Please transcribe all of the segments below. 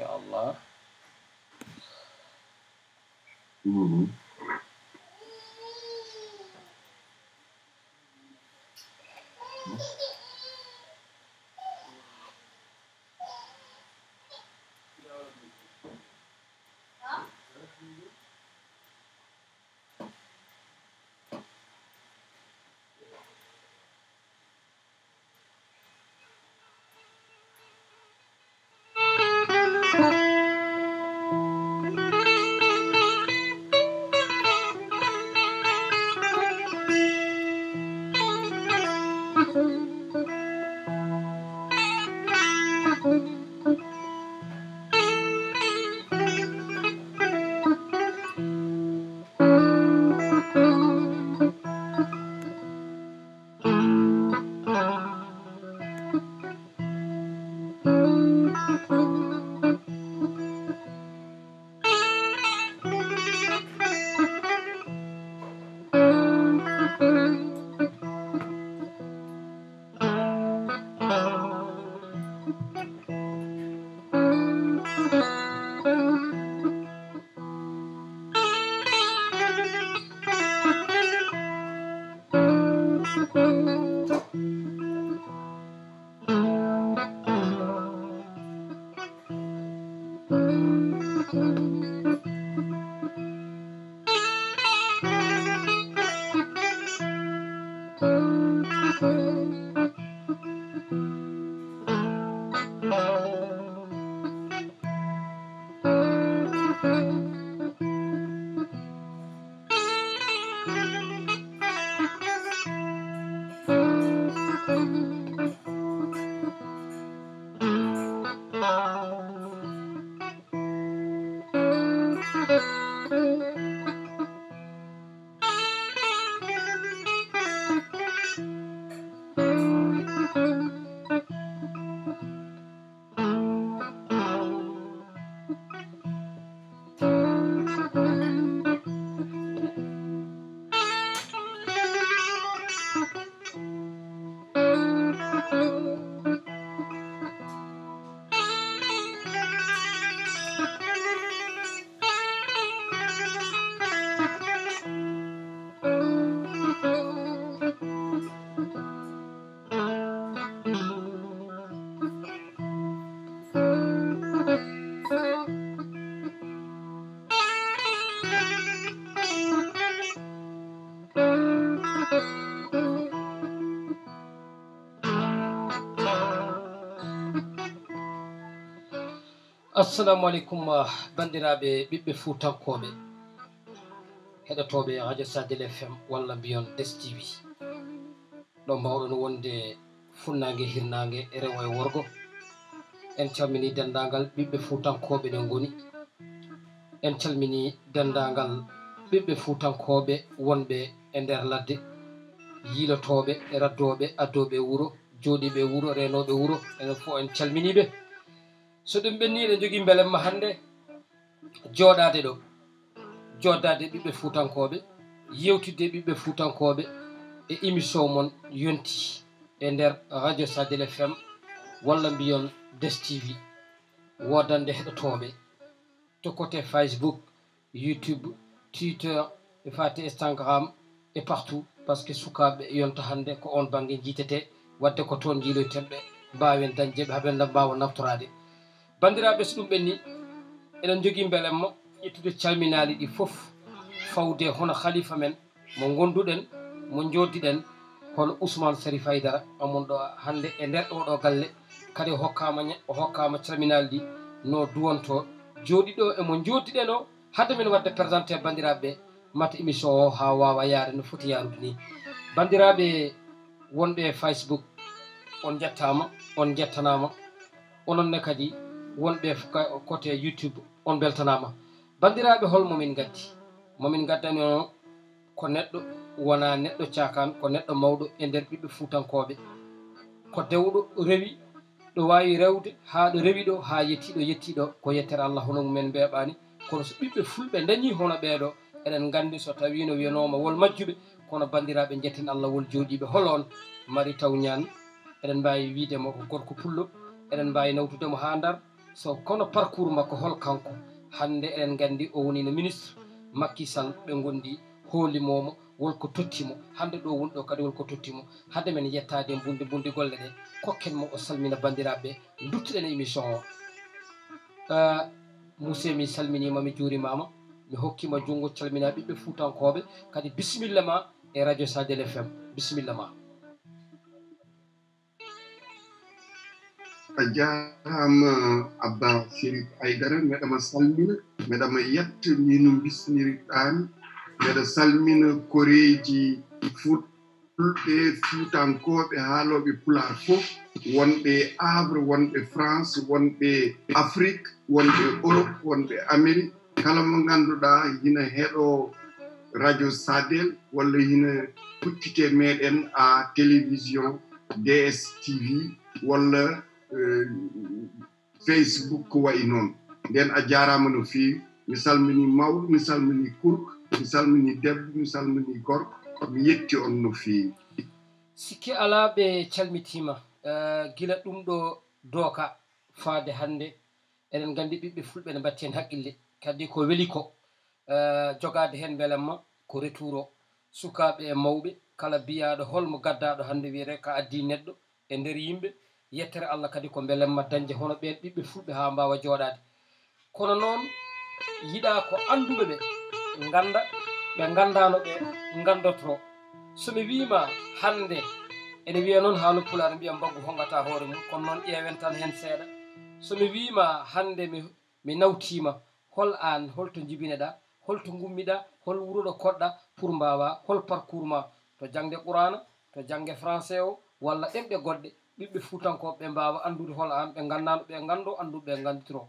inşallah. Hı hı. assalamu aleykum ah, bandiraɓe ɓiɓɓe fuutankoɓe heɗotoɓe radio sadel fm walla mbiyon stv ɗo mbawɗon wonde funnague hirnague rewo e worgo en calmini dendagal ɓiɓɓe fuutankoɓe ɗen goni en calmini dendagal ɓiɓɓe fuutankoɓe wonɓe e nder ladde yiilotoɓe e raddoɓe addoɓe wuuro jooɗiɓe wuuro renoɓe wuuro enen fo en calminiɓe so ɗum ɓenni veux dire, c'est hande jooɗaade ɗo jooɗaade ɓiɓɓe fuutankooɓe yewtidde ɓiɓɓe fuutankooɓe e émission mon yonti e nder radio sadel fm walla mbiyon des tv to côté facebook youtube twitter e instagram e partout parce que e yonta hande ko on jiitete ko bandiraɓe so ɗum ɓenni eɗen jogui beelen mo ƴettude calminali ɗi foof fawde hono khalifa men mo gonduɗen mo joddiɗen hono ousmane sari faydara amon ɗo hande e nder oɗo galle kadi hokkama o hokkama calminali ɗi no duwonto joɗi ɗo emo joddiɗen o hadde men wadde présenté bandiraɓeɓe mata émission o ha wawa yaare no foti yarude ni bandiraɓe wonɓe facebook on jettama on jettanama ononne kadi wonɓe côté youtube on beltanama bandiraɓe holmo min gaddi momin gaddani on ko neɗɗo wona neɗɗo cakan ko neɗɗo mawɗo e nder ɓiɓɓe futankoɓe ko dewɗo rewi ɗo wawi rewde ha ɗo rewi ɗo ha yettiɗo yettiɗo ko yettere allah hono mumen mbeɓani kono so ɓiɓɓe fulɓe dañi hono ɓeɗo eɗen gandi so tawino wiyanoma wol majjuɓe kono bandiraɓe jetten allah wol joɗiɓe holo on mari taw ñan eɗen mbawi widemo ko gorko pullo eɗen mbawi nawtudemo ha ndar so kono parcours makko hol kanko hande eɗen gandi o woni no ministre makkisal ɓe gondi hoolimomo wolko tottimo hande ɗo wonɗo kadi wolko tottimo hade men yettade bundi bundi golle ɗe kokkenmo o salmina bandiraɓeɓe duttuɗen émission o ah, monsieur mi salminima mi juurimama mi hokkima junggo calmina ɓiɓɓe fuutankoɓe kadi bisimilla ma e radio sadel fm bisimilla ma a jarama abba sérif haydara meɗama salmina meɗama yettanino bisniriɗani mbeɗa salmina koreji fuɗɗulɓe fuutankoɓe haaloɓe pular fof wonɓe havre wonɓe france wonɓe afrique wonɓe europe wonɓe amérique kala mo ganduɗa hina heɗo radio sadel walla hina kuccite meɗen a télévision dstv walla Eh, facebook wayi noon nden a jaarama no feewi mi salmini mawɗo mi salmini kurko mi salmini debbo mi salmini gorko mi yetti on no feewi sikki ala ɓe calmitima eh, gila ɗum ɗo dooka faade hannde eɗen nganndi ɓiɓɓe fulɓe ne mbatti heen haqqille kadi ko weli ko eh, jogaade heen mbelamma ko retour o sukaaɓe e mawɓe kala biyaaɗo holmo gaddaaɗo hannde wiyete ka addii neɗɗo e nder yimɓe yettere allah kadi ko belemma dañde hono ɓen ɓiɓɓe fuɗɓe ha mbawa jooɗade kono noon yiɗa ko anduɓe ɓe ganda ɓe gandano ɓe gandotoro somi wima hande ene wiya noon ha loppulaɗo mbiya mbaggu hongata hoore mum kono noon ƴeewen tan hen seeɗa somi wima hande mi mi nawtima hol an holto jibineɗa holto gummiɗa hol wuroɗo koɗɗa pour mbawa hol parcour ma to jangde qurana to jangde français o walla ɗemɗe goɗɗe ɓiɓɓe fuutankoɓe ɓe mbawa andude hono an ɓe gandano ɓe gando anduɓe ɓe ganditoro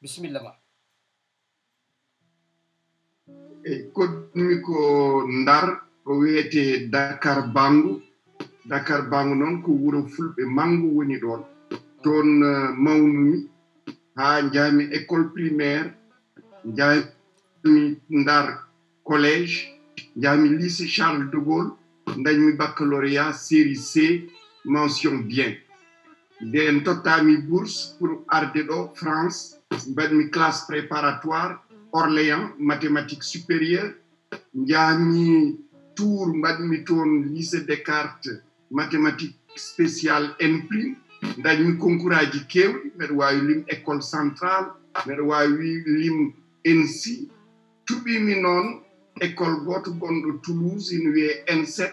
bisimilla ma eyi koddumi ko ndar o wiyete dakar bangu dakar bangu noon ko wuro fulɓe mangu woni ɗon toon uh, mawnumi haa njahmi école primaire njahmi ndar collége njahmi lycée charles de gaulle dañmi baccalauréat série c mention bien total tottami bourse pour arde france une ben classe préparatoire orléans mathématiques supérieures, jahmi tour ben tour toon lycée descartes mathématiques spéciales n prime un concours à kewɗi mbeɗa école centrale mbeɗa wawi lim ensi tuɓimi non, école goto de toulouse une n7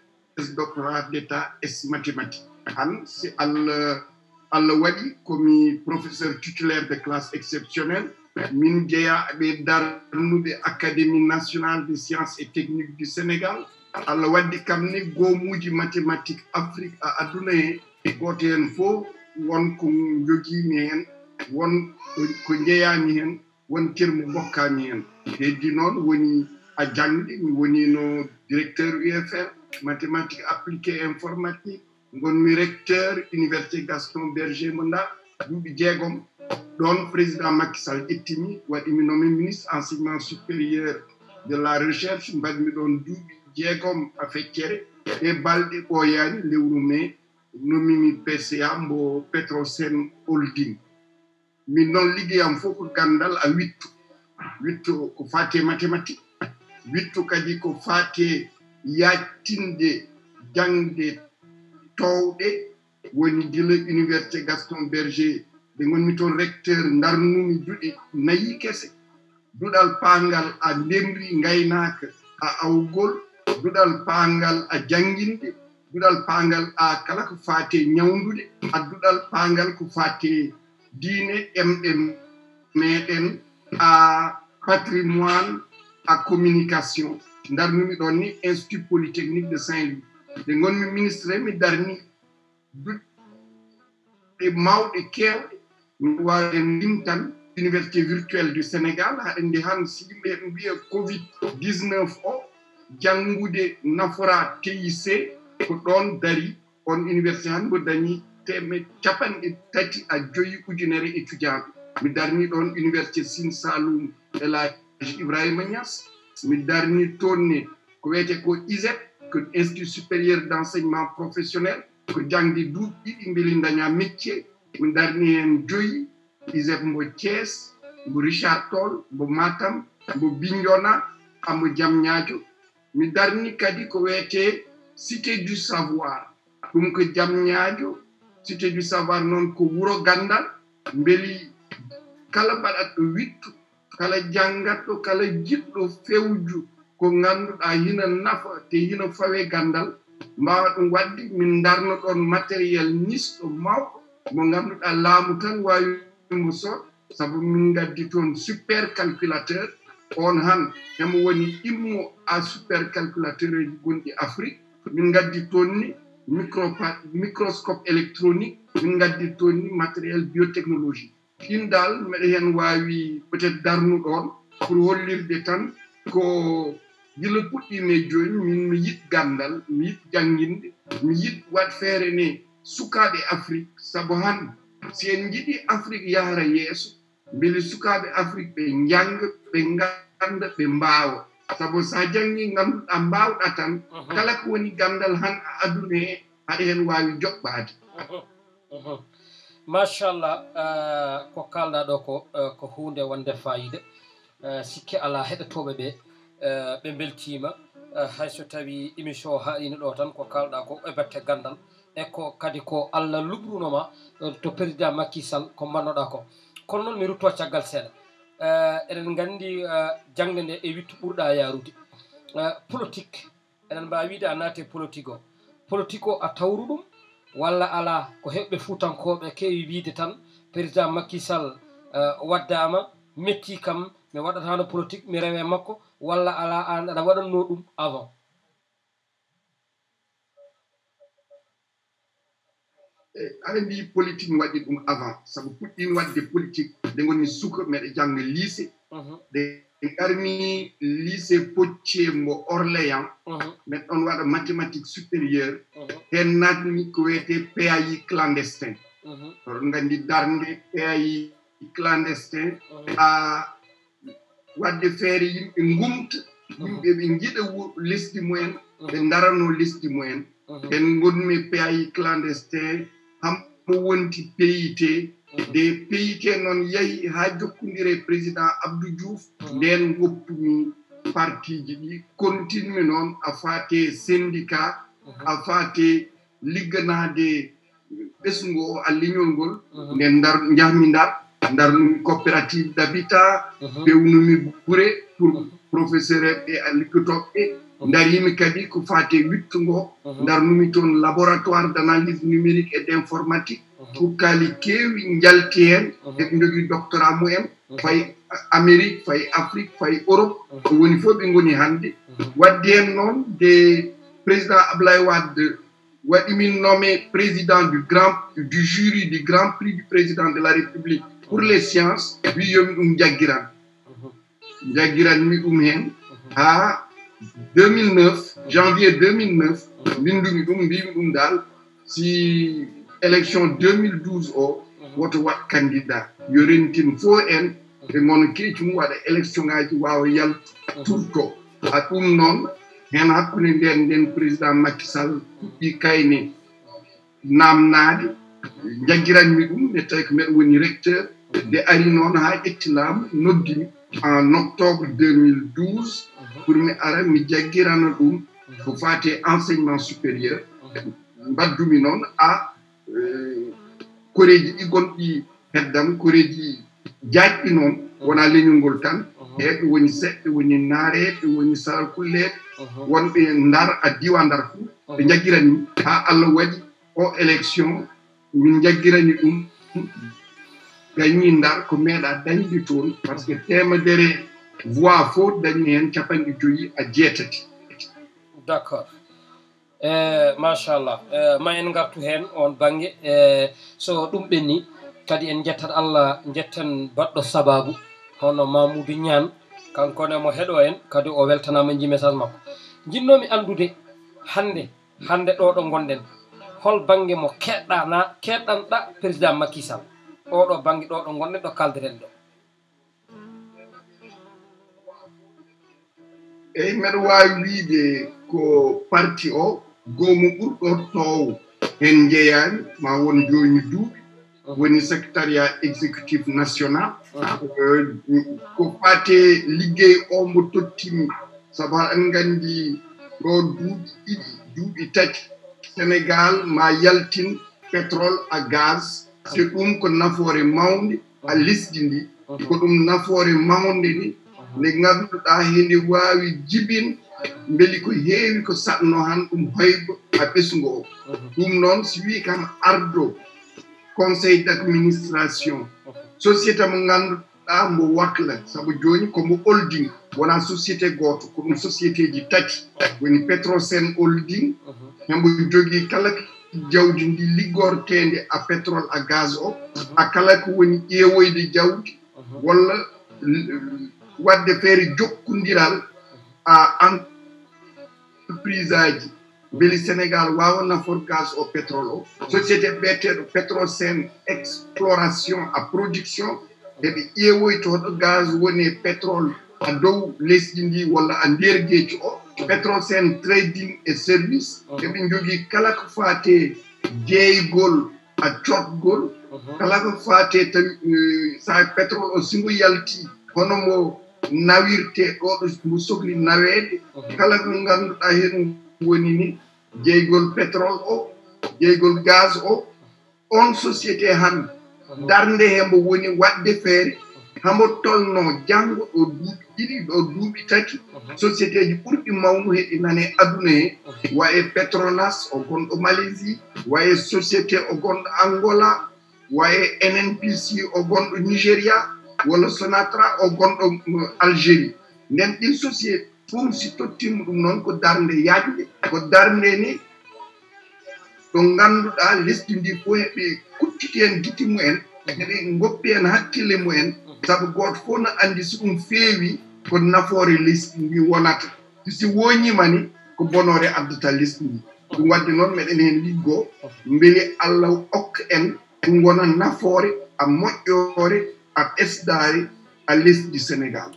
doctorat d'état et mathématiques Anne, si Alouadi, comme professeur titulaire de classe exceptionnelle min jeeyaɓe darnuɓe académie nationale de sciences et techniques du sénégal Alouadi waddi kam ni goomuuji mathématique afrique à Adoune et gooto heen won ko jogiimi heen won ko njeyaami heen won kirmo mbokkaami heen heddi noon woni a jangɗi mi directeur ufr mathématiques appliquées informatique gonmi recteur l'Université gaston berger monda Je suis président makisal je suis ministre enseignement supérieur de la recherche mbaɗmi ɗon Je suis le feccere de nommé pca holding a kadi yattinde jangde towɗe woni gila université gaston berger ɓe gonmi toon recteur darnumi duɗe nayi kese duɗal pangal a ndemri gaynaka a awgol duɗal pangal a janguinde duɗal pangal a kala ko fate ñawdude a duɗal pangal ko fate diine emɗen meɗen a patrimoine a communication darmimi ɗon ni institut polytechnique de saint louis ɗe gonmi ministre mi darni duɗɗe mawɗe kewɗe min limtan université virtuelle du sénégal haɗen nde han si yimɓe heɓe mbiya covid 19 o janngude nafora tic ko ɗon dari on université han mbo dañi teme capanɗe tati a joyi ujunere étudiant e mi darni ɗon université sin saloum elage ibrahima nias mi darni tourné, ko wiyete ko isep ko supérieur d'enseignement professionnel ko jangdi douk ɗiɗi mbeli ndanya métier mi isep richard toll matam bo bignona amu jam mi darni kadi ko cité du savoir Comme jam cité du savoir non ko wuro gandal mbeli kala janngatɗo kala jiɗɗo fewju ko ngannduɗaa hina nafa te hina fawe ganndal mbaawa ɗum waɗdi min darno ɗon matériel nisɗo mawɗo mo ngannduɗaa laamu tan waawimo soo sabu min ngaddi toon super calculateur on han hemo woni immo a super calculateur uji gonɗi afrique min ngaddi toon ni microscope électronique min ngaddi toon ni matériel biotechnologie kin dal mbeɗa hen wawi peut être darnuɗon pour hollirde tan ko gila puɗɗime joni min mi yiɗ gandal mi yiɗ janginde mi yiɗ wat feere ne sukaɓe afrique saabu han si en jiɗi afrique yahara yeeso beele sukaɓe afrique ɓe janga ɓe ganda ɓe mbawa saabu sa jangi ganduɗa mbawɗa tan uh-huh. kala ko woni gandal han aduna he hen wawi joɓɓade machallah eh, ko kalɗa ɗo ko eh, ko hunde wonde fayida eh, sikke ala heɗotoɓe ɓe ɓe beltima hayso tawi émission haalino ɗo tan ko kalɗa ko e batte gandal e ko kadi ko allah lubrunoma to président makky sall ko mbannoɗa ko kono noon mi rutto caggal seeɗa eɗen gandi jangde nde e wittu ɓurɗa yarude politique eɗen mbawi wiide a naati e politique o politique o a tawru ɗum walla ala ko heɓɓe fuutankoɓe kewi wiide tan président makisal eh, waddama metti kam mi waɗatano politique mi rewe makko walla ala an aɗa waɗanno ɗum avant eyi eh, aɗa mbi politique mi waɗɗi ɗum avant saabu puɗɗin wadde politique nde gonni suka meɗe jangga liise mhm. Parmi lycée pocce mbo orléans mhm. mais on waɗa mathématique supérieur hen mhm. natmi ko wiyete pai clandestin mhm. pour ngandi darnde pai clandestin à wadde une yimɓe ngumt yimɓe ɓe jiɗa lesdi mumen ɓe darano lesdi mumen en gonmi pai clandestin am wonti payité de peyite noon yahi ha jokkodire président abdou diouf mm-hmm. nden woppumi partiji ɗi continue noon a faate syndicat mm-hmm. a faate ligganade ɓesgo o alliñol ngol mm-hmm. nden dar jahmi dar darnumi coopérative d' habitat ɓewnumi bure pour professeur eɓɓe a e, likkotoɓɓe darimi kadi ko faate wittugo darnumi toon laboratoire d' analyse numérique et d' informatique cukkali uh-huh. keewi njalti heen uh-huh. eɓe jogii doctorat mumen uh-huh. fay amérique fay afrique fay europe ko woni fof ɓe ngoni hannde waddi heen noon de président ablaye wadde min nommé président du grand du jury du grand prix du président de la république pour les sciences William Ndiagiran. Ndiagiran jaggiran jaggiranmi ɗum 2009 janvier 2009 mbindumi ɗum mbimi si élection 2012 o mhm. woto wat candidat yo rentin fo en ɓe mon keeci mum waɗa élection ngaji wawa yal turto ha non noon hen hakkude nden nden président makisall puɗɗi kayne namnade jaggiranmi ɗum nde tawi ko mbeɗa woni recteur de ari non ha ƴetti noddi en octobre 2012 mhm. pour mi ara mi jaggirana ɗum ko mhm. fati enseignement supérieur mbaddumi non a D'accord. Uh-huh. Uh-huh. a uh-huh. élection min a Eh, machallah eh, ma en gartu heen on baŋnge e eh, so ɗum ɓenni kadi en jettat allah jetten baɗɗo sababu hono mamoudou ñane kankone mo heɗo en kadi o weltanama ji message makko jinnomi andude hande hande ɗo ɗo gonɗen hol baŋnge mo keɗɗana keɗɗanɗa président makisal oɗo baŋnge ɗo ɗo gonɗen ɗo kaldiren ɗo eyyi mbeɗa wawi wiide ko parti o goomu ɓurɗo toowo heen njeyaani maa won jooni duuɓi oh. woni secrétariat exécutif national oh. ko faate liggey oo mo tottimi sabu an nganndi ɗo duuɓi ɗiɗi duuɓi tati sénégal ma yaltin pétrole à gaz te oh. ɗum ko nafoore mawnde a lesdi ndi ko ɗum nafoore mawnde ni nde ngannduɗaa hende waawi jibin mbeli ko heewi ko satno han ɗum hoyba a ɓesugo o mhm. ɗum noon si wi kam ardo conseil d' administration société mo ngannduɗa mo wakla sabu jooni komo holding wona société gooto ko ɗum société ji tati woni pétrocen holding hembo jogii kala jawdi ndi liggorteende a pétrole a gaz o mhm. a kala ko woni ƴeewoyde jawdi mhm. walla wadde feere jokkondiral a entreprise beli sénégal wawonna for gaz au pétrole o société biyeteɗo pétrosen exploration à production ndeɓe ƴeewoytoɗo gaz woni pétrole a dow lesdi wala walla a nder o petrocen trading et service eɓe mm-hmm. jogii kala ko faate jeeygol a gol mm-hmm. kala ko faate tawi euh, sa pétrole o yalti hono mo nawirte ɗo ɗo mo sohli naweede kala ɗum ngannduɗa heen woni ni jeygol pétrol o jeygol gaz o on société han darnde hembo woni waɗde feere hambo tolno janngo ɗo duuɓi ɗiɗi ɗo duuɓi tati société ji ɓurɗi mawnu heɗi nane aduna he waye pétrolas o gonɗo malaisie waye société o gonɗo angola waye nnpc o gonɗo nigéria walla sonatra o gonɗo algérie nden ɗin société fum si tottimu ɗum noon ko darde yajde ko darde ni ɗo ngannduɗa lesdi ndi fo heɓe kuccuti hen guiti mumen heɓe goppi hen hakkille mumen saabu goto fof no anndi so ɗum feewi ko nafoore lesdi ndi wonata si woñimani ko bonore addata lesdi ndi ɗum wadde noon meɗen hen liggoo beli allah okka en ɗum wona nafoore a moƴƴoore a ɓesdayi a lesdi sénégal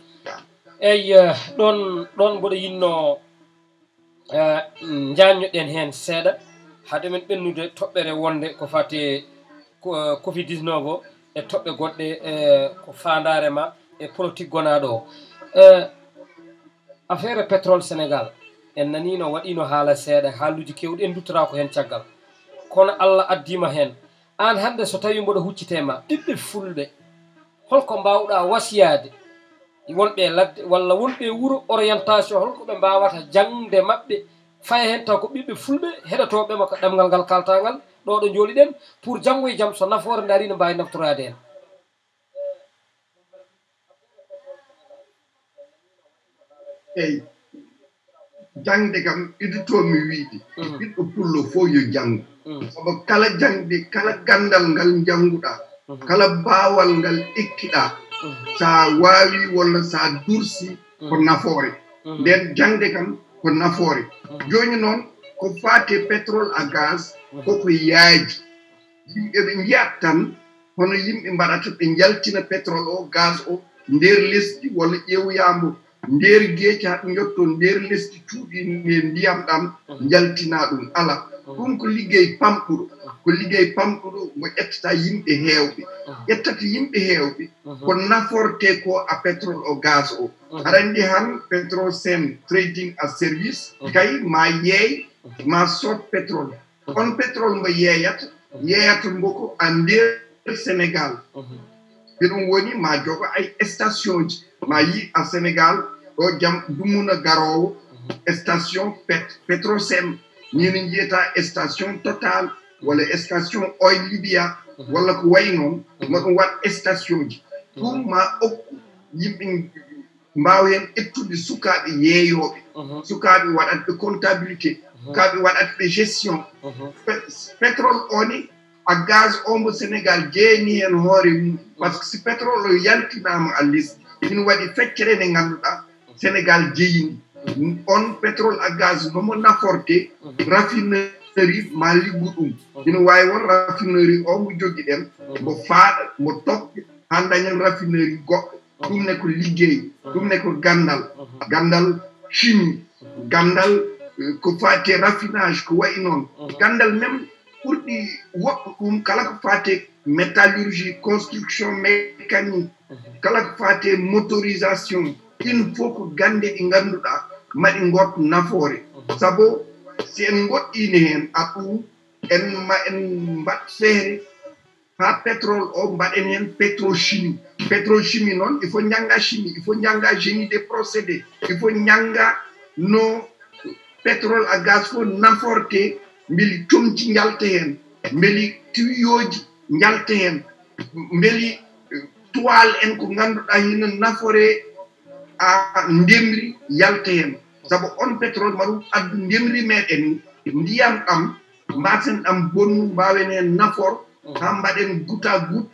eyi eh, ɗon ɗon mboɗo yinno eh, jañoɗen hen seeɗa haɗumen ɓennude toɓɓere wonde ko fati eh, covid 19 o e toɓɓe goɗɗe e, ko fandare ma e politique gonaɗo o affaire pétrole sénégal en nanino waɗino haala seeɗa haaluji kewɗi en duttora ko hen caggal kono allah addima hen an hande so tawi mboɗo huccitema ɗiɗɗe fulɓe holko mbawɗa wasiyade e wonɓe ladde walla wonɓe wuro orientation holko ɓe mbawata jangde mabɓe faya hen taw ko ɓiɓɓe fulɓe heɗotoɓema ko ɗemgal ngal kaltangal ɗo ɗo jooliɗen pour janggo e jaam so nafoore nde ari ne mbawi naftorade hen eyi jangde kam iditomi wiide e mm. ɓiɗɗo pullo fo yo janggo mm. sabu kala jangde kala gandal ngal janguɗa Mhm. kala baawal ngal ekkiɗaa mhm. so a waawi walla so a dursi ko mhm. nafoore nden jannde kam ko nafoore jooni noon ko faate pétrole à gaz koko yaaji yimɓe ɓe njiyat tan hono yimɓe mbaɗata ɓe njaltina pétrole o gaz o ndeer lesdi walla ƴeewyaambo ndeer geeci haɗo njotton ndeer lesdi cuuɗi e ndiyam ɗam njaltinaa ɗum ala ɗum ko liggey pamɗuɗo ko liggey pamɗuɗo ngo ƴettataa yimɓe heewɓe ƴettata yimɓe heewɓe ko nafortee koo a pétrole o gaz o aɗa anndi han pétrol sen trading a service kay maa yeey maa sot pétrole on pétrole mbo yeeyata yeeyata mboko a ndeer sénégal mbi ɗum woni maa jogo ay station ji maa yi a sénégal ɗo jam dummuna garowo station petrosem ñini jiyata station total walla station oil libya walla ko wayi noon ma ɗum waɗ station ji pour ma okku yimɓe mbawa hen ettude sukaɓe yeeyoɓe mhm. sukaɓe waɗatɓe comptabilité mhm. kaɓe waɗatɓe gestion mhm. pétrole one a gaz ombo sénégal jeeni hen hoore mum par que si pétrole o yaltinama a lesdi ina waɗi feccere nde ganduɗa Sénégal jeyini on pétrole ak gaz no mo naforte mhm. raffinerie mali guɗum mhm. ina wawi won raffinerie o mo jogui ɗen mo mhm. faaɗa mo tokke handañen raffinerie goɗɗo ɗum ne ko liggey ɗum ne ko gandal gandal chimie gandal euh, ko fate raffinage ko wayi noon gandal même ɓurɗi woɓɓo ɗum kala ko fate métallurgie construction mécanique kala ko fate motorisation ɗin fof ko gannde ɗi ngannduɗa maɗi ngot nafoore sabo si en goɗɗiini heen a ɗum en ma en mbat feere haa pétrole o mbaɗen heen pétrochimie pétrochimie noon il faut ñannga chimie il faut ñannga génie des procédé il faut ñannga no pétrole a gaz fof naforte mbeli comci njalte heen mbeli tuyoji njalte heen mbeli toile en ko ngannduɗaa hino naforee a ndemri yalteen sabu on pétrole maɗum addu ndemri meeɗen ndiyam ɗam mbaasen ɗam bonnu mbaawenee nafor haa mbaɗen gouta gout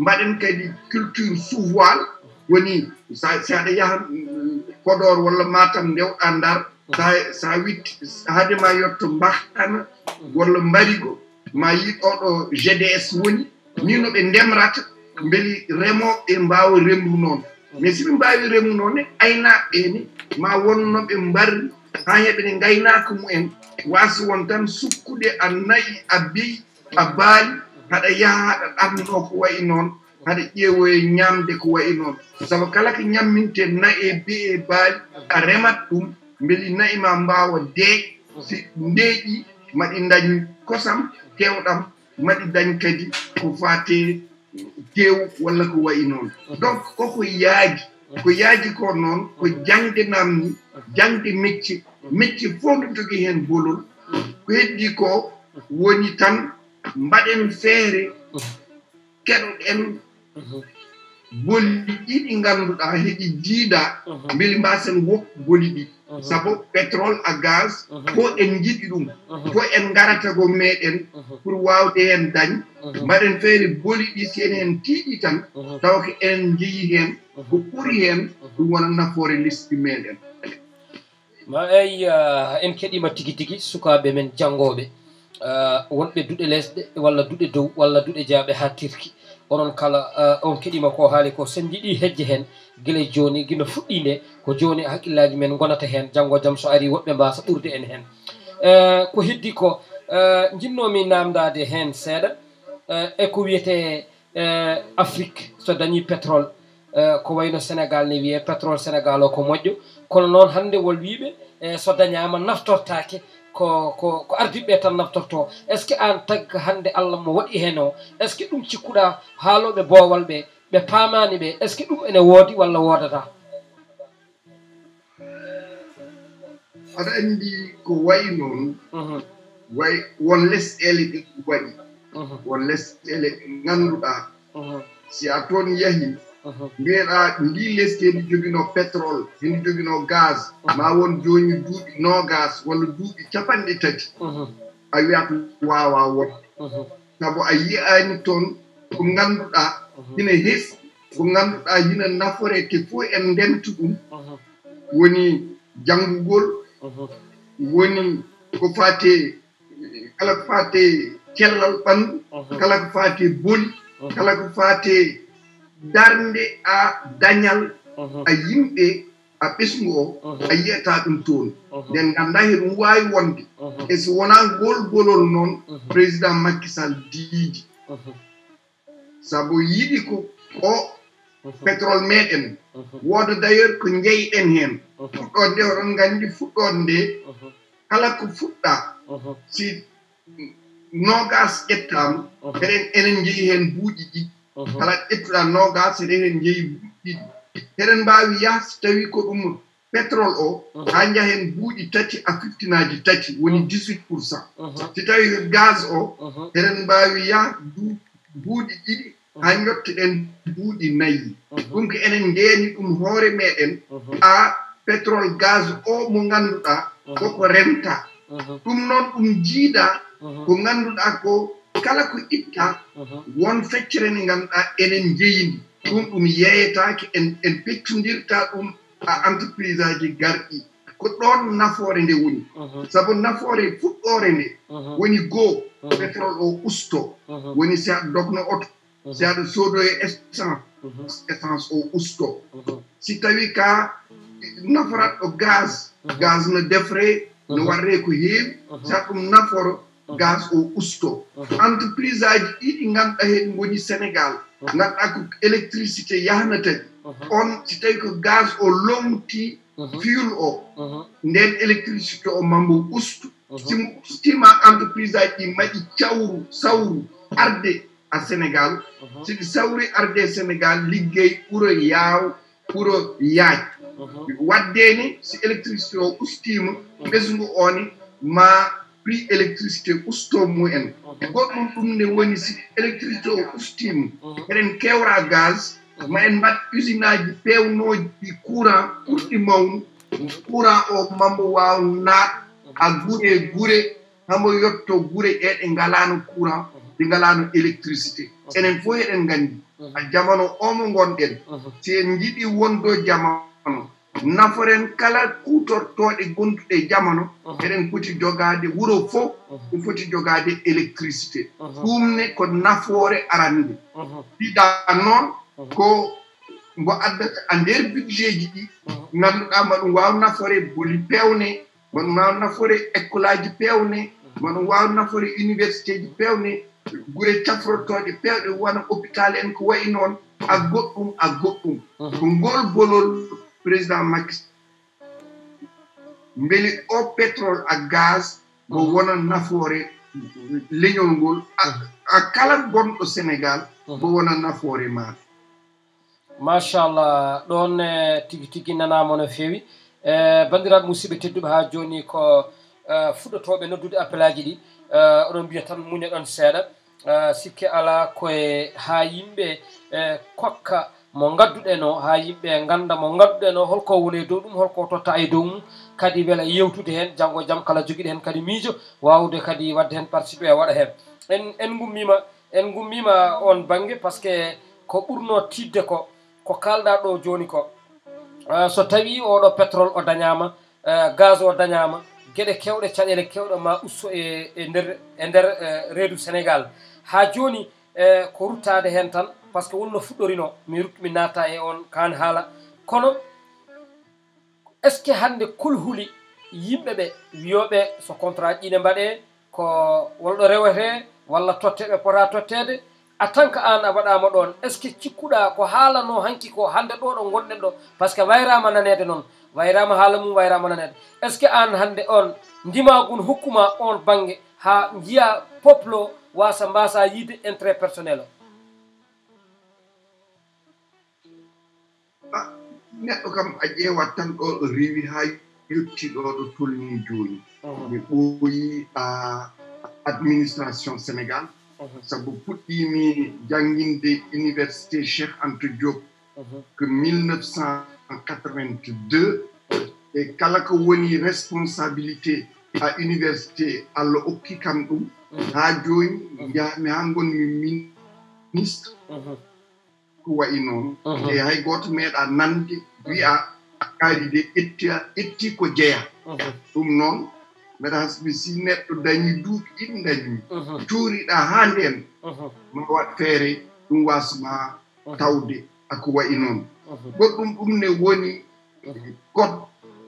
mbaɗen kadi culture souvoil woni si aɗa yaha kodor mm, walla matam ndewɗaa ndar sa so a witti haadema yotto mbaxtana walla mbarigo ma yii ɗoɗo gds woni ni no ɓe ndemrata mbeli remooɓe mbaawa remru noon mais somin mbawi remnone aynaɓe ɓene ma wonnoɓe mbarri ha heɓene gaynaka mumen wasa won tan sukkude a nayi a biy a baali haɗa yaaha haɗa ɗamno ko wayi noon haɗa ƴeewoye ñamde ko wayi noon saabu kala ko ñamminte nayi e bi e baali a remat ɗum beli nayi ma mbawa dee si ndeeƴi maɗi dañ kosam tewɗam maɗi dañ kadi ko fate teew wala ko wayi noon donc koko yaaji ko yaaji ko noon ko jangde namni jangde mecce mecce fof nde jogii heen bolol ko heddi ko woni tan mbaɗen feere keɗoɗen boli ɗiɗi ngannduɗaa heɗi diiɗaa mbele mbaasen wop boli ɗi Mhm. sabo pétrol a gaz fo mhm. en jiɗi ɗum fo mhm. en garatago meɗen pour wawde hen dañ mbaɗen feere boli ɗi si en hen tiiɗi tan taw ko en jeyi hen ko ɓuri hen ɗum wona nafoore lesdi meɗen ma eyi eh, en keɗima tigi tigi sukaɓe men janggoɓe eh, wonɓe duuɗe lesɗe walla duuɗe dow walla duuɗe jaaɓe ha tirki onon kala eh, on keɗima ko haali ko sen jiiɗi hejje hen gila joni gila fuɗɗinde ko joni hakkillaji men gonata hen janggo jaam so ari woɓɓe mbasa ɓurde en hen eh, ko heddi ko eh, jinnomi namdade hen seeɗa eh, e ko wiyete afrique so dañi pétrole ko wayno sénégal ne wiye pétrole sénégal o ko moƴƴo kono noon hande wol wiɓe so dañama naftortake ko ko ko ardiɓe tan naftorto est ce que an tagga hande allah mo waɗi hen o est ce que ɗum cikkuɗa haaloɓe boowal ɓe ɓe paamani ɓe est ce que ɗum ene woodi walla woodata aɗa anndi ko wayi noon mhm. way won lesɗele ɗe waɗi mhm. won lesɗele ɗe ngannduɗaa mhm. si a toon yahi mbiyeɗaa ndi leske ndi joginoo pétrole hindi joginoo gaz ma won jooni duuɗi nogas walla duuɓi capanɗe tati a wiyat waawaa wodde sabu a yi'aani toon ko ngannduɗaa Mhm. hina hes ko ngannduɗa hina naforete fo en ndemti ɗum mhm. woni janngugol mhm. woni ko fate kala ko fate cellal ɓanndu kala ko fate boli kala ko fate darnde a dañal a yimɓe a ɓesngu o a yiyata ɗum toon nden ngannda he ɗum waawi wonde e so wonaa ngol golol noon président makkisal diidi sabu yiɗi ko o pétrole meɗen wooda d' ailleurs ko jeyiɗen heen fuɗɗon nde oɗon nganndi fuɗɗon nde kala ko fuɗɗa si nogas ƴettama eɗen enen jeyi heen buuƴi ɗi kala ƴettuɗa nogas eɗen en jeyi buuƴi ɗi eɗen mbaawi yaha so tawi ko ɗum pétrole o haa njahen buuƴi tati a fiftinaaji tati woni dix huit pour cent si tawi gaz o eɗen mbaawi yaha buuɗi ɗiɗi haa njottiɗen ɓuuɗi nayi ɗum ko enen ndeeni ɗum hoore meeɗen haa pétrol gaz o mo ngannduɗaa koko renta ɗum noon ɗum jiida ko ngannduɗaa ko kala ko itta won feccere nde ngannduɗaa enen njeyini ɗum ɗum yeeyetaake en en peccondirtaa ɗum a entreprise aji garɗi ko ɗoon nafoore nde woni sabu nafoore fuɗɗoore nde woni goo pétrol o usto woni si a dogno oto Mhm. si aɗa soodoye essence mhm. essence o usto mhm. si tawi ka nafarat ɗo gaz gaz no defre no warre ko heewi sa ɗum naforo gaz o usto entreprise aji ɗiɗi ganduɗa heen goni sénégal ganduɗa ko électricité yahna tadi on si tawi ko gaz o lomti fuel o nden électricité o mambo ustu sima entreprise aji ɗi maɗi cawru sawru arde a sénégal uh-huh. siki sawri arde sénégal liggey ɓuro yaaw ɓuro yaaj uh-huh. wadde ni si électricité o ustima ɓesngu uh-huh. oni ma prix électricité usto mumen goɗɗum ɗum ne woni si électricité o ustima eɗen kewra gaz ma en mbat usine aji pewnoji ɗi courant ɓurɗi mawnu courant o mambo waw naat a guure guure hambo yetto guure e ɗe ɗe ngalano courant ɗi ngalano électricité enen fof eɗen nganndi ha jamano omo gonɗen si en jiɗi wondo jamano naforen kala kutortoɗe gonduɗe jamano eɗen poti jogade wuro fof ɗum foti jogade électricité ɗumne ko nafoore arande ɗiɗa noon ko mbo addata a nder budget ji ɗi ngannduɗa ma ɗum waw nafore boli pewne ma ɗum waw nafore école aji pewne ma ɗum waw nafore université ji pewne gure cafrotooɗe pewɗe wona hôpital en ko wayi noon a goɗɗum a goɗɗum ko ngol bolol président makki mbeli o pétrole a gaz mo wona nafoore leñol ngol a kala gonɗo sénégal mo wona nafoore maaɗa machallah ɗon eh, tigi tigi nanama no feewi e eh, bandiraɓe musidɓe tedduɓe ha joni ko eh, fuɗɗotoɓe noddude appel aji ɗi oɗon mbiya tan muña ɗon seeɗa uh, sikke ala koye ha yimɓe e kokka mo ngadduɗeno ha yimɓe ganda mo ngadduɗeno holko woni e dow ɗum holko totta e dow mum kadi beele yewtude hen janggo e jaam kala joguiɗo hen kadi miijo wawde kadi wadde hen parcipé e waɗa hen en en gummima en gummima on bangue par ce que ko ɓurno tidde ko ko kalɗa ɗo joni ko uh, so tawi oɗo pétrole o dañama uh, gaz o dañama gueɗe kewɗe caɗele kewɗe ma usso e e nder e nder uh, reedu sénégal ha joni e ko ruttade hen tan par ce que wonno fuɗɗorino mi rutmi naata e on kan haala kono est ce que hande kulhuli yimɓe ɓe wiyoɓe so contrat ƴine mbaɗe ko wolɗo rewete walla totteɓe pota tottede a tanka an a waɗama ɗon est ce que cikkuɗa ko haalano hanki ko hande ɗo ɗo gonɗen ɗo par ce que wayrama nanede noon wayrama haala mum wayrama nanede est ce que an hande on ndimagun hokkuma on bangge ha jiiya peuple o wasa mbasa yiide intérêt personnel ah, o neɗɗo kam a ƴeewat tan ɗo ɗo rewi haa yetti ɗo ɗo tolni jooni mhm. mi ɓooyi administration sénégal mhm. sabu puɗɗiimi jannginde université cheikh ante diop mhm. que 1982 e kala ko woni responsabilité à université allah okki kam ɗum haa mhm. jooni mhm. yahami haa ngonmi ministre mhm. ko wayi noon e hay gooto meeɗa nande wiya kaari de etti ettii ko jeya ɗum noon mbeɗa hasbi si neɗɗo dañi duuɓi ɗiɗi dañmi cuuriɗaa haa ndeen ma waɗ feere ɗum waasmaa tawde ako wayi noon goɗɗum ɗum ne woni cote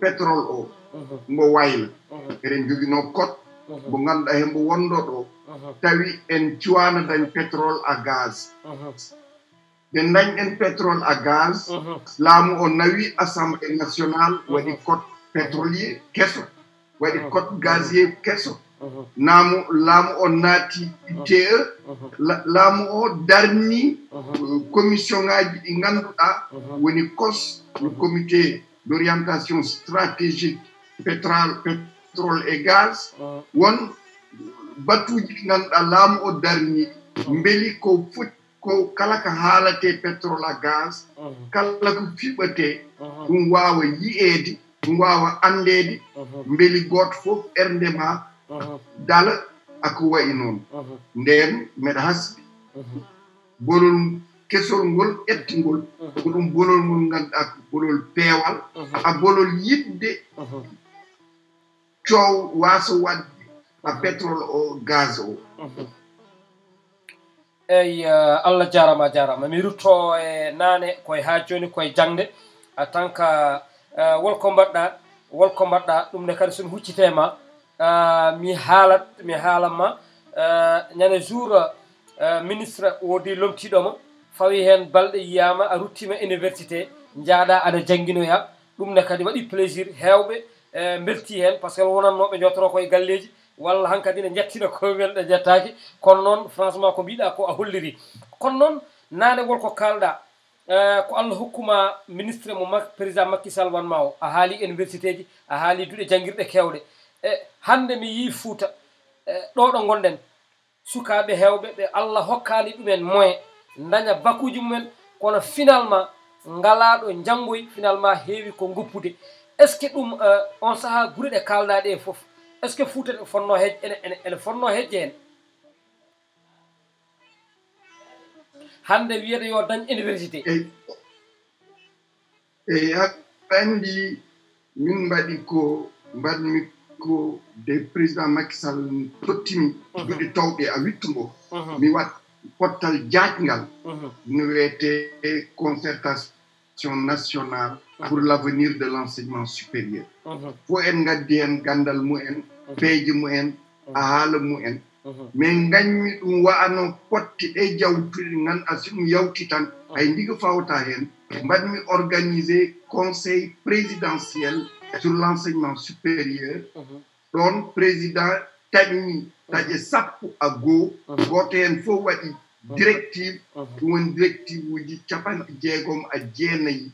pétrole o mbo wayla eɗen joginoo cote mo uh-huh. ngannduɗaa hembo wonɗo ɗo uh-huh. tawi en dañ pétrole à gaz nde uh-huh. en pétrole à gaz laamu o nawi assemblée nationale waɗi code pétrolier keso waɗi code gazier keso naamu laamu o naati ite laamu o darni commission ŋaaji ɗi ngannduɗaa woni cos le comité d'orientation stratégique pétrole pétrol et gaz mm. won batuuji ɗi ngannduɗaa laamu o darni mm. mbeli ko fut ko kala ko haalatee pétrol a gaz mm. kala ko fiɓatee mm-hmm. ɗum waawa yi'eede ɗum waawa anndeede mm-hmm. mbeli gooto fof ernde maa mm-hmm. dala ako wayi noon ndeen meɗa hasbi bolol kesol ngol ettingol ko ɗum bolol ngol ngannduɗaa ko bolol peewal a bolol yiɗde coow waaso waɗde ma mhm. pétrole o gaz o mhm. eyi eh, allah jarama jarama mi rutto e naane koye ha joni koye jangde a tanka eh, wolko mbaɗɗa wolko mbaɗɗa ɗum ne kadi sono huccitema mi haala eh, mi haalanma ñande jour ministre woodi lomtiɗoma fawi hen balɗe yiyama a ruttima université jaaɗa aɗa jangguinoya ɗum ne kadi waɗi plaisir hewɓe E, mberti hen par ce que wonanno ɓe jotoro koye galleji walla hankadi ne jettina komumen ɗe jettaki kono noon franchement ko mbiɗa ko a holliri kono noon nane wolko kalɗa e, ko allah hokkuma ministre mo président makkisal wanma o a haali université ji a haali duɗe jangguirɗe kewɗe e hande mi yi fouta e, ɗo ɗo gonɗen sukaɓe hewɓe ɓe allah hokkali ɗumen moyen daña bakuji mumen kono finalement ngalaɗo janggoy finalement heewi ko guppude est ce que ɗum uh, on saha guriɗe kalnaɗe fof est ce que fouta ɗe fonno hej ene fonno hejje hen hande wiyata yo dañ université eyi a andi min mbaɗi ko mbatmi ko de président makisall tottimi goɗi mhm. towɗe a wittugo mhm. mi wat pottal jaajgal mhm. no wiyete concertation nationale pour l'avenir de l'enseignement supérieur fo en gaddi gandal mumen peeje mumen a haala mumen min gañmi ɗum wa'ano potte ɗe jawtuɗe ganduɗa asim ɗum yawti tan hay ndiga fawta hen conseil présidentiel sur l'enseignement supérieur don président taƴmi taƴe sappo a goo goto hen directive ɗum directive uji capanɗe jeegom a jeenayi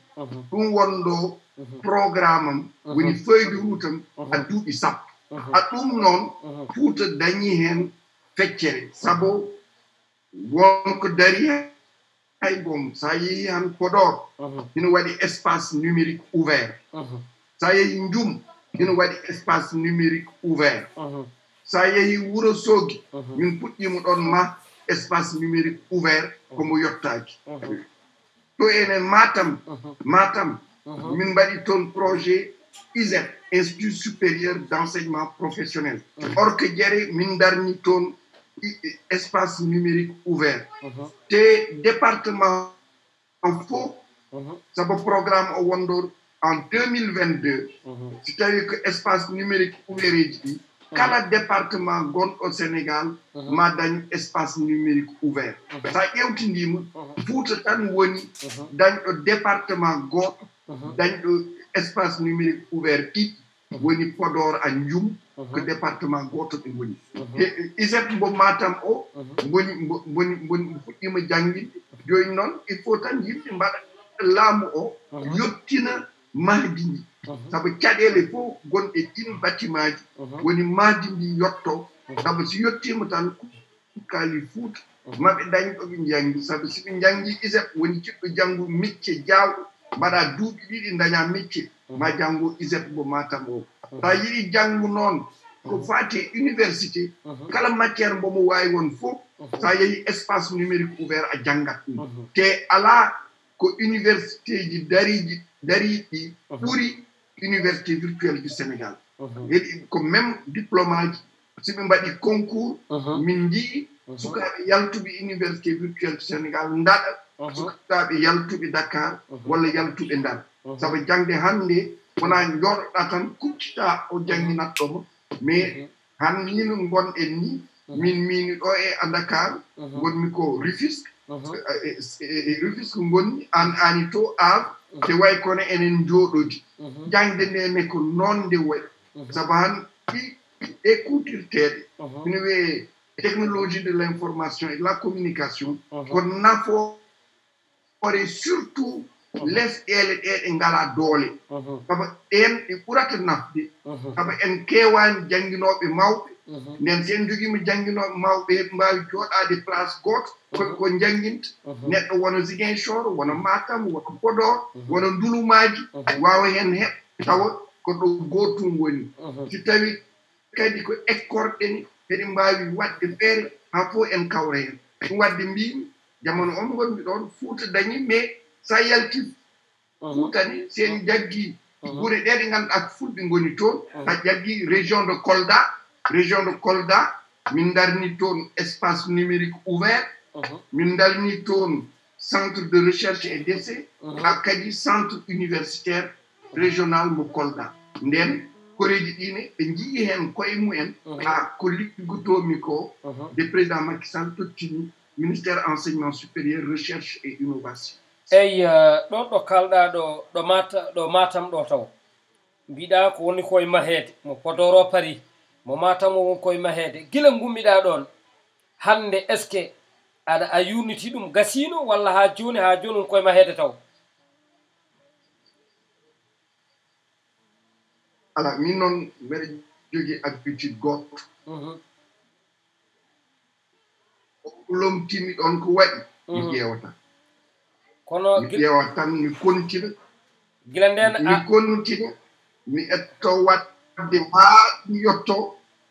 ɗum wonɗo programme am woni feuille route am a duuɓi sappo a ɗum noon fuuta dañi heen feccere sabu wonko dari hay goom so a yehi han podor ina waɗi espace numérique ouvert so a yehi njum ina waɗi espace numérique ouvert so a wuro soogi min ɗon ma espace numérique ouvert comme au yottaaki ɗo enen matam matam min projet ISEP, institut supérieur d'enseignement professionnel or que jere min darni ton espace numérique ouvert le département ça va programme au Wondor, en 2022 c'est-à-dire que espace numérique ouvert est le département au sénégal mhm. ma un espace numérique ouvert il faut que fouta tan woni le département goto dans espace numérique ouvert woni podor a ñum que département goto je matam o boni boni boni il faut tan o mahdi Mhm. sabu caɗeele fof gonɗe ɗin batimaaji mhm. woni maadi ndi yotto mhm. sabu si yottiima tan kaali fuuta maɓe dañ ɗo ɓe njanngi sabu si ɓe njanngi isep woni ciɓɓo janngu micce jaawɗo mbaɗa duuɓi ɗiɗi dañaa micce ma janngo isep bo maata o so a yiɗi janngu noon ko faati e université kala matiére mbo mo waawi won fof so a yehi espace numérique ouvert a janngat ɗum te alaa ko université ji dariiji dariiɗi ɗi ɓuri université virtuelle du Sénégal. Mhm. Comme même diplôme, si on dit concours, mhm. mindi, mhm. sukaaɓe yaltuɓe université virtuelle du sénégal ndaɗa sukaaɓe yaltuɓe dakar walla yaltuɓe ndar sabu jangde hannde wona jorɗa tan kuccita o jangginatɗomo mais han hino gonɗen ni min mini ɗo e a dakar gonmi ko rufisque euh, rufisque gonni an ani to av nde way kono enen jangde ko noon de way. sabu han technologie de l'information et de la communication mm-hmm. ko nafoore surtout mm-hmm. lesɗeele ɗe ngalaa doole sabu ɗeen ɗe ɓurata Mhm. nden sen jogiimo jannginooɓe mawɓe heɓe mbaawi jooɗaade place gooto koɓe ko mhm. jannginta mhm. neɗɗo wona zigin choro wona matam wona podor wona ndulumaaji waawa heen heɓ tawa ko ɗo gootum woni si tawii kadi ko écorɗen heɗe mbaawi waɗde feere haa fof en kawra heen ɗum waɗde mbiimi jamano on ngonmi ɗoon fuuta dañi mais so yalti fuutani sen jaggii gure ɗee ɗe ngannduɗaa ko fulɓe ngoni toon a jaggii région de kolda région de Kolda min darni espace numérique ouvert uh-huh. min darni centre de recherche et d'essai ha uh-huh. centre universitaire régional de kolda nden koreji ɗine ɓe jii hen la Colique, ha ko le uh-huh. de président makisal tottini ministère enseignement supérieur recherche et innovation Eh, euh, ɗon ɗo kalɗa ɗo ɗo mata ɗo matam ɗo taw mbiɗa ko woni koye mahede mo podoro mo matamo wonkoye maheede gila gummiɗa ɗon hande est ce que aɗa a yurniti ɗum gasino walla ha joni ha joni wonkoye maheede taw ala min noon mbeɗa jogi habitude goɗɗo mhm. lomtimi ɗon ko waɗi mi mhm. ƴeewata kono ƴeewa tan mi kontina gila nden mi kontina mi etto waɗde maa ɗum yottoo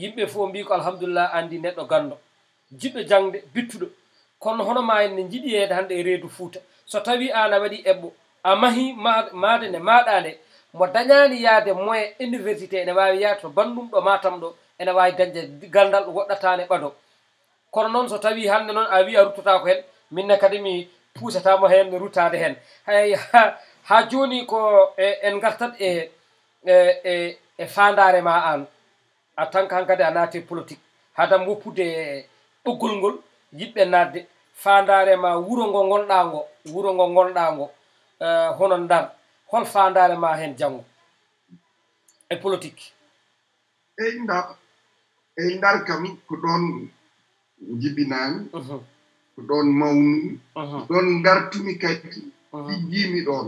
yimɓe fof mbi ko alhamdulillah andi neɗɗo gando jiɗɗo jangde bittuɗo kono hono ma en ne jiɗi yeede hande e reedu fuuta so tawi ana waɗi eɓɓo a mahi made nde maɗa nde mo dañani yaade moyen université ene wawi yaade to banɗum ɗo matam ɗo ene wawi dañde gandal woɗɗatane ɓado kono noon so tawi hande noon a wi a ruttata ko hen minne kadi mi puusatamo hen mi ruttade hen hay ha joni ko e, en gartat e e e, e fandare ma an a tanka han kadi a naate politique haadam woppude ɓoggol ngol yiɗɓe naatde fandare ma wuro ngo gonɗa ngo wuro ngo gonɗa ngo eh, hono ndar hol fandare ma hen janngo e politique eyi nda eyi ndar kam ko ɗon jibinaami mhm. ko ɗon mawnu mhm. ɗon ngartumi kadi mhm. ijjiimi ɗon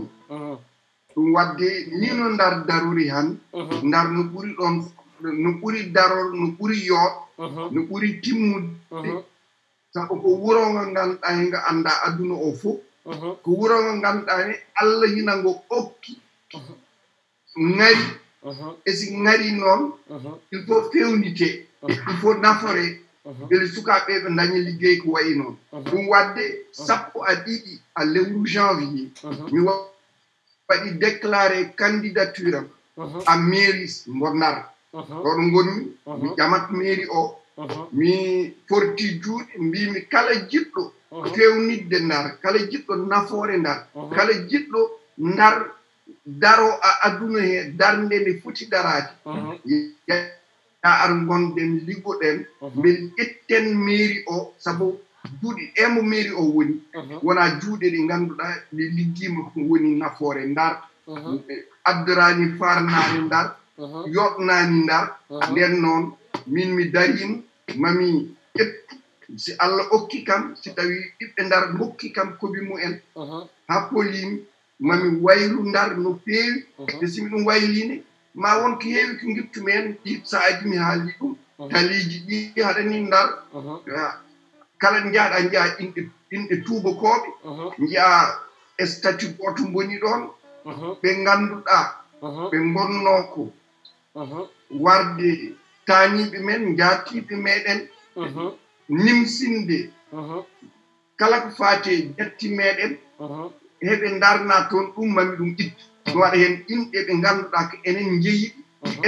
ɗum wadde nino ndar daruri han ndar no ɓuri ɗon no ɓuri darol no ɓuri yooɗ uh-huh. no ɓuri timmude uh-huh. sabu ko wurongo ngannduɗaa he ngo annda aduna o fof uh-huh. ko wurongo ngannduɗaa he allah hina ngo ɓokki ŋari e si ŋari noon il faut fewnitee il faut naforee ɓele sukaaɓe ɓe dañi liggey ko wayi noon ɗum waɗde sappo a e ɗiɗi a lewru janvier mi waɗi déclaré candidature am a mairie mbonnara to uh-huh. ɗo ngoni mi ƴamat uh-huh. meeri o uh-huh. mi porti juuɗe mbimi kala jiɗɗo fewnidde ndar kala jiɗɗo nafoore ndar kala jiɗɗo ndar daro a aduna he darnde nde foti daraade ya ar gonɗen ligoɗen min itten meeri o sabu juuɗi emo meeri o woni wona juuɗe ɗi ngannduɗaa ɗi liggiima woni nafoore ndar addiraani farnaani ndar Uh-huh. yoɗnaani ndaar uh-huh. nden noon min mi dayin mami ƴettu si allah okki kam si tawii ɓiɓɓe ndar mokki kam kobi mu'en haa uh-huh. poliimi mami waylu ndar no feewi te simi ɗum wayliine ma wonko heewi ko ngiptumi en ɗi so adi mi haalii ɗum taliiji ɗi haɗani ndar kala njaaɗa njiyaa inɗe inɗe tuubakooɓe njiyaa statut gooto mboni ɗoon ɓe ngannduɗaa ɓe ngonnoo ko warde taañiiɓe men njaatiiɓe meeɗen nimsinde kala ko faati ƴetti e meeɗen heɓe ndarnaa toon ɗum mami ɗum itti ɗum waɗa heen inɗe ɓe ngannduɗaa ko enen njeyi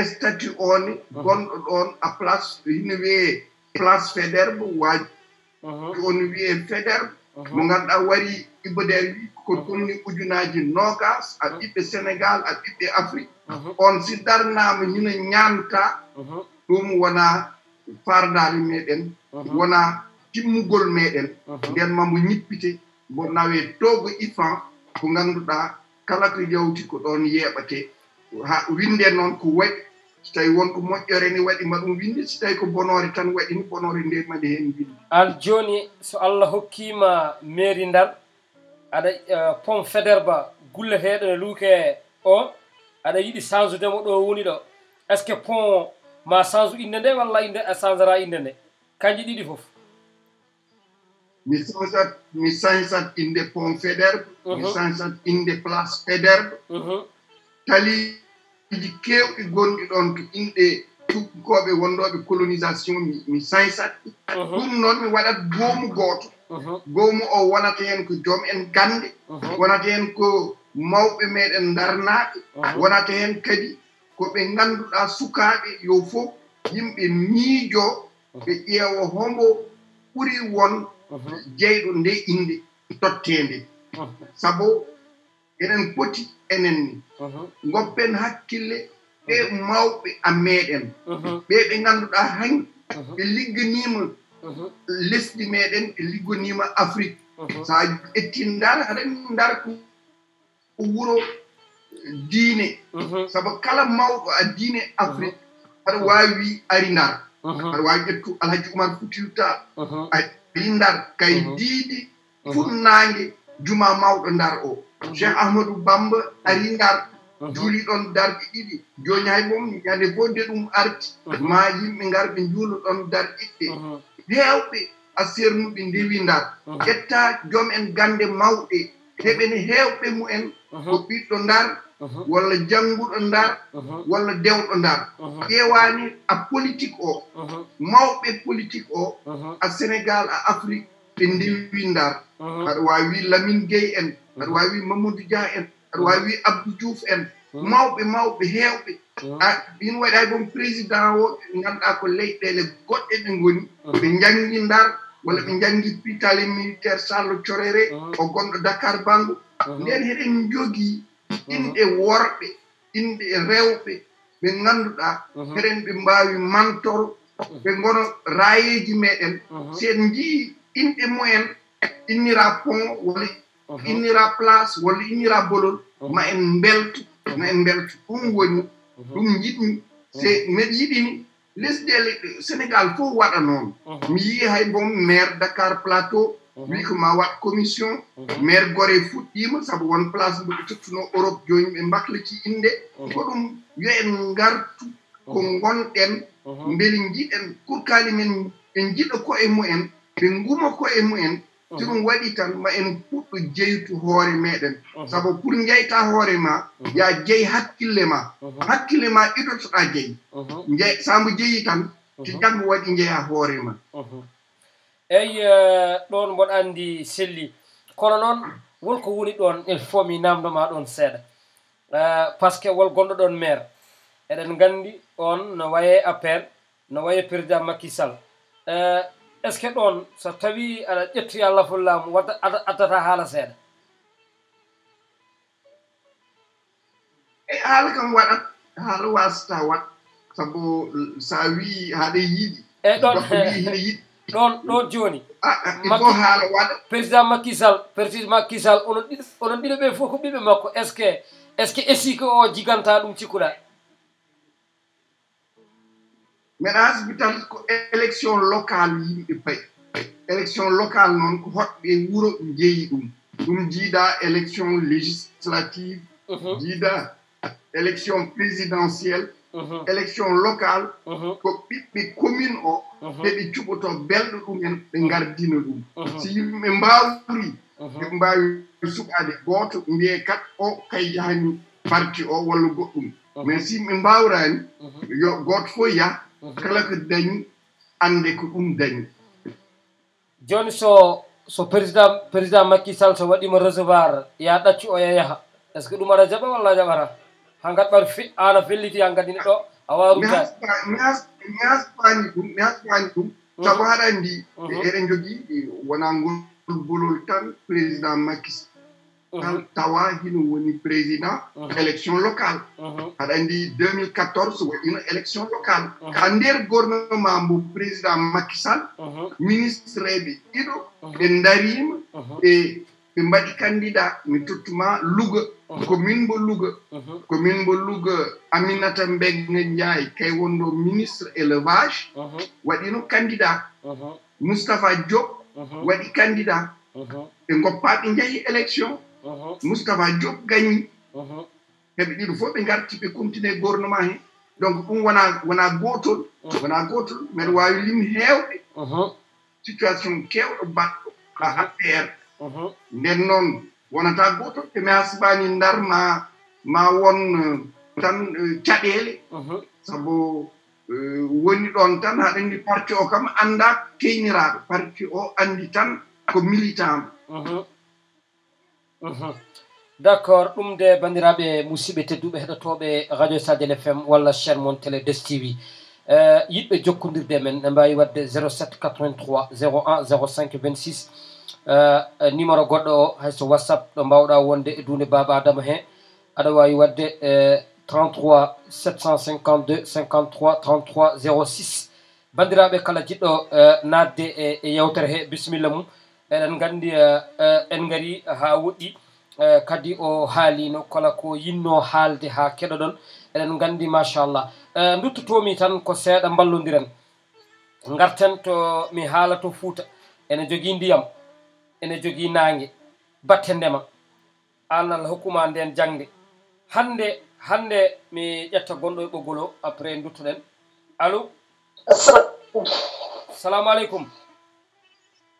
statut oone gonɗo ɗoon a place hino wiyee place féderbe waaji ko on wiyee féderbe mo ngannduɗaa warii ibodeer wii ko ujunaji nogas ak ɓiɓɓe sénégal ak ɓiɓɓe afrique mhm. on si darnama ñuna ñamta ɗum mhm. wona fardali meɗen mhm. wona timmugol meɗen nden mamo ñippite mbo nawe togo ifan ko ganduɗa kala ko yawti ko ɗon yeɓate ha winde noon ko waɗi so tawi wonko moƴƴere ni waɗi ma ɗum windi so tawi ko bonore tan waɗi ni bonore nde maɗi hen windi al joni so allah hokkima mairie ndar aɗa uh, pom federba gullateɗo no luuke o aɗa yiɗi change demo ɗo woni ɗo est ce que pon ma change inde nde walla inde a eh, changera inde nde kanji ɗiɗi fof mi chansat mi chansat inde pon federbe mi mhm. chansat inde place federbe mhm. taliji kewɗi gonɗi ɗon to inɗe tukkooɓe wonɗooɓe colonisation mi chansat colonisation mhm. ɗum noon mi waɗat boomu gooto Uh-huh. goomu o wonata heen ko joom en gannde uh-huh. wonata heen ko mawɓe meeɗen ndarnaaɓe uh-huh. wonata heen kadi ko ɓe ngannduɗaa sukaaɓe yo fof yimɓe miijoo ɓe ƴeewo hombo ɓuri won jeyɗo nde innde totteende sabo eɗen poti enen ni goppen hakkille ɓe mawɓe a meeɗen ɓe ɓe ngannduɗaa hañ ɓe ligganiima lesɗi meɗen e liggoniima afrique mhm. so a etti ndar aɗen ndar ko wuro diine mhm. sabu kala mawɗo a diine afrique mhm. aɗa waawi ari ndar aɗa waawi ƴettu alhaji umar futilta ari ndar kay diidi funnaange juma mawɗo ndar o cheikh ahmadou bamba ari ndar juuli ɗon darɗe ɗiɗi jooni hay boom ñannde fof nde ɗum arti ma yimɓe ngar ɓe njuulo ɗon darɗiɗɗe heewɓe a sernuɓe ndewi mm. ndar ƴetta mm-hmm. joom en gande mawɗe heɓene heewɓe mumen ko mm-hmm. ɓiɗɗo ndar mm-hmm. walla jannguɗo ndar walla dewɗo ndar ƴeewani a politique o mawɓe politique o a sénégal a afrique ɓe ndewi ndar aɗa waawi lamin gey en aɗa waawi mamadou dia en aɗa waawi abdou diouf en mawɓe mawɓe heewɓe min waɗa ɗum président o ngannduɗaa ko leyɗeele goɗɗe ɗe ngoni ɓe njanngi ndar walla ɓe njanngi pitali militaire charle corere o gonɗo dakar bangu nden heɗen jogii inɗe worɓe inɗe rewɓe ɓe ngannduɗaa heɗen ɓe mbaawi mantoro ɓe ngono rayeeji meeɗen si en njiyi inɗe mumen innira pont walla innira place walla innira bolol ma en mbeltu ma en mbeltu ɗum woni Mhm. ɗum yiɗum se miɗ mhm. yiɗini lesɗe sénégal fof waɗa noon mhm. mi yii hay bon maire dakar plateau wii ko ma waɗ commission maire gore fuɗɗiima sabu won place mboɗo tottuno europe jooni ɓe mbahlaci innde ko ɗum yo en ngartu ko ngonɗen mbeli njiɗen kurkaali men e ɓe njiɗa koye mumen ɓe nguma koye mumen si mhm. ɗum waɗi tan ma en puɗɗo jeytu hoore meeɗen mhm. sabu pour njeyta hoore ma mhm. ya jeyi hakkille ma hakkille ma idotoɗa jeyi sambo jeyi tan ti jango waɗi njeya hoore ma eyi eh, ɗon mboɗa anndi selli kono noon wonko woni ɗon il e faut mi namdoma ɗon seeɗa eh, par ce que wol gonɗo ɗon maire eɗen nganndi on no wayee appel no wayee président makisal eh, est ce que ɗon so tawi aɗa ƴettu allah fullamu wadda addata haala seeɗa e haala kam waɗa haala wasata waɗ sabu so a wii haɗa yiɗi eyi ɗon ɗon ɗon jooni ifo ah, e haala waɗa président makisal président makisal onon ɗiɗo ɓe fof ko ɓiɓe makko est ce que est ce que essi ko o jiganta ɗum cikkuɗa min asbi tan ko élection local yimɓe payi élection local noon ko hoɓɓe wuro jeyi ɗum ɗum jiida élection législative mhm. jiida élection présidentielle mhm. élection local mhm. ko ɓiɓɓe commune o ɓeɓe cuɓoto belɗo ɗumen ɓe gardina ɗum si yimɓe mbawri ɓe mbawi suɓade goto mbiye kat o kay yahani parti o walla goɗɗum mais si yimɓe mbawrani yo goto fof yaha Mhm. kala ko dañi ande ko ɗum dañi joni so so président président makki sall so waɗima recevoir ya ɗaccu o ya yaha est ce que ɗum aɗa jaɓa walla a jaɓata ha gaɗɓar an a felliti han gadini ɗo a wawmi haspani ɗum mi haspani ɗum saabu mhm. haɗa andi mhm. eɗen jogui e wona ngol bolol tan président makki kan tawa hino un président élection locale aɗa anndi 2014 une élection locale ka nder gouvernement mbo président makisal ministre de ɗiɗo ɓe ndariima ɓe ɓe un candidat mais tout le monde min commune luga ko min mbo luga aminata mbegge ndiaye kay wonɗo ministre élevage un candidat Mustafa diop un candidat et goppaa ɓe une élection moustapha jog gañi heɓe ɗiɗo fof ɓe garti ɓe kumtine gornement he donc ɗum wona wona gootol wona gootol mbeɗa wawi lim heewɓe situation kewɗo baɗɗo ha haɓɓeere nden noon wonata gootol ɓe mi hasbani ndar ma ma won uh, tan uh, caɗeele sabu uh, woni ɗon tan haɗa andi parti o kam annda keyniraaɗo parti o andi tan ko militant Mhm. D'accord, accord ɗum de bandiraɓe musidɓe tedduɓe heɗotoɓe radio sadel fm walla chaine mon télé Euh yibbe yiɗɓe men ne mbawi wadde 07 83 01 05 26 euh numéro goddo o hayso whatsapp do mbawɗa wonde e dunde baba adama he aɗa wawi wadde 33 752 53 33 06 bandiraɓe kala jiddo euh, nadde e, e yawtere he bismillah mum eɗen gandi e, e, en gari ha woɗɗi e, kadi o haalino kala ko yinno haalde ha keɗo ɗon eɗen gandi machallah duttotomi tan ko seeɗa mballodiren garten to mi haala to fuuta ene jogui ndiyam ene jogui nangue batte ndema an alhukuma nden jangde hande hande mi ƴetta gonɗo e ɓoggol o après duttoɗen alo salamu aleykum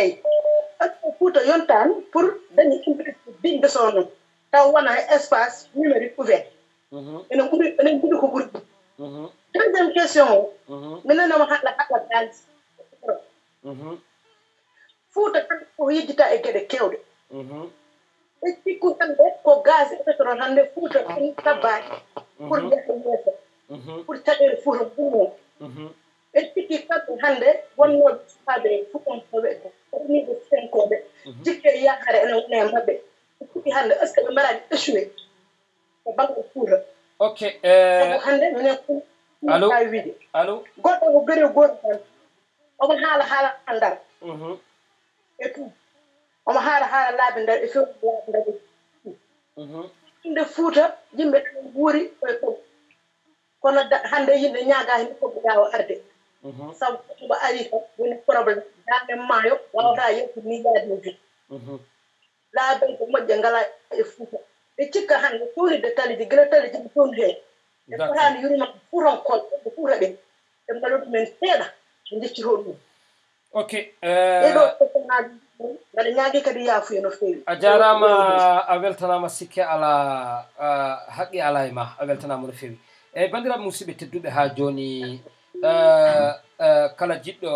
eeyi fouta yontaani pour dañi entreprise biñde soonno taw wona espace numérique ouvert enen ɓuri enen ɓuri ko ɓuri deuxiéme question o minenoma haala haala daalisi fouta ko yejjita e geɗe kewɗe e sikku hannde ko gaz e pétrole hannde fouta tabbaaki pour mm-hmm. yeeso yeeso mm-hmm. pour caɗeele fouta ɓumoo E mhm. e e ɓe sikki kadu hannde wonno sukaaɓe fukontooɓe niɓe fenkooɓe jikke yakare ene wone maɓɓe fuɗi hannde est ce que ɓe mbaraaji échoué o banggal fuura ok eh, sabu hannde minen ka wiide allo goɗɗo o gari gooto tan omo haala haala anndar mhm. e tout omo haala haala laabi ndar e fewndar inde mhm. fuuta yimɓe ɗ guuri koye kono hannde yimɓe ñaagaa hen fof ɓe yaawa arde sabu ari woni probléme dande maayo ok ɗeɗo eh, ala ah, haqqi ala e ma a weltanama eh feewi eyyi bandiraɓe musidɓe joni kala jiɗɗo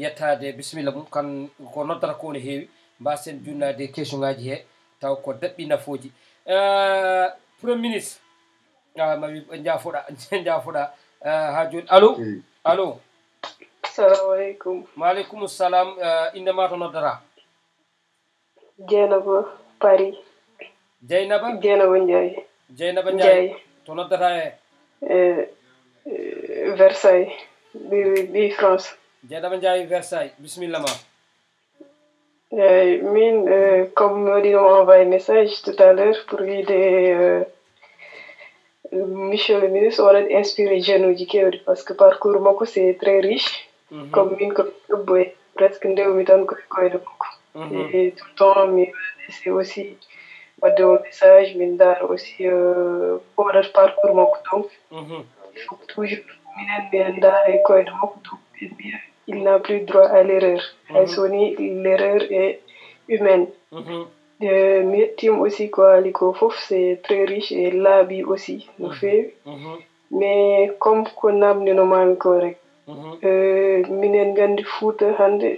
yettade bisimilla mum kan ko noddata ko ne heewi mbasen junnade question ngaji he taw ko daɓɓi nafoji premier ministre ma wi jafoɗa jafoɗa ha joni allo allo assalamu aleykum maaleykum salam indema to noddata dieynaba paris dieynaba dieynaba ndiaye dieynaba ndiaye to noddata e Versailles de de France. Bienvenue Ndiaye Versailles bismillah ma. euh, comme Odile m'a envoyé un message tout à l'heure pour l'idée, euh, michel le ministre war a inspiré jeunes ji kéwri parce que parcours moo c'est très riche. Mhm. comme une ko yóbbuwee presque ndéw mi tan koy de na mhm. et tout le temps mais c'est aussi de un message mais daar aussi euh, pour parcours moo ko donc mhm. il faut toujours il n'a plus droit à l'erreur. Mm-hmm. l'erreur est humaine. Mm-hmm. Tim aussi, quoi, Fof, c'est très riche et l'habit aussi, nous mhm. fait. Mhm. Mais comme qu'on a amené nos mains minen gandi fouta hande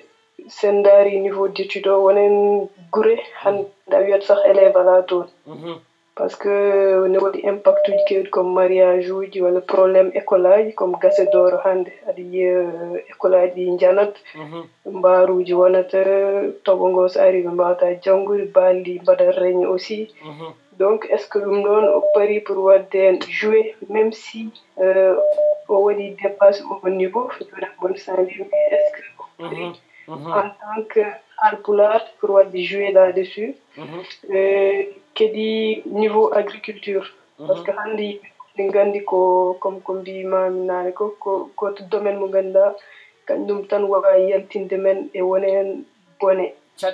sendari niveau d'étude o wonen gure hande mhm. a wiyat sah élève ala toon parce que no waɗi impact uji kewɗi comme mariage uji walla probléme école aji comme gase dooro hannde aɗa yiya euh, école aji ɗi janat mhm. mbaaruuji wonata toɓo ngo so ari ɓe mbawata janngude baalɗi mbaɗat régné aussi mhm. donc est ce que ɗum ɗon o pari pour waɗde hen même si o euh, waɗi dépasse au niveau joɗa bonne santé, mais est ce que o pari mhm. en tant que alpulaar pour waɗde jouer là dessus euh, kedi niveau agriculture mhm. par ce que hanndi ɗin nganndi ko comme ko mbimami naane ko ko to domaine mo ngannduɗa kanjum tan waɗa yaltinde men e wone hen bone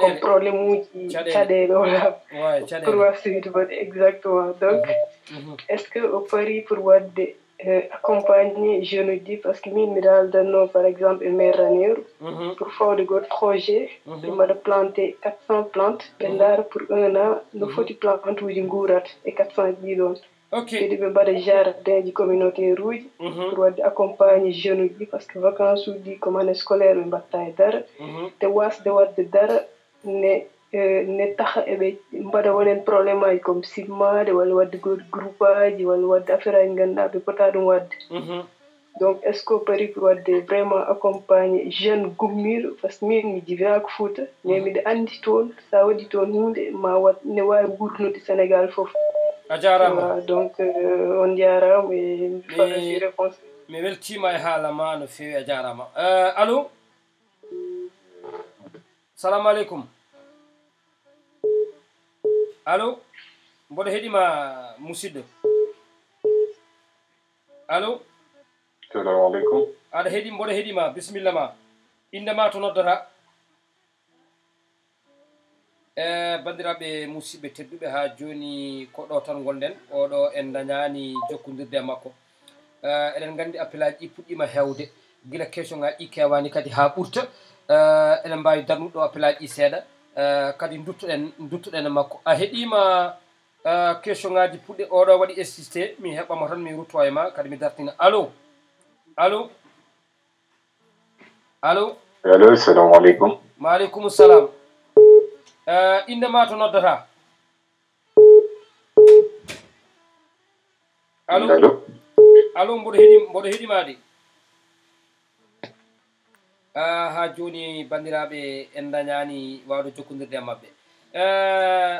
ko probléme uji caɗele wala pour wasde wide bone exactement donc mhm. mhm. est ce que o pari pour waɗde Euh, accompagner je ne dis parce que mes médailles de nom par exemple et mes Ranier pour faire de gros projets de hmm il 400 plantes pendant mhm. pour un an nous mm-hmm. faut du entre une et 400 bidons okay. et de même pas de jardin du communauté rouge mhm. pour accompagner je ne dis parce que vacances ou dit comme année scolaire une bataille d'art mhm. was de was de mais Eh, ne taxa eɓe mbaɗa wonen probléme aji comme sibmade walla wadde groupe aji walla wadde affaire aji ngannduɗa ɓe pota ɗum wadde mhm. donc est ce que pari pour wadde vraiment accompagné jeune gummiɗo par ce que min mi jivina ko fouta mais mhm. miɗa andi toon sa waɗi toon hunde ma wat ne wawi wurnude sénégal foof a jarama donc euh, on jarama eréponse mi weltima e haalama no fewi a jarama euh, allo salamu aleykum allo mboɗo heɗima musidɗo allo salamu aleykum aɗa heɗi mboɗo heɗima bisimilla ma inde ma to noddata e bandiraɓe musidɓe tedduɓe ha joni koɗo tan gonɗen oɗo en dañani jokkodirde e makko e, eɗen gandi appelaji ɗi puɗɗima hewde guila question ngaji ɗi kewani kadi ha ɓurta e, eɗen mbawi darnuɗo appelaji ɗi seeɗa Eh, kadi duttuɗen duttuɗen makko a heɗima uh, eh, question ngaji puɗɗe oɗo waɗi insisté mi heɓamo tan mi ruttowa e ma kadi mi dartina allo allo allo allo assalamu aleykum ma aleykum salam uh, eh, inde ma to noddata allo allo mboɗo heɗi mboɗo heɗimaɗi Ah, ha joni bandiraɓe en dañani wawde jokkodirde e mabɓe ah,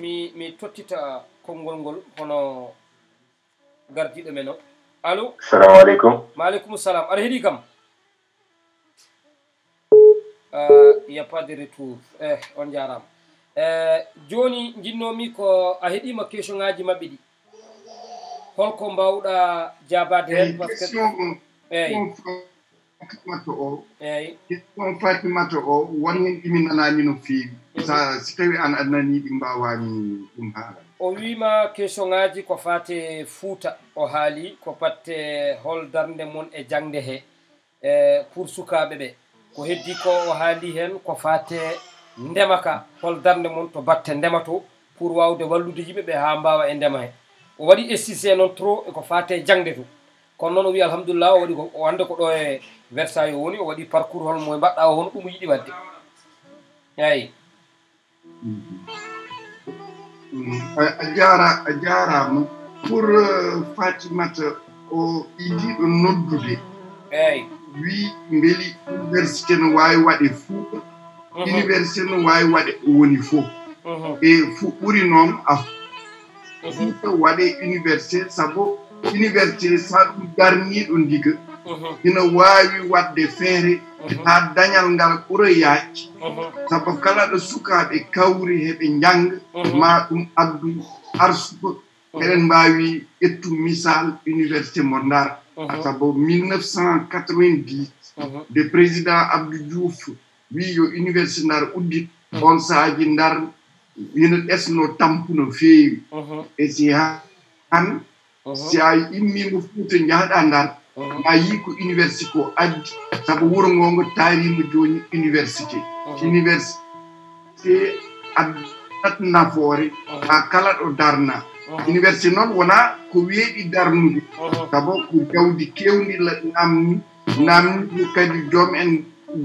mi mi tottita konngol ngol hono gardiɗo men o allo salamu aleykum maaleykum salam aɗa heeɗi kam ah, ya pas de retour e on jarama e eh, joni jinnomi ko a heeɗima question ŋaji mabɓe ɗi holko mbawɗa jabade hen par eh, ce que eyi fatimato o kettion fatimato o won hen ɗimi nanani no fewi si tawi an annani ɗim mbawani ɗum haala o wima question ngaji ko fate fuuta o haali ko patte hol darde mon e jangde he e pour sukaɓe ɓe ko heddi ko o haali hen ko fate ndema ka hol darde mon to batte ndema to pour wawde wallude yimɓeɓe ha mbawa e ndema he o waɗi estisé noon trop eko fate jangde to kono noon o wiya alhamdulillah o waɗi ko wande ko ɗo e versaille o woni o waɗi parcours holmo e mbaɗɗa o hono ɗum yiɗi wadde eyi mm-hmm. a jara a jarama pour euh, fatimata o idiɗo noddude eyi wi beeli université no wawi waɗe fou mm-hmm. université no wawi waɗe woni fo mm-hmm. e fou ɓuri noon a fuuta waɗe université sabo université saɗu garnii ɗum ndiga ina waawi waɗde feere haa dañal ngal ɓura yaacce sabu kala ɗo sukaaɓe kawri heɓe njannga maa ɗum addu arsuba eɗen mbaawi ettu misal université mondar sabu 1990 de président abdou diouf wii yo université ndar uddit on saaji ndar ina ɗesno tampu no feewi e si han Uhum. si a immimo fuuto jahɗa ndar ma yi ko université ko uhum. addi saabu wuro ngo ngo taarima joni université université addat nafoore ha uhum. kala ɗo darna université noon wona ko weeɗi darnude saabu ko jawdi kewndi namni namni kadi joom en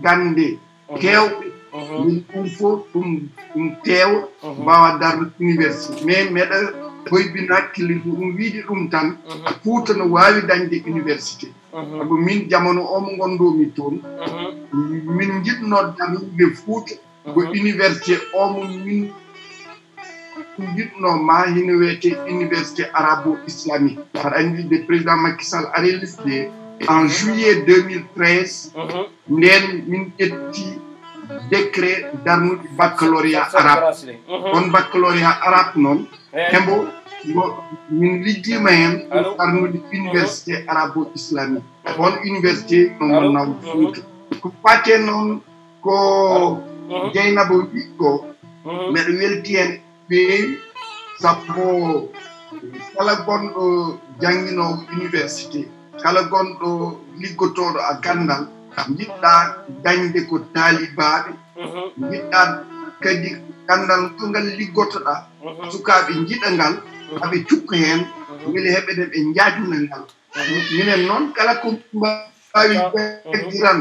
gande kewɓe min ɗum fof ɗum ɗum teewa mbawa darnude université mais meɗa koye bin hakkille so ɗum wiiɗi ɗum tan mhm. fuuta no waawi dañde université sabu mhm. min jamono o mo gondo mi toon mhm. min jiɗnoɗam yimɓe fuuta go université o mo min jiɗno ma hino wiyete université arabo islamique par anndi de président makisal ari lisde en juillet 2013 nen min ƴetti décret darnuɗi baccaloria arabe mhm. on baccaloria arabe noon eh. kembo go min liggima heen darnuɗi université arabo islamique on université no gonnawo fuuta ko fate noon ko jeynabo mhm. ɓiɗɗo mbeɗo mhm. welti hen ɓeewi sabbo kala gonɗo janginowo université kala gonɗo liggotoɗo a gandal jiɗɗa dañde ko taalibaaɓe mhm. jiɗɗa kadi anndal ko ngal liggotoɗa mhm. sukaaɓe jiɗa ngal mhm. aɓe cukka heen mbele heɓeten ɓe njaajuna ngal minen noon kala ko mbaawi ɓeggiran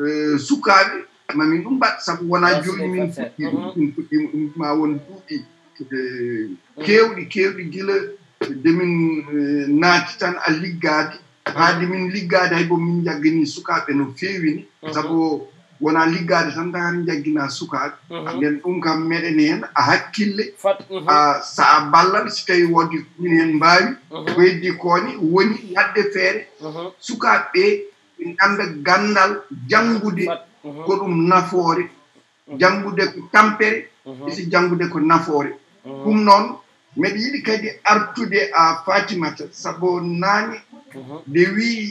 e, sukaaɓe mami ɗum mbaɗ sabu wonaa jooni min fuɗɗiɗum fuɗɗima won duuɗi keewɗi keewɗi gila demin e, naati tan a liggaade haade min liggaade hay bo min jaggini sukaaɓe no feewi ni mhm. sabu wonaa liggaade tan tagani jagginaa sukaaɓe mhm. nden ɗum kam meɗen heen a hakkille so mhm. a ballaɓe si tawii wodde min heen mbaawi weddi kooni woni yaɗde feere sukaaɓe ɓe annda ganndal janngude ko ɗum nafoore janngude ko tampere esi janngude ko nafoore ɗum noon miɗa yiɗi kadi artude a fatimata sabu naani Uh-huh. nde wii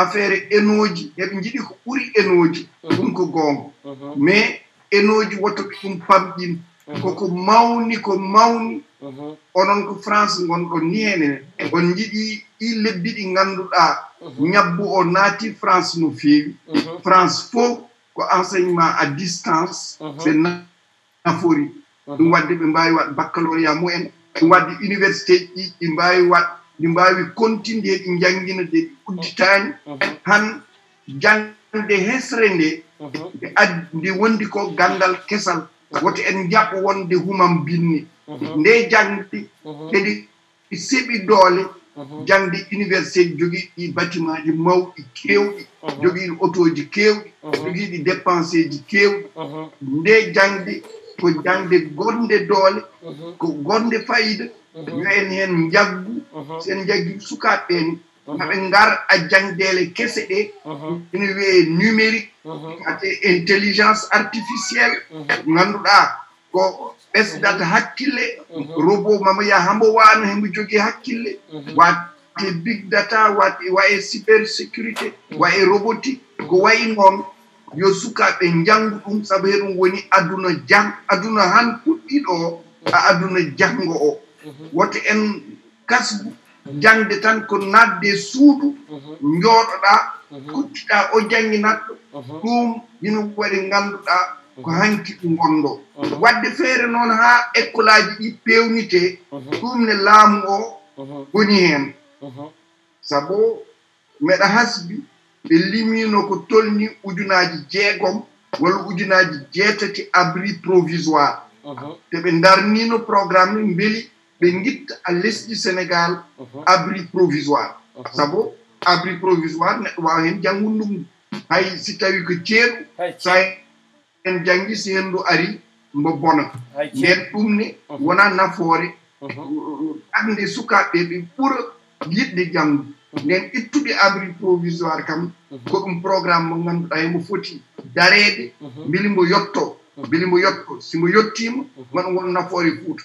affaire enoji heɓe njiɗi ko ɓuri enoji uh-huh. ɗum ko goonga uh-huh. mais enoji wottoɓe ɗum pamɗin koko mawni ko mawni onon ko france gonɗon ni hene on njiɗi ɗi lebbi ɗi ngannduɗaa ñabbu o naati france no feewi france fof ko enseignement à distance ɓe nafori ɗum wadde ɓe mbaawi waɗ baccaloria mumen ɗum wadde université ji ɗi mbaawi waɗ ɗi mbaawi continue ɗi njanngina de ɗi udditaani mhm. han jannde hesre nde e ad nde wondi ko ganndal kesal mhm. woto en jaɓ wonde humam binni nde jannde kedi seɓi doole jannde université jogii ɗi batiment ji mawɗi keewɗi jogii ɗi autoji keewɗi jogii ɗi dépensé ji keewɗi nde jannde ko jannde gonde doole ko gonde fayida mbiyen heen njaggu uh-huh. sen njaggi sukaaɓe ɓeen uh-huh. maɓe ngar a jangdeele kese ɗe uh-huh. ene wiye numérique ate intelligence artificielle ngannduɗaa ko ɓesdata hakkille robot mamo yaha hambo waano hembo jogii hakkille watte big data wate waye cyber sécurité waye robotique ko wayi noon yo sukaaɓe njanngu ɗum sabu heɗum woni aduna jan aduna han puɗɗiiɗo o a aduna janngo o Mhm. wota en kasgu jangde tan ko nadde suudu mhm. jooɗoɗa mhm. kuccuɗa o jangi natɗo ɗum hino waɗi ngannduɗa ko hanki ɗu gonɗo wadde feere noon haa école aji ɗi pewnite ɗum ne laamu o boni heen sabu meɗa hasbi ɓe limino ko tolni ujunaaji jeegom walla ujunaaji jeetati abri provisoire te ɓe darnino programme beli ɓe gitta a du sénégal uh-huh. abri provisoire sabo uh-huh. abri provisoire neɗɗo wawa hen janngundu mum hay si tawi ko ceeɗu sa en janngi si do ari mo bona nden ɗum ne uh-huh. wona nafoore ande pour ɓe di abri provisoire kam ko un programme mo futi, e mo foti dareede mbili mbo yotto mbili mbo yotto si mbo yottima maɗum won fori e foutu.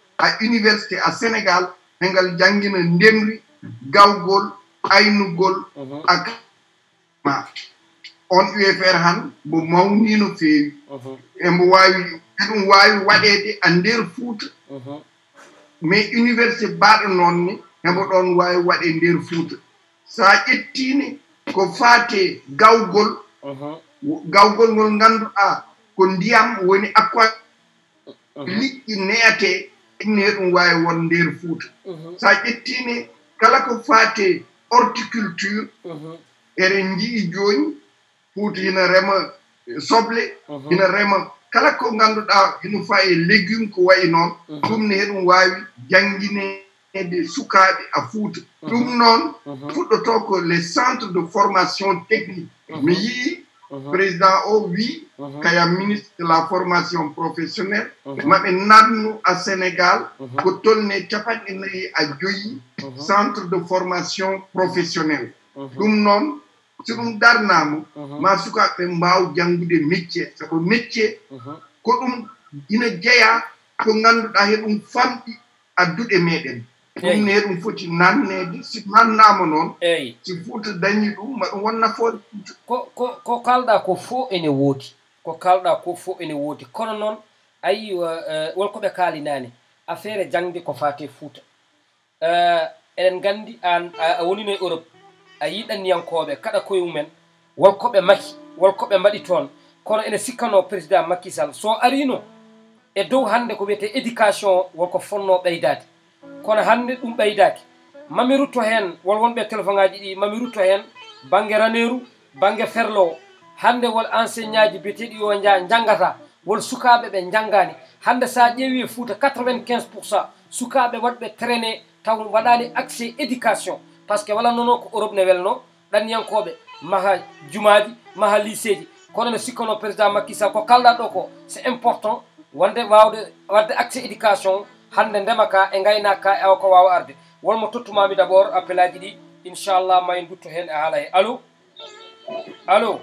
a université a sénégal e ngal janngina ndemri gawgol aynugol uh-huh. ak ma on ufr han mbo mawni no feewi uh-huh. embo waawi eɗum waawi waɗeede a ndeer fuuta uh-huh. mais université mbaaɗo noon ni hembo ɗoon waawi waɗe ndeer fuuta so a ƴettiine ko faate gawgol gawgol ngol nganndu aa ko ndiyam woni aqua liƴƴi neyatee inne ɗum wawi won nder fouta mhm. sa ƴettine kala ko faate horticulture mhm. eɗen jii joni fouta ina rema eh, soble mhm. ina rema kala ko ngannduɗa ina faa e légume ko wayi noon ɗum ne heɗum wawi jangginede sukaaɓe a fouta ɗum noon fuɗɗoto ko les centre de formation technique mi yii Uh-huh. président o wi kaya ministre de la formation professionnelle uh-huh. maɓe natnu au sénégal ko tolne capanɗe nayi a centre de formation professionnelle ɗum uh-huh. noon so ɗum darnama ma sukaɓe mbaw janngude métier sabu métier ko ɗum ina jeeya ko ngannduɗa he ɗum famɗi adduɗe ɗum ne ɗum foti nannede si nannama noon eyi si fuuta dañi ɗum ma ɗum won nafoore ko ko ko kalɗa ko fof ene woodi ko kalɗa ko fof ene woodi kono noon ayi eh, wonko ɓe kaalinaani affaire jangde ko fate fuuta eh, eɗen nganndi an a wonino e europe a yiɗanniyankoɓe kaɗa koye mumen wonko ɓe maki wonko ɓe mbaɗi toon kono ene sikkano président makisal so arino e dow hannde ko wiyete éducation wonko fonno ɓeydade kono hannde ɗum ɓeydaaki mami rutto heen won wonɓe téléphone ŋaaji ɗi mami rutto heen baŋnge raneeru baŋnge ferlo o hannde won enseigne ñaaji biyeteeɗi o ja njanngata won sukaaɓe ɓe njanngaani hannde so a ƴeewii fuuta 95 pour cent sukaaɓe waɗɓe traine taw waɗaani accès éducation par ce que walannonoo ko europe ne welno ɗanniyankooɓe maha jumaaji maha liceeji kono no sikkanoo président makkisa ko kalɗa ɗo ko c' est important wonde waawde waɗde accès éducation hande ndema ka e gaynak ka ewa ko wawa arde wonmo tottumami d' abord appel aji ɗi inchallah mayen dutto hen e haala he allo allo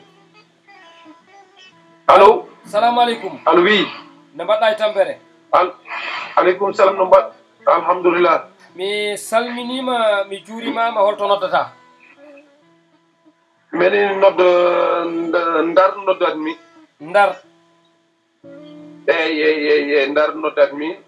allo salamu aleykum allo wi no mbaɗɗa e tampere aleykum salam no mbaɗ alhamdoulillah mi salminima mi juurimama holto noddata mbeɗe nodda ndar noddatmi ndar eyi eyi eyi ndar noddatmi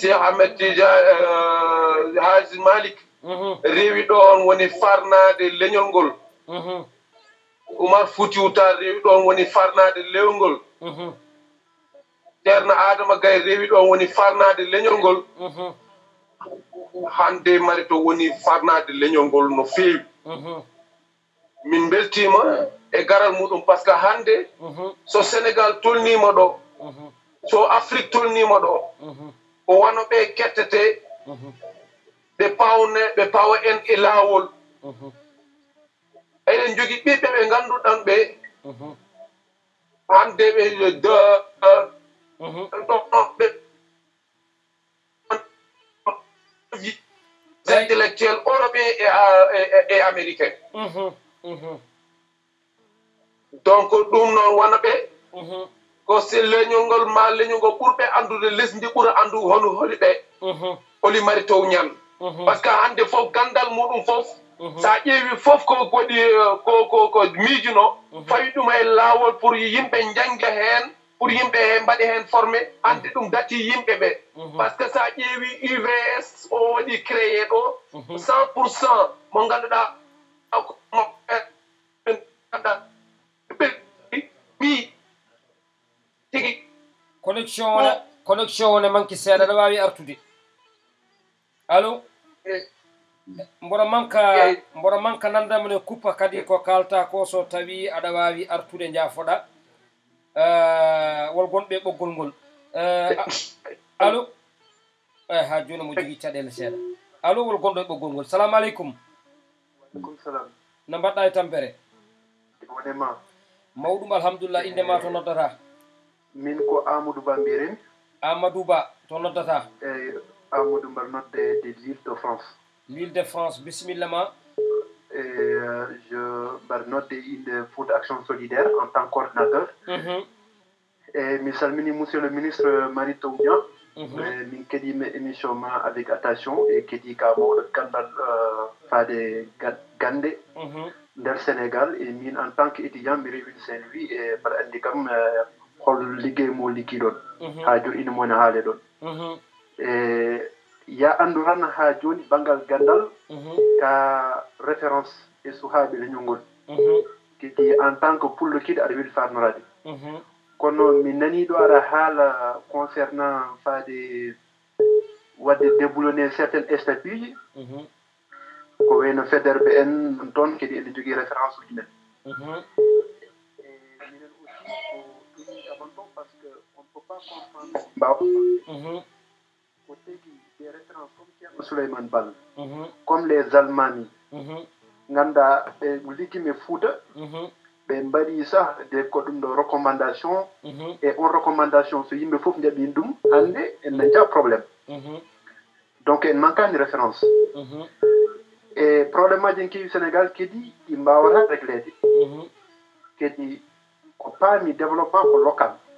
sheikh ahmed tija eh, haji malik mhm. rewi ɗo on woni farnade leñol ngol mhm. umar fouti utar rewi ɗo on woni farnade lewol ngol mhm. ceerno adama gay rewi ɗo on woni farnade leñol ngol hande mari to woni farnade leñol ngol no fewi min beltima e garal muɗum par ce que hande so sénégal tolnima ɗo so afrique tolnima ɗo wano ɓe kettete ɓe mm-hmm. pawne ɓe pawa en e laawol mm-hmm. eɗen jogii ɓiɓɓe ɓe ngannduɗan ɓe hannde mm-hmm. ɓe ɗoɓe intellectuel européen et américain donc ɗum noon wona ɓe ko si leñolngol ma leñolngol ɓurɓe andude lesdi ɓura andu hono holi ɓe holi mari tow ñal par ce que hannde fof ganndal muɗum fof so a ƴeewi fof ko goɗi ko ko ko miijuno fawi ɗum e laawol pour yimɓe jannga heen pour yimɓe he mbaɗi heen formé hannde ɗum datti yimɓe ɓee par ce que so a ƴeewi uvs o waɗi créé ɗo cent pour cent mo ngannduɗaa mi tigi connexion oh. connexion ne manki seeɗa ɗo waawi artude allo eh. mboɗo manka eh. mboɗo manka nandam kuppa kadi ko kalta ko so tawi aɗa waawi artude jaafoɗa eh, wol gonɓe ɓoggol ngol allo eyi ha jooni mo jogii caɗeele seeɗa allo wol gonɗo e ɓoggol ngol salamu aleykum no mbaɗɗa e tampere mawɗum alhamdulillah inde ma to noddata min ko amadou ba mbiyeren amadou ba to noddata eyyi amadou mbar nodde de l'île de france l'île de france bisimilla ma e je mbar nodde inde food action solidaire en tant coordinateur mhm. e mi salmini monsieur le ministre marie tow mhm. min keɗima émission ma avec attention e keɗi ka mawɗo gandal euh, faade gande mhm. nder sénégal e min en tant que étudiant mi rewin saint louis e mbaɗa anndi kam euh, hol liggey mo liggiɗon mhm. ha joɗini mone haale ɗon mhm. e ya anndu tan ha joni banngal gandal ka mhm. référence e suhaaɓe leñolngol kedi en tant que pullo kiɗe aɗa weɗi farnorade kono mi naniɗo aɗa haala concernant faade wadde débouloné certaine estatue ji ko wayno federe ɓe en toon kadi eɗen jogii référence uji men raison parce qu'on ne peut pas comprendre. Bah. Mmh. Côté des références comme Suleiman Bal, mmh. comme les Allemands. Mhm. Nganda, eh, Likime Fouda, ɓe mhm. ben, mbaɗi sah de ko ɗum ɗo recommandation e on recommandation so yimɓe fof jaɓi ɗum hannde en dañta probléme donc en manquani référence e probléme aji en keewi sénégal kadi ɗi mbawata réglede kadi ko paami développement ko local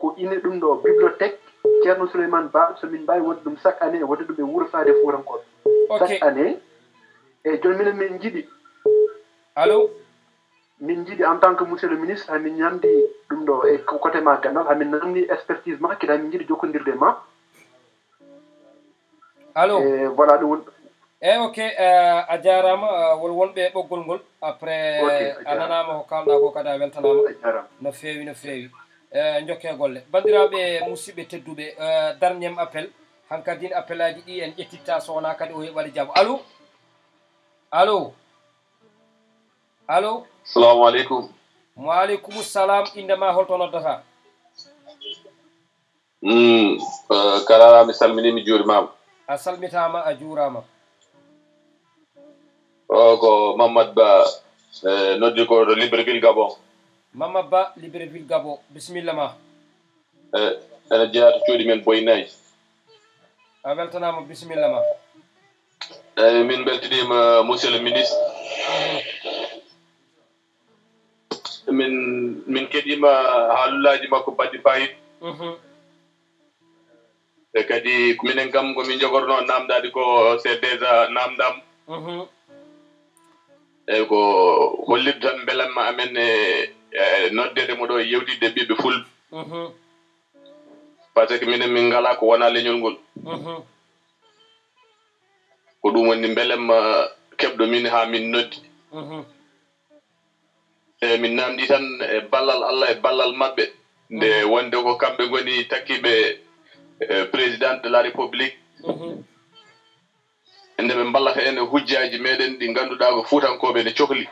ko ine ɗum ɗo bibliothèque ceerno souleymane ba somin mbawi wadde ɗum chaque année wadde ɗum e wuuro faade fuurankoɓe chaque année eyi joni minen min jiiɗi allo min jiiɗi en tant que monsieur le ministre hamin ñandi ɗum ɗo e coté ma gandal hamin nandi expertise ma kadi hamin jiiɗi jokkodirde ma allo e voilà ɗum woni eyi eh, ok eh, a jarama eh, won wonɓe ɓoggol ngol après a nanama ko kalɗa ko kadi a weltanama no fewi no fewi E, jokke golle bandiraɓe musidɓe tedduɓe e, darniéme appel hankadin appel aji ɗi en ƴettitta sowona kadi o heɓaɗe jaabo allo allo allo salamu aleykum mo aleykum salam indema holto noddata mm, kalara mi salminimi juurimama a salmitama a juurama o ko mamadou ba e, noddi ko to libreville gabon mamma ba libreville gabo bisimilla ma eh, ene jeyata cuuɗi eh, min boy nayi a weltanama bisimilla ma eyyi min beltinima monsieur le ministre min min keɗima haalullaji makko baɗɗi fayit mhm. e kadi ko minen kam komin jogorno namdade ko c'est déjà namdam mhm. eyyi ko hollirtan beelamma amen e E, e, nodde ɗe mo ɗo e yewtidde ɓiɓɓe fulɓe mhm. par ce que minen min ngala ko wona leñol ngol mhm. ko ɗum wonni belem keɓɗo min ha min noddi mhm. eyi min namdi tan e ballal allah e ballal maɓɓe nde wonde ko kamɓe goni takkiɓe e, président de la république ndeɓe ballata ene hujjaji meɗen ɗi ganduɗa ko fuutankoɓe ne cohli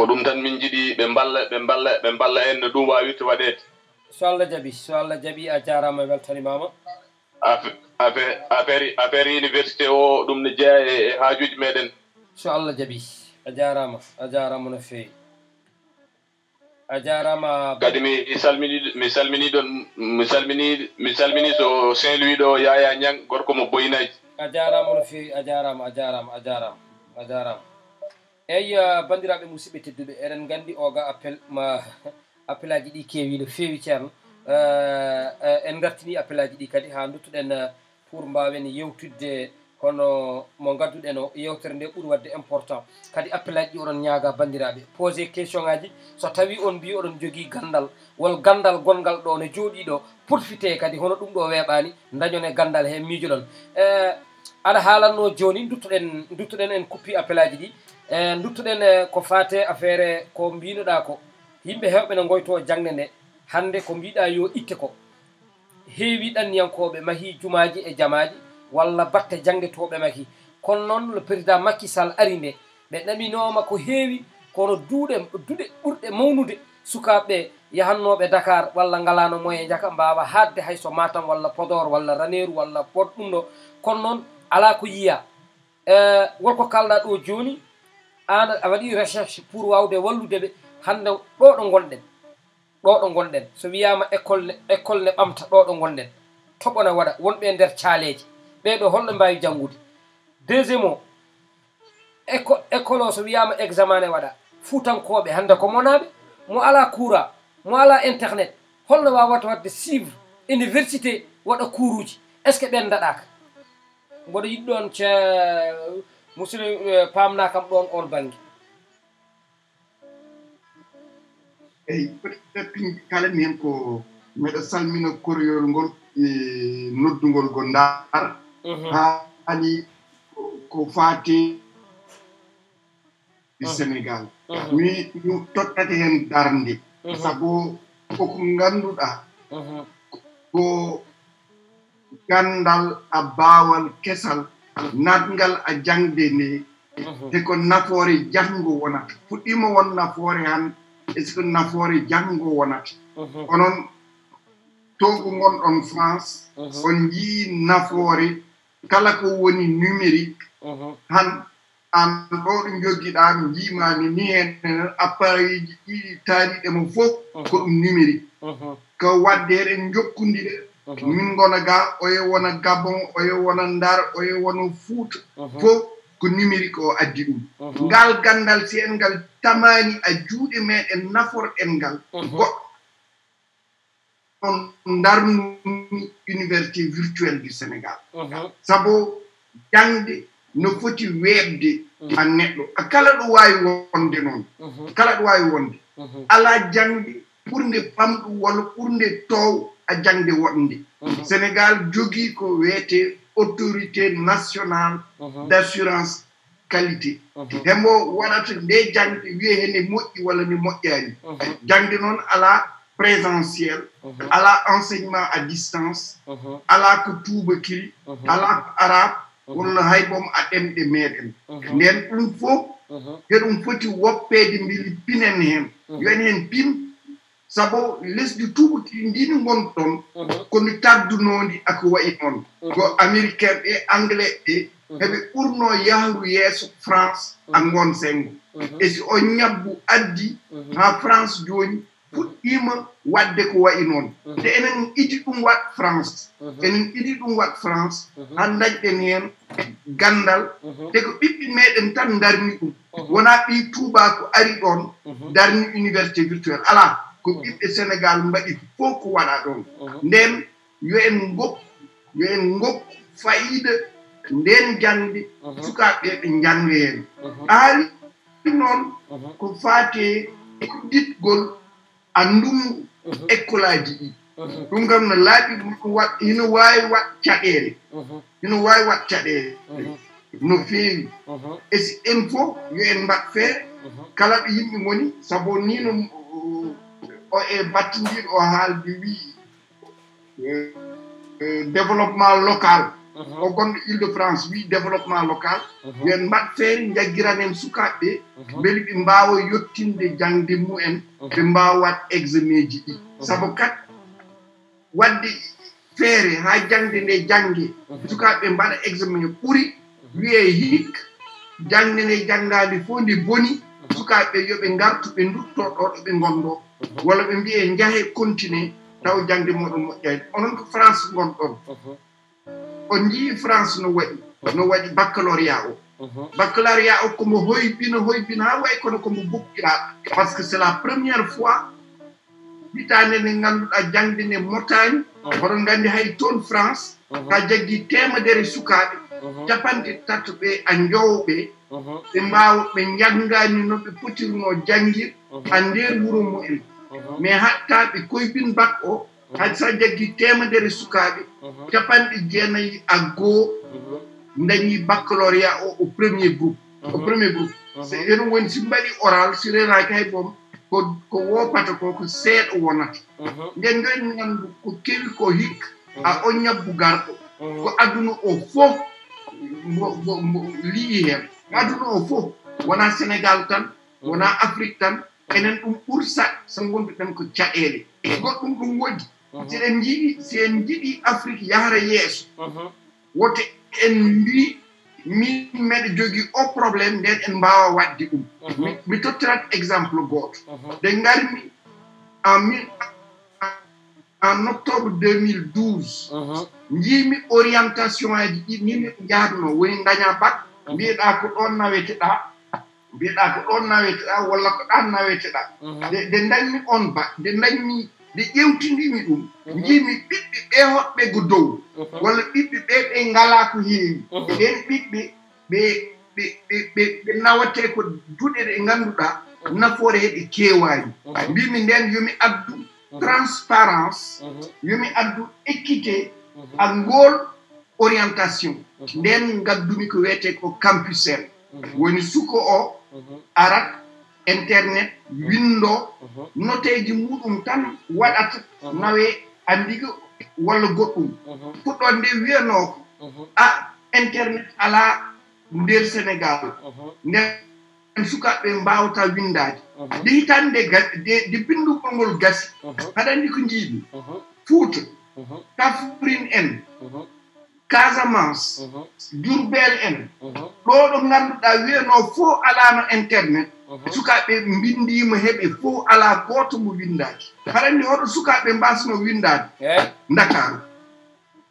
ko ɗum tan min jiɗi ɓe balla ɓe balla ɓe balla en no ɗum wawirta waɗede so allah jaaɓi so allah jaaɓi a jarama e weltanimama affaire affaire université o ɗum ne jeeya e, e haajuji meɗen so allah jaaɓi a jarama a jarama no fewi a jarama kadi mi salmini mi salmini ɗon mi salmini mi salmini so saint louis ɗo yaya ñang gorko mo boyinaji a jarama no fewi a jarama a jarama a jarama a jarama eyi bandiraɓe musidɓe tedduɓe eɗen gandi oga appel ma appel aji ɗi kewi no fewi ceerno eh, eh, en gartini appel aji ɗi kadi ha duttuɗen eh, pour mbawen yewtidde hono mo gadduɗen o yewtere nde ɓuuri wadde important kadi appel aji ɗi oɗon ñaaga bandiraɓe posé question ŋaji so tawi on mbi oɗon jogui gandal wol gandal gongal ɗo ne jooɗi ɗo profité kadi hono ɗum ɗo weeɓani dañone gandal he miijo ɗon aɗa haalanno joni duttuɗen duttuɗen en kuppi appel aji ɗi e duttuɗen e, ko fate affaire ko mbinoɗa ko yimɓe hewɓe no goyto jangde nde hande ko mbiɗa yo itte ko heewi ɗanniyankoɓe mahi jumaji e jamaji walla batte jangde toɓe mahi kono noon le président makky sall ari nde ɓe ɗaminoma ko heewi kono duuɗe duɗe ɓurɗe mawnude sukaɓeɓe yahannoɓe dakar walla ngalano moyen jaka mbawa hadde hayso matam walla podor walla raneru walla pot ɗum ɗo kono noon ala ko yiya e wonko kalɗa ɗo joni an a waɗi recherche pour wawde wallude ɓe hande ɗo ɗo gonɗen ɗo ɗo gonɗen so wiyama école école ne ɓamta ɗo ɗo gonɗen toɓona waɗa wonɓe e nder caaleeji ɓeɗo holɗo mbawi janngude deuxiéme o école o so wiyama examen e waɗa fuutankoɓe hande ko monaɓe mo ala courant mo ala internet holno wawata wadde suivre université waɗa cour uji est ce que ɓen daɗaka mboɗo yiɗɗon ce musidɗo eh, pamna kam ɗon on bangi eyi eh, peut-être kalanmi hen ko miɗo salmina koryoyol ngol e noddugol go ndaar haali mhm. ko faate e sénégal mi mi toɗɗata hen darde sabu koko ngannduɗa ko ganndal a baawal kesal natngal a jangde ne mhm. te ko nafoore janngo wonata fuɗɗiima won nafoore han est ce que nafoore janngo wonata mhm. onon toogu ngonɗon france mhm. on njii nafoore kala ko woni numérique han an ɗo ɗo njoggiɗaa mi njiimaani ni heen appareil ji ɗiɗi taariɗe mo fof ko ɗum numérique ko waddeere jokkundire Uh-huh. min gona ga oye wona gabon oye wona ndar oye wona fuut uh-huh. fof ko numéri ko addi ɗum uh-huh. ngal gandal si en ngal tamani a juuɗe meɗen nafor en ngal goɗɗoon ndarnumi université virtuel du sénégal sabo jangde no foti weɓde a neɗɗo kala ɗo wawi wonde noon kala ɗo wawi wonde ala jangde ɓurnde famɗu walla ɓurnde towo a jangde wonde mhm. sénégal jogii ko wiyete autorité national mhm. d' assurance qualité hembo mhm. waɗata nde jangde wiye hene moƴƴi walla ni moƴƴaani jangde noon alaa présentiel alaa enseignement à distance alaa ko tuubakiri alaa ko arabe wonno hay bom a ɗemɗe meeɗen nden ɗum fof heɗum foti woppeede mbili pinen heen yo en heen sabu lesdi tuɓuti ndini gon ɗon mhm. komi taddunondi aki wayi noon mhm. ko américain ɓe anglais ɓe mhm. heɓe ɓurno yahru yeeso france a gon sengo e si o ñabbu addi ha france joni puɗɗima wadde ko wayi noon te enen iɗi ɗum wat france enen iɗi ɗum wat france ha dañɗen hen gandal te ko ɓiɓɓe meɗen tan darni ɗum wona ɓi touba ko ari ɗon darni université virtuel ala ko ɓiɓɓe sénégal mbaɗi fof ko waɗa ɗon nden yo en gokku yo en gokku fayida nden jandi sukaɓe ɓe jannu hen ɗaari noon ko faate ɗitgol andungu école aji ɗi ɗum kam no laaɓi hino wawi wat caɗele hino wawi wat caɗele no feewi e si en fof yo en mbat feere kala ɓe yimɓe goni sabu ni no o e battindir o haaldi eh, eh, mhm. wii développement local o gonɗo ile de france wii développement local yen mbat feere jaggiranen sukaaɓe mhm. mbeli ɓe mbaawa yottinde jangde mumen mhm. ɓe mbaawat exame ji ɗi sabu kat wadde feere haa jangde nde jange sukaaɓe mbaɗa exame ɓuri wiyee hik jangde nde janngaandi fof ndi bonii sukaaɓe yo ɓe ngartu ɓe ndutto ɗo ɗo ɓe ngonɗo walla ɓe mbiye njahe continue taw jangde moɗon moƴƴani onon ko france gonɗon on jii france no waɗi no waɗi baccalauréat o baccalauréat o komo hoybina hoybina haa way kono komo bokkira par ce que c'est la première fois hitande nde ngannduɗaa jangde nde motaani oɗon nganndi hay toon france uh-huh. ta jaggi teemedere sukaaɓe capanɗe uh-huh. tati ɓe a njowɓe ɓe uh-huh. mbawa ɓe jangani no ɓe potirno jangi ha uh-huh. nder wuuro mumen uh-huh. mais hatta ɓe koybin bak o hay sa jaggi temedere sukaɓe capanɗe jeenayi a goo dañi baccaloria o au premier groupe au premier groupe so wonata nden nden gandu ko kewi ko hikka a o ñabbu garɗo ko aduna o fof lii heen aduna o fof wona sénégal tan wona afrique tan enen ɗum ɓursa so gonduɗ ɗen ko caɗele goɗɗum ɗum woddi mhm. si en jiiɗi si en jiɗi afrique yahara yeeso mhm. wote en mbi min meɗa jogui o probléme nden en mbawa wadde ɗum mhm. mi tottirat exemple goto de garmi en octobre 2012 jiimi orientation aji ɗi nimi jahatno woni daña bak mbiɗa ko ɗon naweteɗa mbiɗa ko ɗon naweteɗa walla ko ɗan naweteɗa mhm. nde dañmi on ba nde dañmi nde ƴewtindimi ɗum mhm. jimi ɓiɓɓe ɓe hoɓɓe go dow mhm. walla ɓiɓɓe ɓe ɓe ngala ko heewi ɗen ɓiɓɓe ɓe ɓe nawate ko duɗe ɗe ngannduɗa nafoore heɓe keewaani mbimi nden yomi addu transparence yomi addu équité a ngool orientation mhm. nden ngaddumi ko wiyete ko campusel mhm. woni suko o mhm. arat internet windo noteji muɗum tan waɗata nawe andigo walla goɗɗum fuɗɗon nde wiyanoko a internet ala nder sénégal nden sukaɓe mbawata windade nde hitande de bindugolngol gasi haɗa andi ko jiiɗi fuuta tafrin en casamance mhm. jurbel en mhm. ɗo ɗo ngannduɗaa wiyano fof alaano internet mhm. sukaaɓe mbinndiima heɓe fof alaa gooto mo winndaaki harannde hoɗo sukaaɓe mbaasno winndaade dakaru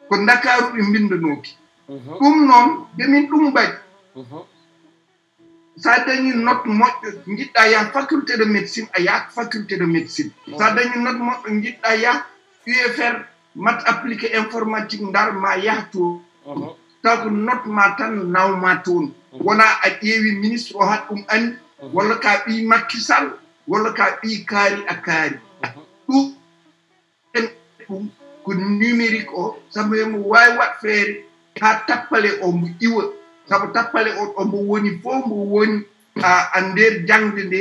ko dakaru ɓe mbinndanooki ɗum noon demin ɗum mbaɗi so a dañi not moƴƴo njiɗɗaa yah faculté de médecine a yah faculté de médecine so a dañi not moƴƴo njiɗɗaa yah ufr mat appliqué informatique ndar ma yaha to taw ko note ma tan nawma toon wona a ƴeewi ministre o haɗ ɗum andi walla ka ɓii makkisal walla ka ɓii kaari a kaari ɗuen ɗum ko numérique o sabu emo wawi waɗ feere haa tappale o mo iwa sabu tappale o ɗo mo woni fof mo woni a a ndeer jangde nde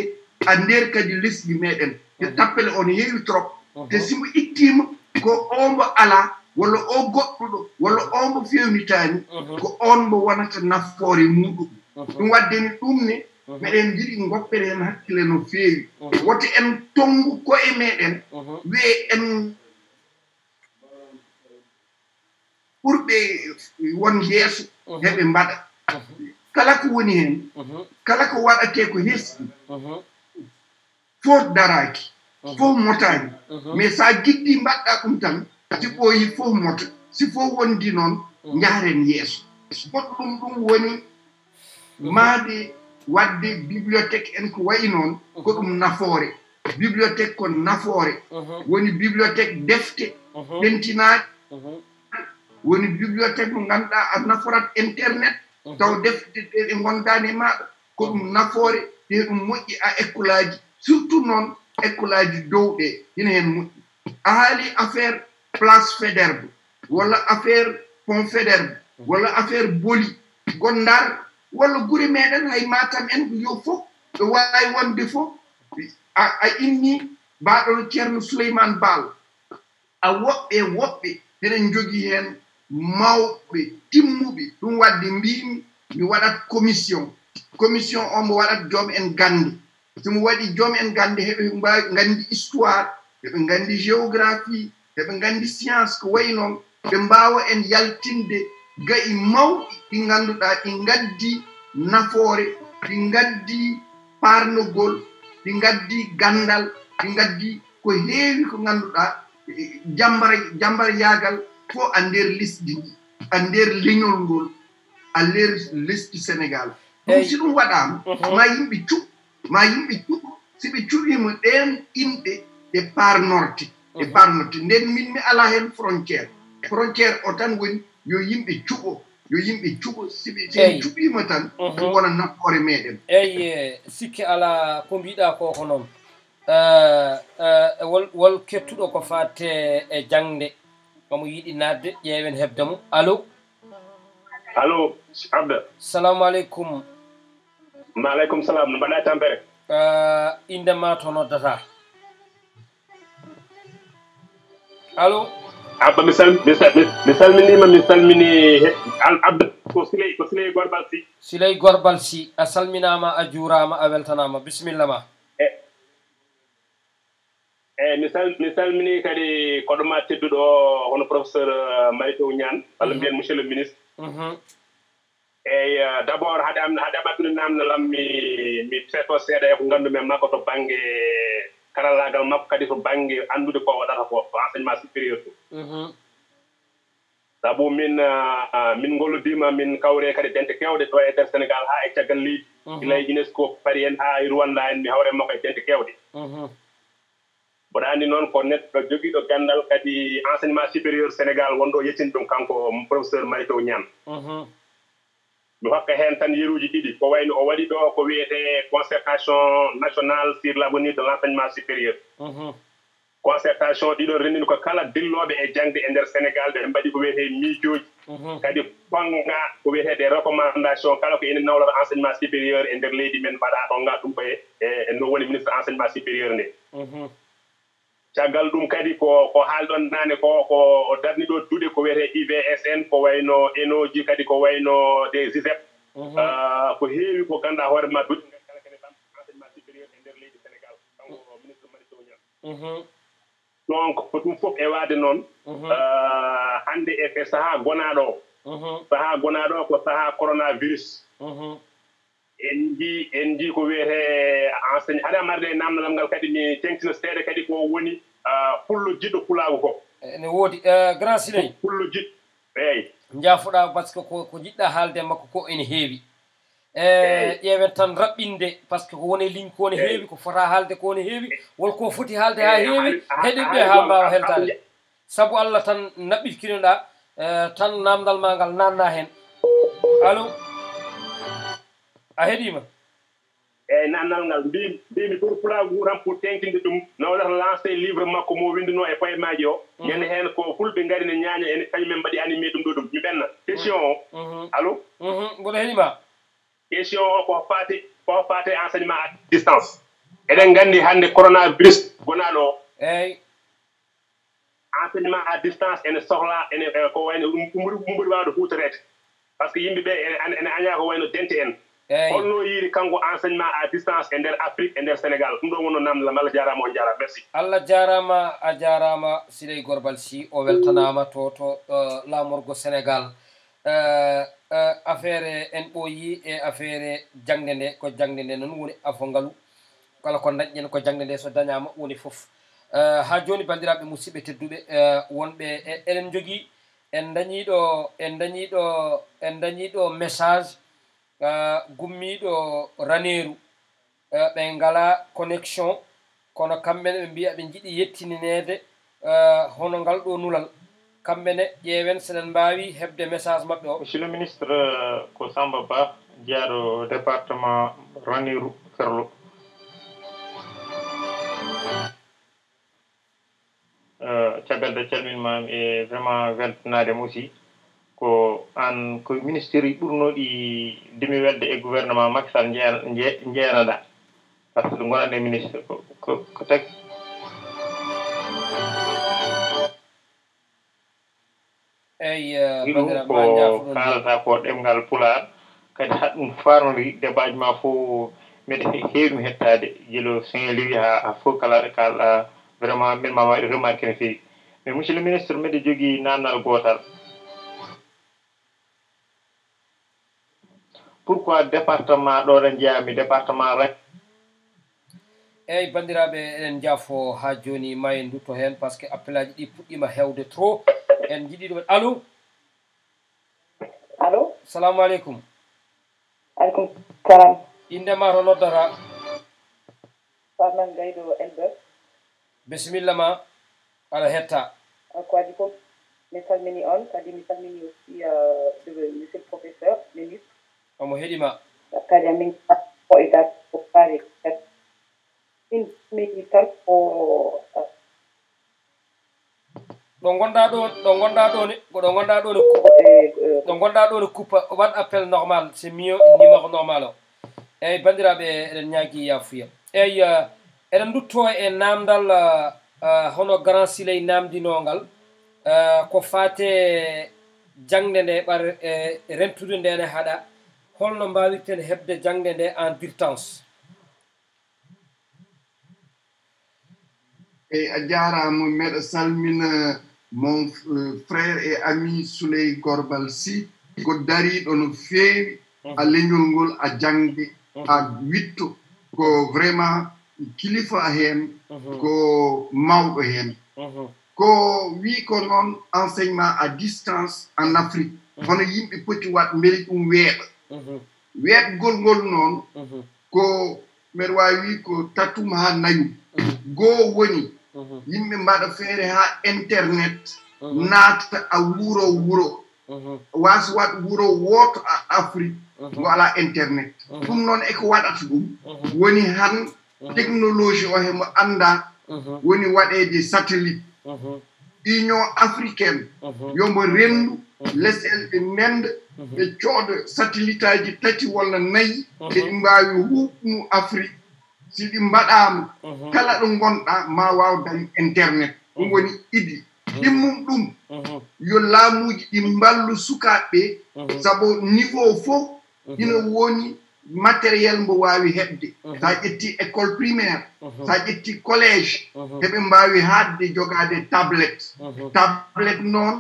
a ndeer kadi lesdi meɗen te tappale o ne heewi trop te simo ittima ko omo ala walla o goɗɗuɗo walla omo fewnitani mhm. ko on mo wonata nafoore muɗum mhm. ɗum waddeni ɗum ne mhm. meɗen jiɗi goppere hen hakkille no feewi woto en tonngu koye meɗen wiye en ɓurɓe won yeeso heɓe mbaɗa kala ko woni hen kala ko waɗate ko hesɗi fof daraki Mhm. fof motani mhm. mais sa jiɗɗi mbaɗɗa ɗum tan si ɓooyi fof mota fof wondi noon jaren yeeso goɗɗum ɗum woni mhm. maade wadde bibliothèque en ko wayi noon ko ɗum nafoore bibliothèque ko nafoore woni bibliothèque defte ɗentinaaɗe woni bibliothèque mo ngannduɗaa a naforat internet taw defte ɗe ɗe ngondaani e maaɗa ko ɗum nafoore te ɗum moƴƴi a école surtout noon ekkulaaji dos à heen a haali affaire place ou walla affaire pont ou walla affaire boli gondar walla guri hay matam en yo fof ɗo waawi wonde a inni mbaɗon ceerno souleymane baal a woɓɓe woɓɓe eɗen heen mawɓe timmuɓe ɗum wadde mbimi mi waɗat commission commission o mo waɗat joom en gannde ɗum waɗi joom en gande heɓe mbawi gandi histoire heɓe gandi géographie heɓe gandi science ko wayi noon ɓe mbawa en yaltinde ga'i mawɗi ɗi ganduɗa ɗi gaddi nafoore ɗi gaddi parnogol ɗi gaddi gandal ɗi gaddi ko heewi ko ganduɗa jambar jambar yagal fo a nder lisdi ndi a nder leñol ngol a nder lesdi sénégal ɗum si ɗum uh-huh. waɗama ma yimɓe cuɓɓi ma yimɓe ɗuɗɗo si ɓe cuɓima ɗen inɗe e par norte e nden min mi ala hen frontiére frontiére o tan woni mhm. yo yimɓe cuɓo yo yimɓe cuɓo siɓe cuɓima tan wona nafoore meɗen eyyi eh, sikke ala ko mbiɗa eh, eh, ko ko noon wol kettuɗo ko fatte e jangde omo yiɗi nadde ƴeewen hebde mum allo allo abda salamu aleykum maaleykum salam no mbaɗa tampere uh, inde ma to e, noddata e, allo abba mi salminima mi salmini abda ko siley ko siley gorbal si siley gorbal si a salminama a a bisimilla ma eyi mi sal mi salmini kadi koɗoma tedduɗo hono professeur eh, marito ñane walla mbiyen monsieur le ministre Eh ya, d' abord hade am hade ɓattude lam mi mi feto seeɗa ya, e ko nganndumen makko to baŋnge karallagal makko kadi to andu anndude ko waɗata ko to enseignement supérieur to sabu min ah, min ngollodima min kawre kadi dente kewɗe to e Senegal ha haa e caggal leydi mhm. gila e unesco pari en haa e rwanda en mi hawre makko e dente kewɗe mboɗa mhm. anndi noon ko neɗɗo jogiiɗo ganndal kadi enseignement supérieur sénégal wonɗo yettini ɗum kanko professeur marito ñam mi hokka heen tan yeruuji ɗiɗi ko wayno o waɗi ɗo ko wiyetee concertation national sur l' avenir de l' enseignement supérieur mhm. concertation ɗiɗon renndini ko kala dilloɓe e jangde e ndeer sénégal ɓe ɓe mbaɗi ko wiyetee miijooji mhm. kadi ponga ko wiyetee des recommandation kala ko ene nawlata enseignement supérieur e ndeer leydi men mbaɗa ponga ɗum koye e no woni ministre enseignement supérieur nde mhm. caggal ɗum kadi ko ko haalɗon naane ko ko darni ɗo duɗe ko wiyetee ivsn ko wayno enoji kadi ko wayno des isep mhm. ah, ko heewi ko ngannduɗaa hoore ma duɗe mhm. donc ko ɗum fof e waade noon mhm. ah, hannde e ke sahaa gonaaɗo o sahaa gonaaɗo o ko sahaa coronavirus en njii en njii ko wiyetee enseigne aɗa marde e namdalal ngal kadi mi tengtino seeɗa kadi ko woni fullo jiɗɗo kulaagu ko eh, ene woodi eh, grand sinay fullo jiɗɗo eeyi jaafoɗa par ce que ko ko jiɗɗa haalde makko ko ene heewi e ƴeewen tan raɓɓinde par ce que ko woni ligne ko ne heewi ko fota haalde ko ne heewi wolko foti haalde haa heewi heɗiɓ ɓe haa mbaawa heltaade sabu allah tan naɓɓitkinoɗa tan namdal ma ngal nanna heen allo a heeɗima eeyi naatnal ngal mbimi mbimi pour pouragouran pour teeŋtinde ɗum nawlata lancé livre makko mo winndunoo e poye maaji o ñannde heen ko fulɓe ngari ne ñaaña en kañumen mbaɗi animé ɗum ɗo ɗum mi ɓenna question o allo mboɗo heeɗima question o ko fati ko fate enseignement à distance eɗen nganndi hannde coronavirus gonaaɗo o eyi enseignement à distance ene sohla ene ko wayno ɗumɓuri waawde huutoreede par ce que yimɓe ɓe ene añaa ko wayno dente en holno yiiri kanko enseignement à distance e nder afrique e nder sénégal ɗum ɗo wono namdam allah jarama on jarama merci allah jarama a jarama siley gorbal si o weltanama to to uh, lamorgo sénégal uh, uh, affaire en ɓoyi e affaire jangde nde ko jangde nde noon woni afongalu kala ko dañƴen ko jangde nde so dañama woni foof ha joni bandiraɓe musidɓe tedduɓe wonɓe eɗen jogui en dañiɗo en dañiɗo en dañiɗo message raneru ah, raneeru ben ah, ngalaa connexion kono kamɓene ɓe mbiya ɓe njiɗi yettinineede ah, hono ngal ɗo nulal ne ƴeewen seɗen mbaawi heɓde message maɓɓe o monsieur le ministre euh, ko samba ba jeyaɗo département raneru ferlo euh, caggal de calminmami e vraiment weltanademo aussi ko an ko ministeri ministére ɓurnoɗi demi wedde e gouvernement Macky Sall jeenaɗa par ce que gonande ministre ko ko tagi eyi ko kalata ko ɗemgal pular kadi haɗ ɗum farnori débaji ma fo mbeɗa heewi mi hettade jelo saint louis ha ha fof kala ɗo kalɗa vraiment min mama waɗi remarque no feewi mais monsieur le ministre mbiɗa jogii namdal gotal pourquoi département ɗo ɗen jeyami département rek eyyi eh, bandiraɓe eɗen jafo ha joni ma en dutto hen par ce que appel aji ɗi puɗɗima hewde trop en jiiɗi ɗum allo allo salamu aleykum aleykum salam indema to noddata farman gayɗo elbe bisimilla ma ala hetta ko adi fof mi salmini on kadi mi salmini aussi euh, monsieur le professeur ministre omo heɗima kadi min ɗo gonɗa ɗo ɗo gonɗa ɗone koɗo gonɗa ɗone ɗo gonɗa ɗone coupa wat appel normal c'est mieux numéro normal o eyyi bandiraɓe eɗen ñagui yafuya eyyi uh, eɗen dutto e namdal uh, uh, hono grand siley namdinongal ko fate jangde nde ɓar e- e rentude ndene haɗa holno mbawirten hebde jangde nde en dirtance e a jarama meɗa salmina mon euh, frère et ami souley gorbal si ko dariɗo no feewi a mhm. leñol ngol a jangde mhm. a witto ko vraiment kilifa hen mhm. ko mawɗo hen ko wi ko noon enseignement à distance en afrique hono yimɓe poti wat mbeli ɗum weeɓa Mhm. weetgol ngol noon mhm. ko mbeɗa waawi wii ko tatum haa nayu mhm. goo woni yimɓe mbaɗa feere haa internet naata a wuro wuro waasa waɗ wuro wooto a afrique ngo alaa internet ɗum noon eko waɗata ɗum woni han technologie o hemo annda woni waɗeeje satellite union africaine yombo renndu lesel mhm. ɓe menda ɓe cooda satellite aji tati walla nayi mhm. ɓe ɗi mbaawi huɓnu afrique si ɗi mbaɗaama mhm. kala ɗo ngonɗa ma waaw dañ internet ɗum woni iɗi ɗimmum ɗum yo laamuuji ɗi mballu sukaaɓe ɓe sabu niveau fof ina woni matériel mbo waawi heɓde mhm. so a ƴetti école primaire mhm. so a ƴetti collége mhm. heɓe mbaawi haadde jogaade tablette tablette noon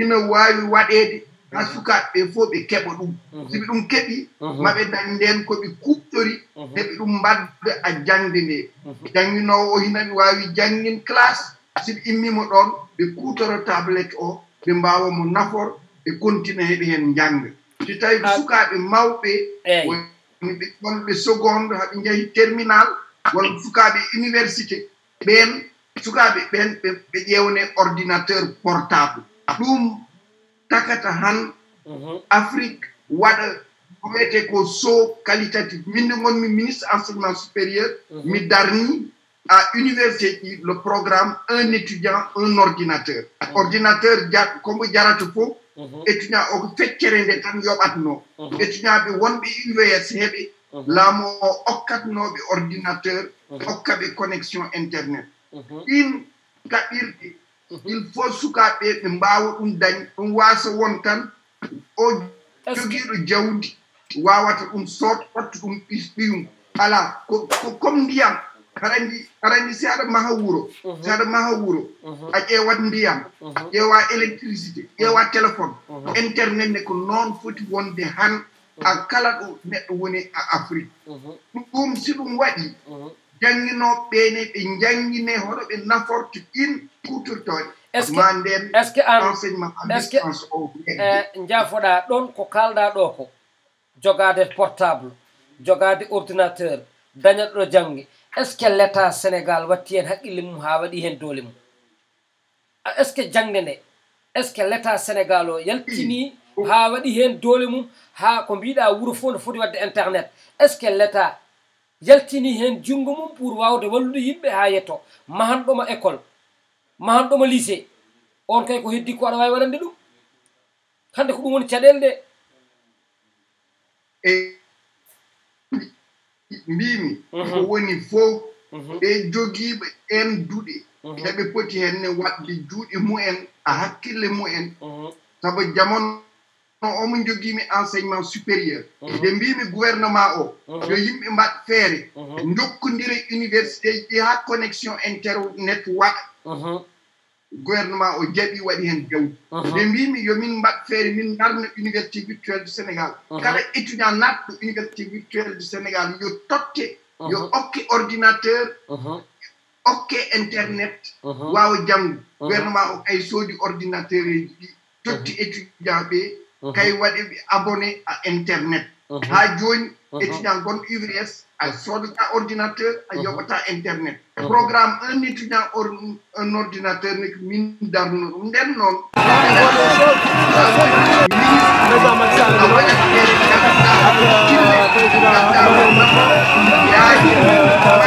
ina waawi waɗeede haa sukaaɓe ɓee fof ɓe keɓa ɗum so ɓe ɗum keɓi ma ɓe dañ ndeen ko ɓe kuɓɗori heɓe ɗum mbadde a jannde ndee jannginoowo o hina ɓe waawi janngin classe so ɓe immiimo ɗoon ɓe kuutoro tablette o ɓe mbaawa mo nafor ɓe continue heɓe heen njannga so tawi ɓe sukaaɓe mawɓe ɓe le seconde haɓe terminal une sukaaɓe université ben, il y a un ordinateur portable ɗum takata han mhm. afrique waɗa ko saut qualitatif min de ministre enseignement supérieur mhm. mi darni à université le programme un étudiant un ordinateur mhm. ordinateur kombo jarata fof Mhm. ettina oko feccere nde tan yoɓatno mhm. ettinaɓe wonɓe uws heɓe mhm. laamu o okkatnoɓe ordinateur hokka ɓe connexion internet ɗin kaɓirɗe il faut sukaɓe ɓe mbawa ɗum dañ ɗum wasa won tan o jogiiɗo jawdi wawata ɗum sot ɓattu ɗum ɓiyum ala ko comme ndiyam aɗanndi aɗanndi si aɗa maha wuro mhm. si aɗa maha wuro mhm. a ƴeewa ndiyam a mhm. ƴeewa électricité ƴeewa téléphone internet ne ko noon foti wonde han a kala ɗo neɗɗo woni a afrique ɗum si ɗum waɗi janginoo ɓeene ɓe njangine hoɗo ɓe naforte ɗin kuturtooɗe ma nden enseignement njaafoɗa ɗon ko kalɗa ɗo ko jogaade portable jogaade ordinateur dañaɗo ɗo jangi est ce que l'état sénégal watti hen haqqille mum ha waɗi hen doole mum est ce que jangde nde est ce que l'état sénégal o yaltini ha waɗi hen doole mum ha ko mbiɗa wuuro fo nde foti wadde internet est ce que l'état yaltini hen junngo mum pour wawde wallude yimɓe ha yetto mahanɗoma école mahanɗoma lycée on kay ko heddi ko aɗa wawi waɗande ɗum hande ko ɗum woni caɗele ɗe mbimi ko woni fof e jogii en duɗe ɓe poti henne waɗde juuɗe mumen a hakkille mumen sabu uh-huh. omo jogiimi enseignement supérieur uh-huh. mbimi gouvernement o uh-huh. yo yimɓe mbaɗ université ji e connexion internet waɗa gouvernement o jaɓi waɗi hen jawdi uh-huh. nde mbimi yomin mbat feere min darno université virtuelle du sénégal uh-huh. kala étudiant natɗo université virtuelle du sénégal yo totte uh-huh. yo okke ordinateur okke internet wawa janggo gouvernement o kay soodi ordinateur eji ɗi totti étudiant ɓe kay waɗe abonné à internet ha joni étudiant gon UVS a ordinateur a uh-huh. internet uh-huh. programme un étudiant un ordinateur nek min darno ɗum nden noon yaa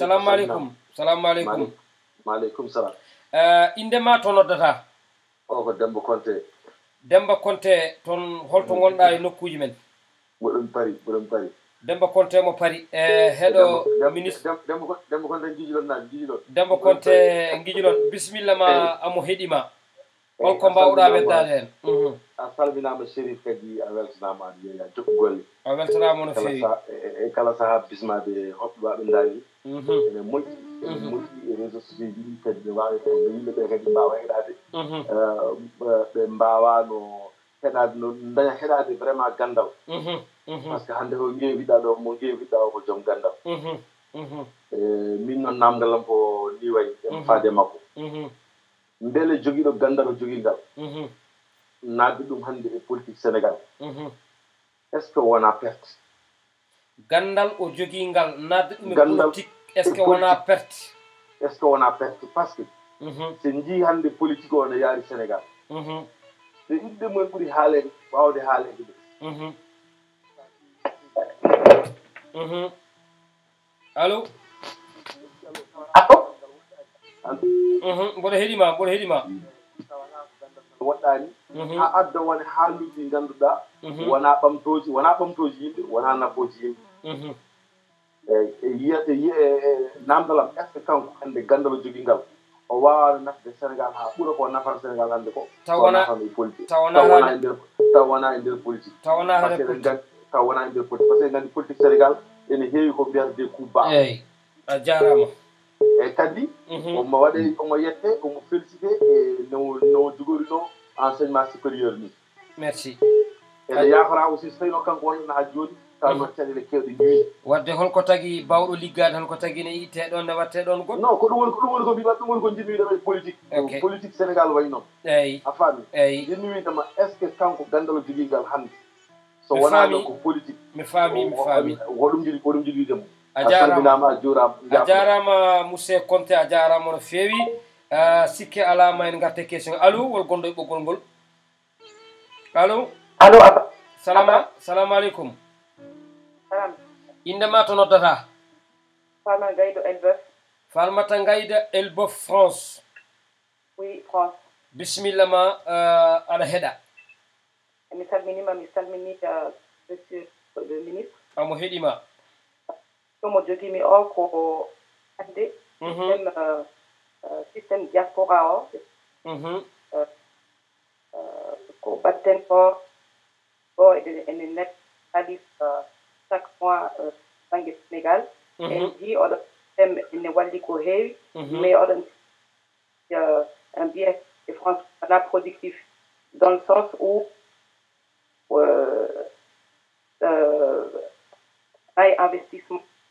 salamualeykum salamualeykum maaleykum salam euh, indema to noddata o ko demba conte demba conte toon holto gonɗa e nokkuji men boɗon pari boɗon pari demba conte mo pari e, heɗo ministredemba conte gijilon na gijilon demba conte gijilon bisimilla ma amo heeɗima holko mbawɗa weddade hen a salminama séri kadi a weltanama aɗa yeeya jokku golle a weltanama no fewie kala saaha e bismade hoɓɓewaɓe daari mhm. ene moƴƴi ene moƴƴi mhm. e réseau sociéji ɗi kadi ne wawi tawde yimɓeɓe kadi mbawa heɗade mhm. ɓe mbawano heɗade no daña heɗade vraiment gandal par ce que hande ko gewiɗa ɗo mo gewiɗa o ko joom gandal e min noon namdalam fo liway fade makko beele joguiɗo gandal o jogui ngal naabi ɗum hannde e politique sénégal mhm. est ce que wona perte gandal o jogingal naabi ɗum epolitique est ce que wona perte est ce que wona perte par ce que mhm. so njii hannde politique o ne yaari sénégal mhm. so inde mumen ɓuri haalede wawde haalede ɓe allo allo mboɗo heeɗima mboɗo heeɗima waɗɗaani mhm. haa adda wone haaluuji ɗi ngannduɗaa mhm. wonaa ɓamtooji wonaa ɓamtooji yimɓe wonaa nafooji yimɓe mhm. eyiyae e e e, naamdal am est ce que kanko hannde ganndal o jogii ngal o waawaano nafde sénégal haa ɓura ko nafata sénégal hannde ko tawnaae politiqetaw wonaa e ndeer politique tawwonaa e ndeer politique par ce que nganndi politique sénégal ene heewi ko mbiyata des coup bas a jaaraama eeyi tandi mhm. omo waɗe omo yette omo félicité e nowo nowo jogori no enseignement supérieur ni merci ene yaahora aussi so tawino kanko wonana ha jooni tawno mhm. caɗele kewɗe ñuwi wadde holko tagi bawɗo liggade holko tagi ne yitte ɗon ne watte ɗon goɗ non ko ɗum woni ko ɗum woni ko mbimaɓe ɗum woni ko jinnuwiɗama e politique politique sénégal way noon eyyi a faami eyyi jinnuwiɗama est ce que kanko gandal jogui ngal hande so wonaɗo ko politique mi faami mi faami hoɗum jiɗi hoɗum jiɗi wiide mum a jarama a juram a jarama mousse conté a jarama no feewi eh, sikke alama en garta question alo wol gonɗo e ɓoggol ngol alo alo salama salamu aleykum indema to noddata falma gaydo elbof falmata gayda elbof france oui france bismillah ma uh, eh, aɗa heɗa mi salminima mi salminita eh, monsieur le ministre amo heɗima je jogimi o diaspora o ko fort net chaque mois euh, sénégal en wali ko mais euh, un biais de france productif dans le sens où euh, l'investissement investissement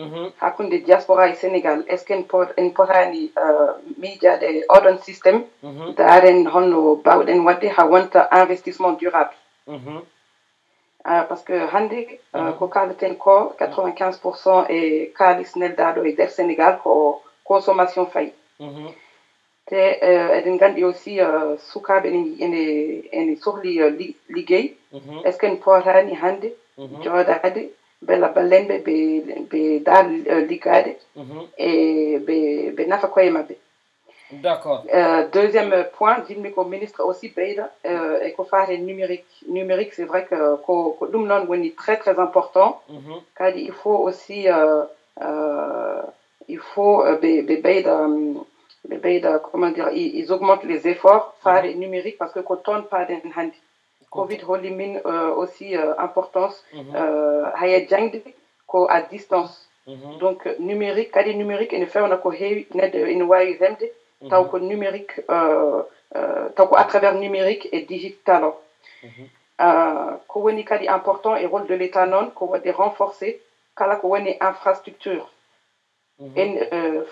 Mm-hmm. hakkunde diaspora e sénégal est ce que en potani euh, miijade oɗon systéme mm-hmm. daaren honno bawden wadde ha wonta investissement durable mm-hmm. euh, Parce que hande, euh, ko kalaten ko 95 pourcent e kalis neldaɗo e nder sénégal ko consommation fayi te grande nganndi aussi sukaaɓe ene ene sohli liggey est ce que en pootani hannde jooɗaade mbela ballenɓe be be daar liggade mhm. e ɓe be nafa koye maɓɓe d' d'accord euh, deuxième point jinmi ko ministre aussi beida euh, e ko numérique numérique c'est vrai que ko ko dum non woni très très important mhm. car il faut aussi euh, euh, il faut euh, be be beida ɓe ɓeyda comment dire ils augmentent les efforts faire mhm. numérique parce que que ko pas paaden handi covid holimin euh, aussi euh, importance mhm. euh, haya jangde ko à distance mhm. donc numérique cadre numérique on a ko net neɗɗo ene wawi remde mhm. taw ko numérique taw ko à travers numérique et digital o ko woni cadre important et rôle de l'état non ko ko waɗde renforcer kala ko woni infrastructure en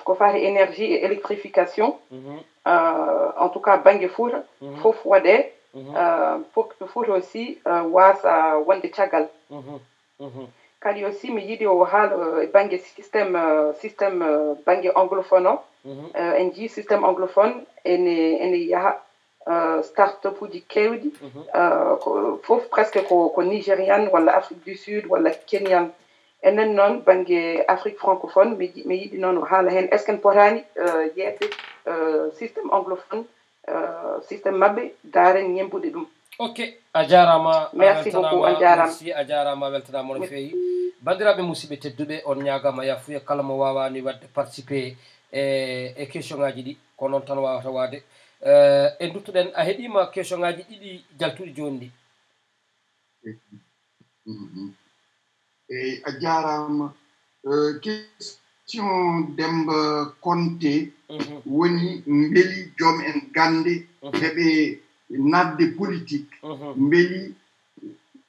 ko fati énergie et électrification en tout cas bangue fuuta fof waɗee euh, pour pour aussi wasa wonde caggal car aussi mes idées o hal bange euh, système euh, système bange anglophone mm-hmm. système anglophone et ne anglophone ne y yaha start up uji kewɗi mm-hmm. faut presque ko Nigérian nigérian à afrique du sud la kenyan enen non bange afrique francophone mi yiɗi noon non au heen est ce que en potani être système anglophone Eh, systéme maɓɓe daren yembude ɗum ok a jarama merci beaucoup a jarammersi a jarama weltanama no fewi bandiraɓe musidɓe tedduɓe on ñagama yafuya kala mo wawani wadde participé eh, e question ngaji ɗi ko noon tan wawata wade e eh, duttoɗen a heeɗima question ngaji ɗiɗi jaltuɗi joni ɗi eyi a jarama question d'embe conté, mhm. woni mbeli jom en gande mhm. heɓe nadde politique mhm. beeli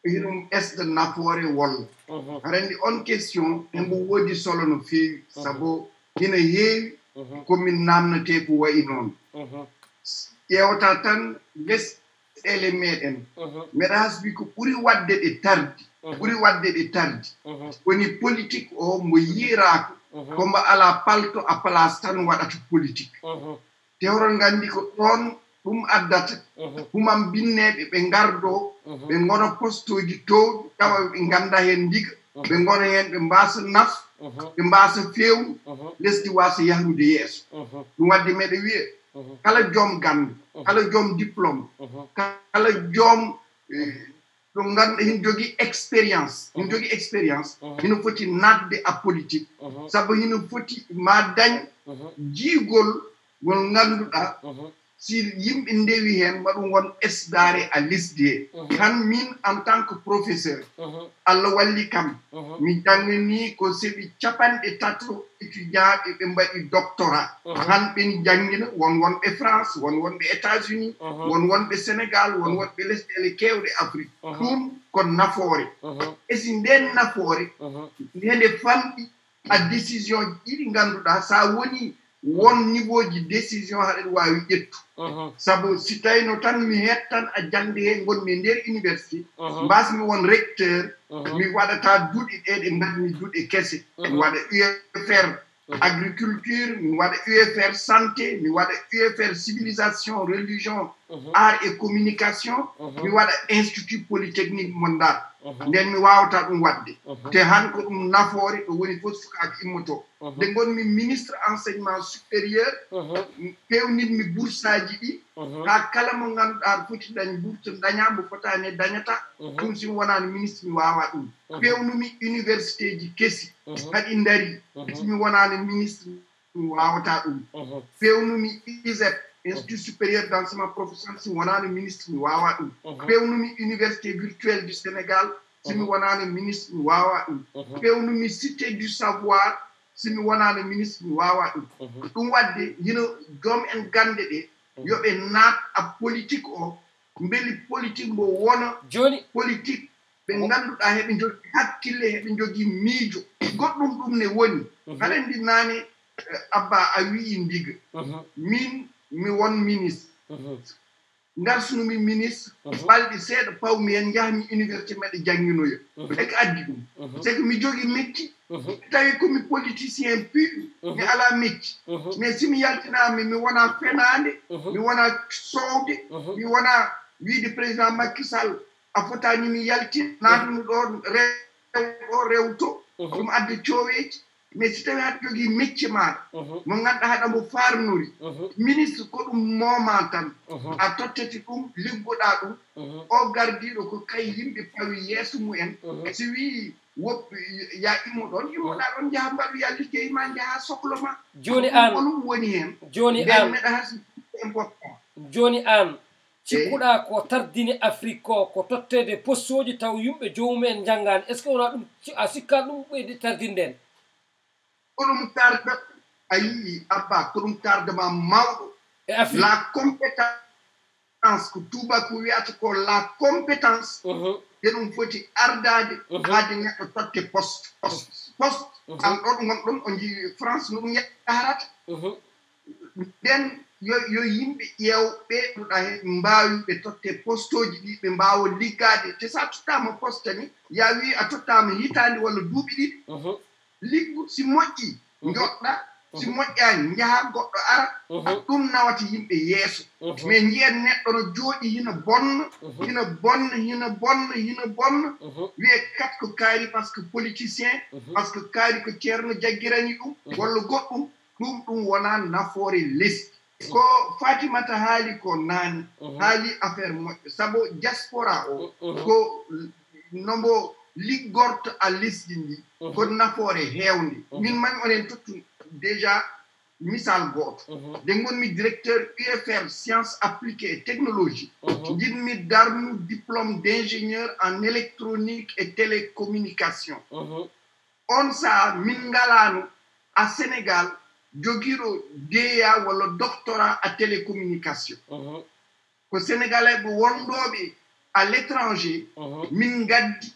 hiɗum esɗe nafoore wolla haranndi on question embo wodi solo no feewi sabu hina heewi komin naamnetee ko wayi noon ƴeewata tan les ɗele meeɗen mbeɗa bi ko ɓuri waɗde ɗe tardi ɓuri waɗde ɗe tardi woni politique o mo yiiraako Mhm. kombo ala palto a place tan waɗata politique mhm. tewrol nganndi ko ɗoon ɗum addata mhm. humam binneeɓe ɓe ngardo ɓe ngona postoji tow tawa ɓe ngannda heen ndiga ɓe ngona heen ɓe mbaasa naf ɓe mbaasa feewu lesdi waasa yahrude yeeso ɗum wadde meɗe wiye kala joom gannda kala joom diplôme kala joom eh, ɗum ngannduɗa hin jogi expérience hin mhm. jogi expérience mhm. hino foti natde a politique mhm. sabu hino foti ma dañ jiigol ngol ngannduɗa si yimɓe ndewi heen waɗu ngon esdare a lisdie tan mhm. min en tant que professeur mhm. allah walli kam mhm. mi jangani ko seɓi capanɗe tato étudiaɓe ɓe mbaɗi doctorat han ɓen jangina won wonɓe france won wonɓe états unis won wonɓe sénégal won wonɓe lesɗele kewɗe afrique ɗum ko nafoore esi nden nafoore hende e famɗi a décision ɗiɗi ngannduɗaa so woni won niveau ji décision haɗen wawi ƴettu uh-huh. saabu si tawino tan mi hettan a jangde he gonmi e nder université uh-huh. mbasmi won recteur uh-huh. mi waɗata duuɗi ɗe ɗe mbatmi be. kese mi waɗa ufr Mmh. agriculture nous avons ufr santé nous avons ufr civilisation religion mmh. art et communication mmh. nous avons institut polytechnique Mondial. Nous mi wawata ɗum wadde han ko ɗum nous woni fof sukaɓe immoto Nous avons ministre enseignement supérieur un à kala mo avons dañ bourse un fotani dañata avons simi un ministre mi wawa ministre université de haɗi mhm. ndari mhm. timi wonaani ministre mi waawataa ɗum mhm. fewnumi isep institut supérieur d' enseignement professionnel simi wonaani ministre mi waawaa ɗum fewnumi université virtuelle du sénégal simi wonaani ministre mi waawaa ɗum fewnumi cité du savoir simi wonaani ministre mi waawaa ɗum ɗum waɗde yino joom en gannde ɗe yo ɓe naat a politique o mbeli politique mbo wona jooni politique ɓe ngannduɗaa heɓe jogi hakkille heɓe jogii miijo goɗɗum mm-hmm. ɗum ne woni kala ndi naane abba a wi'i ndiga min mi won ministre ngarsunumi ministre balɗi seeɗa pawmi hen njahmi université meɗe jannginoyo eko addi ɗum c'est mi jogii mecci tawi komi politicien piɗu mi mm-hmm. alaa mecci mais mm-hmm. si mi mi wonaa fenaande mi wonaa soowde mi wonaa wiide président makki a fotaani mi yalti naatumi ɗo rew o rewto uh-huh. ɗum adde cooweeji mais si tawii haɗa jogii mecce maaɗa uh-huh. mo ngannduɗa haɗa mbo farnori uh-huh. ministre ko ɗum mooma tan a tottati ɗum liggoɗaa ɗum o gardiiɗo ko kay yimɓe pawi yeeso mumen si wii woɓɓe ya immo ɗon immoɗaa ɗon njaha mbaɗu yalli keyi ma njaha sohlo ma jooni an olum woni heen jooni an meɗa hasi en boppa jooni an cikkuɗa ko tardini afrique ko ko tottede postoji taw yumɓe jomumen janggani est ce que wona ɗum a sikkat ɗum ɓeyde tardindeen ko ɗum tarda a yii abba ko ɗum tardement mawɗo e afrique la compétence ko tubako wiyata ko la compétence nde mhm. ɗum foti ardade mhm. haade neɗɗo totte post post mhm. post an ɗo ɗo gonɗon o jii france no ɗum yaharata nden yo yo yimɓe ƴeewɓe ɗuɗa he mbaawiɓe totte postoji ɗi ɓe mbaawa liggaade te so a tottaama poste ni ya wi a tottaama hitaande walla duuɓi ɗiɗi mhm. liggu si moƴƴi mhm. njoɗɗa si mhm. moƴƴaani njaha goɗɗo ara ɗum nawata yimɓe yeeso mais njiyen neɗɗo no jooɗi hina bonna hina bonna hina bonna hina bonna wiye kat ko kaari par ce que politicien par ce que kaari ko ceerno jaggirani ɗum walla goɗɗum ɗum ɗum wonaa nafoore lesdi ko fatimata haali ko naani mhm. haali affaire moƴƴo sabu diaspora o mhm. Mhm. ko nombo liggorto a lesdi ndi ko nafoore heewndi min mami onen tottu déjà misal gooto nde gonmi directeur ufr sciences appliquées et technologie jiɗmi darmu diplôme d'ingénieur en électronique et télécommunication on sa min à a sénégal jogiro deya wala doctorat à télécommunication uh-huh. ko sénégalais bu wonɗoɓe à l'étranger, mingadi uh-huh. min gaddi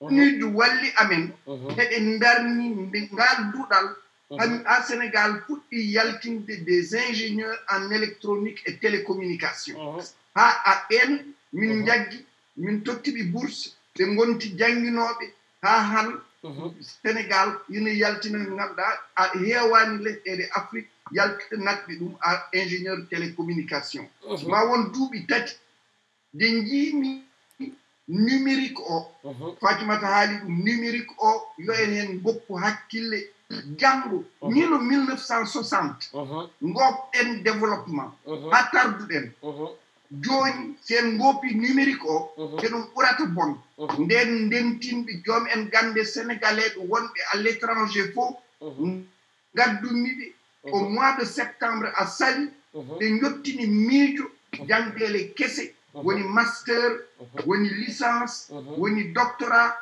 unidu uh-huh. walli amen heɓe darni ngal duɗal ha sénégal fuɗɗi yaltinde des ingénieurs en électronique et télécommunication ha a ɓen min jaggi min tottiɓe bourse ɓe gonti jangguinoɓe ha han Mm-hmm. sénégal ina yaltina ɓe ganduɗa a ah, hewani lesɗele afrique yalta natɓe ɗum a ah, ingénieur télécommunication ma mm-hmm. won duuɓi tati nde jiimi numérique o mm-hmm. fatimata haali ɗum numérique o yo en hen goppu hakkille janngo ni no 1960 gopɗen développement ha tarduɗen jooni sen ngoppi numérique o mhm. te ɗum ɓurata bon mhm. nden ndentinɓe joom en gannde sénégalais ɗo wonɓe à l' étranger fof mhm. ngaddumiɓe au mois de septembre a sali ɓe njottini miijo janngeele kese Uh-huh. woni master uh-huh. woni licence uh-huh. woni doctorat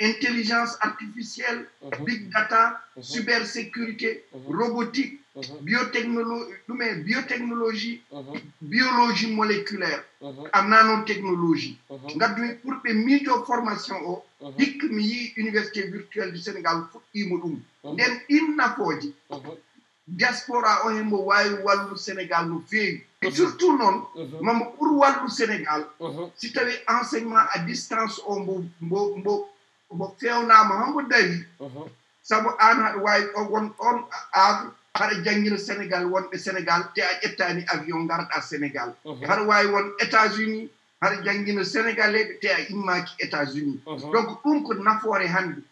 intelligence artificielle big data sécurité, robotique biotechnologie biotechnologie biologie moléculaire nanotechnologie gaddumi avons une formation o hikka mi université virtuelle du sénégal fuɗɗiima ɗum nden diaspora o hembo wawi walu sénégal no fi e surtout non mamo mhm. ɓur walu sénégal mhm. si tawi enseignement à distance o mbo mbo mbo mbo ma hambo dari mhm. sabu an haɗa way o won on aade haɗa janggina sénégal wonɓe sénégal te a ƴettani avion garɗa sénégal haɗa way won états unis haɗa janngina sénégalais te a immaki états unis donc ɗum ko nafoore hande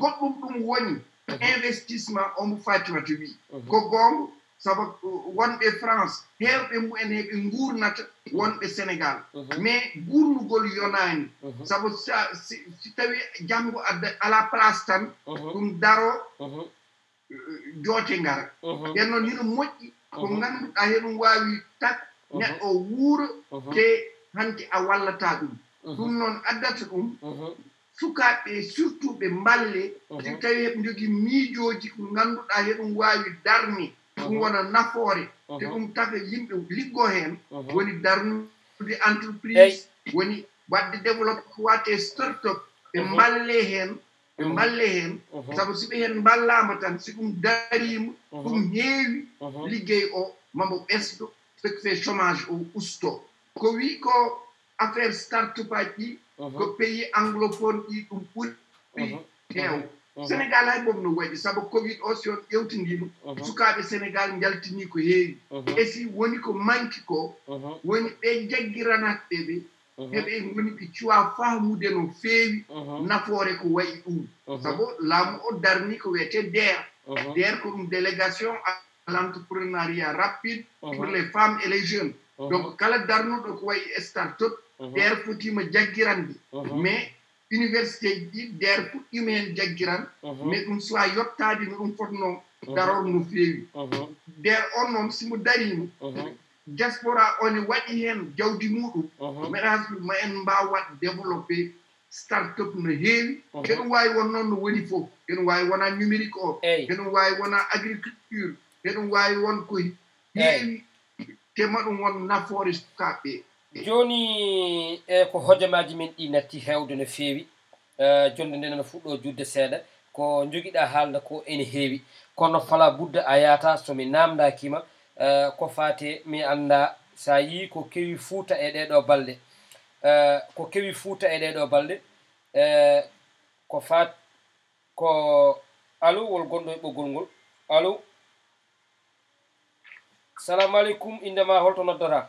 goɗɗum ɗum woni investissement mhm. omo fatimata wii mhm. ko goongo sabu uh, wonɓe france heewɓe mumen heɓe nguurnata mhm. wonɓe sénégal mais guurnugol yonaani sabu si tawi janngo adda alaa place tan ɗum daroo uh, joote ngara ɓen noon hino moƴƴi ko ngannduɗaa heɗum waawi tat neɗɗo wuuro te hanti a wallataa ɗum ɗum noon addata ɗum sukaaɓe surtuuɓe mballe si tawi heɓe jogii miijooji ko ngannduɗaa heɗum waawi darni ɗum wona nafoore te ɗum tafe yimɓe liggoo heen woni darnude entreprise woni waɗde développe waate startup ɓe mballe heen ɓe mballe heen sabu si ɓe heen mballaama tan si ɗum dariima ɗum heewi liggey o ma mbo ɓesdo fe fe chômage o ustoo ko wii ko affaire startup aji ɗi Uh-huh. ko pays anglophone ɗi ɗum ɓuri uh-huh. tew uh-huh. sénégal hay ɓomno waɗi sabu covid aussi o si on ƴewtindima sukaaɓe sénégal jaltini ko heewi et si woni ko manki ko woni ɓe jaggiranatɓe ɓe heɓe woni ɓe cuwa faamude no feewi nafoore ko wayi ɗum sabu laamu o darni ko wiyete deer deer ko ɗum délégation à l'entrepreneuriat rapide pour les femmes et les jeunes donc kala darnuɗo ko wayi start up Mhm. der fotima jaggirande mhm. mais université ji der puɗɗima heen jaggiran mhm. mais ɗum soa yottaade no ɗum fotno daror no feewi der on noon simo dariima diaspora one waɗi heen jawdi muɗum maɗas ma en mbaw waɗ développé start up no heewi heɗum waawi won noon no woni fof heɗum waawi wona numérique o heɗum waawi wona agriculture heɗum waawi won ko heewi tema ɗum won nafoore sukaaɓe ɓee joni e ko hojomaji men ɗi natti hewde no fewi eh, jonde nde no fuɗɗo judde seeɗa ko joguiɗa haalda ko ene heewi kono fala budda a yaata somi namdakima eh, ko fate mi anda sa yi ko kewi fuuta e ɗeɗo balɗe eh, ko kewi fuuta e ɗeɗo balɗe ko fa ko alo wol gonɗo e ɓoggol ngol alo salamu aleykum indema holto noddora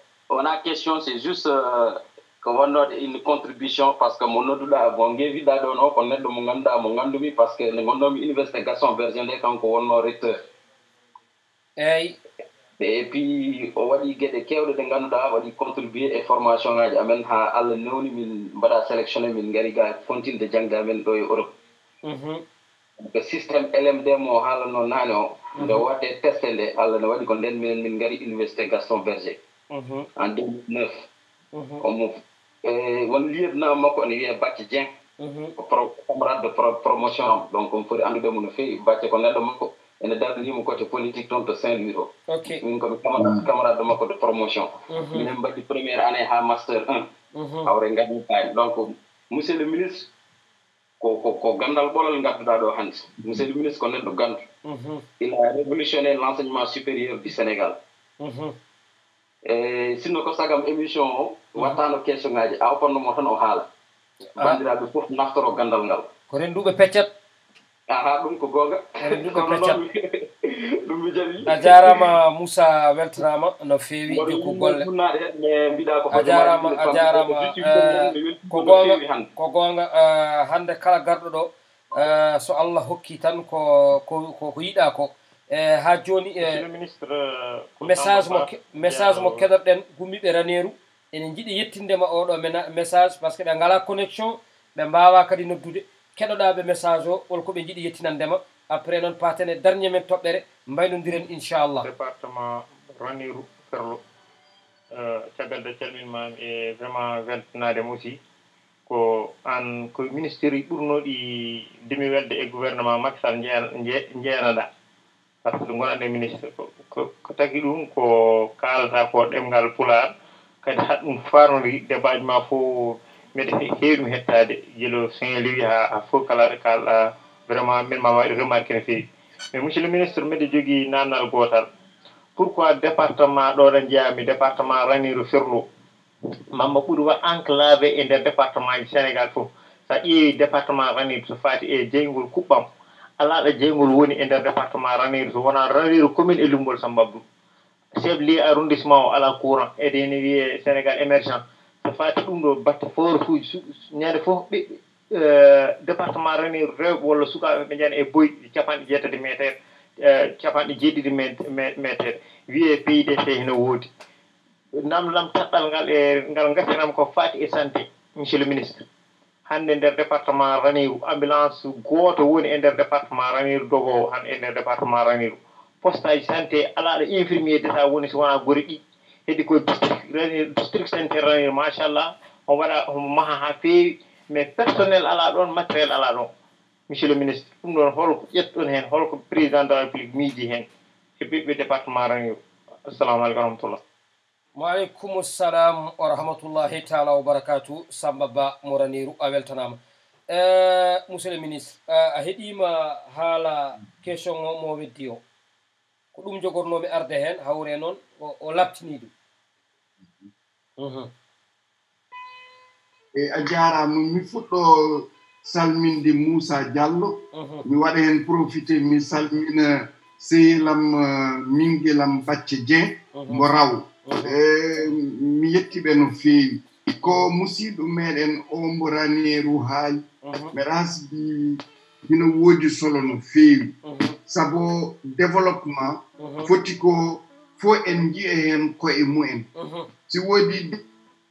on a question, c'est juste euh, qu'on a une contribution parce que mon autre là, on a vu on a venu parce que le investigation version Berger quand on a Et puis, on va dire que les gens à la formation, sélectionné les gens qui ont été Europe. Mm-hmm. Le système lmd mo non, o testé allah ne ko gaston berger Uh-huh. en 2009 omo won lieutenant makko ne wiye bacce pour camarade de promotion donc on de mon no feewi bacce ko neɗɗo makko ene darnimo côté politique toon to saint louis to min camarade camarade makko de promotion uh-huh. minen mbaɗi première année ha master 1 hawre uh-huh. ngadi paani donc monsieur le ministre ko ko ko gandal ɓolal ngadduɗa ɗo monsieur le ministre ko neɗɗo gandu il a révolutionné l'enseignement supérieur du sénégal E, sinno ko sagam émission o wattano question ngaji a opannomo tan o haala ah. bandiraɓe fof naftoro gandal ngal ko renduɓe peccat aha ɗum ko goga renduɓeccat ɗum mi jaɓi a jarama moussa weltanama no feewi jokku golle a jarama a jarama ko gonga eh, ko gonga hande eh, kala garɗo ɗo eh, so allah hokki tan ko ko yiɗa ko E, ha joni e, euh, message mo message mo kedorɗen gummiɓe raneru enen jiiɗi yettindema oɗo message par ce que ɓe ngala connexion ɓe mbawa kadi noddude keɗoɗaɓe message o holko ɓe jiiɗi yettinandema après noon patene dernier men toɓɓere mbaynodiren inchallah euh, caggal da calminmami e vraiment weltinade mo aussi ko an ko ministére ɓurnoɗi demi welde e gouvernement makisal jeenaɗa pasque gonande ministre ko tagi ɗum ko kalata ko ɗemgal pulaar kadi hat ɗum farodi débaji ma fo mbiɗa heewi ɗum hettade yelo saint louis ha a fof kalaɗo kalɗa vraiment min ma waɗi remarque no feewi mais monsieur le ministre mbiɗa jogii nannal gootal pourquoi département ɗo ɗen jeyami département raniro ferlo mamma ɓuri wa enclavé e nder département ji sénégal fof sa ƴeewi département ranir so faati e jeygol kuɓɓam alaaɗa jeyngol woni e ndeer département raniru so wonaa raniru commune e lumbol sambabdu chef lie arrondissement o alaa courant edene wiyee sénégal émergent so faati ɗum ɗo batte force uji ñande fof ɓiɓɓe euh, département raniru rewɓe walla sukaaɓe ɓe ñande e boyɗi capanɗe jeetati métére euh, capanɗe jeeɗiɗi métére wiyee pays des fe hino woodi namdolam taɗɗal ngal e ngal gasinama ko faati e santé monsieur le ministre hannde nder département raniru ambulance gooto woni e nder département raniru dogowo han e nder département raniru postaji santé alaaɗo infirmier deta woni so wonaa gori ɗi heddi koye district ranir district santé raniru machallah on waɗa omo maha haa feewi mais personnel alaa ɗoon matériel alaa ɗoon monsieur le ministre ɗum ɗoon holko ƴettoon heen holko président de la république miiji heen e ɓiɓɓe département raniru assalamu aleykum warahmatullah mo aleykum salam wa rahmatullahi taala wa barakatu samba ba moraniru a weltanama uh, e, monsieur le ministre uh, a heeɗima haala question o mo weddi o ko ɗum jogotnomi arde hen hawre noon o labtini ɗum mhm. eyi a jarama mi fuɗɗo salminde moussa diallo mhm. mi waɗa hen profité mi salmina seylam mingelam bacce dien mhm. mo raw e mi yettiɓe no feewi ko musidɗo meɗen omboraneru haali mi rasbi hino woodi solo no feewi sabo développement foti ko fof en njiye heen koye mumen si woodi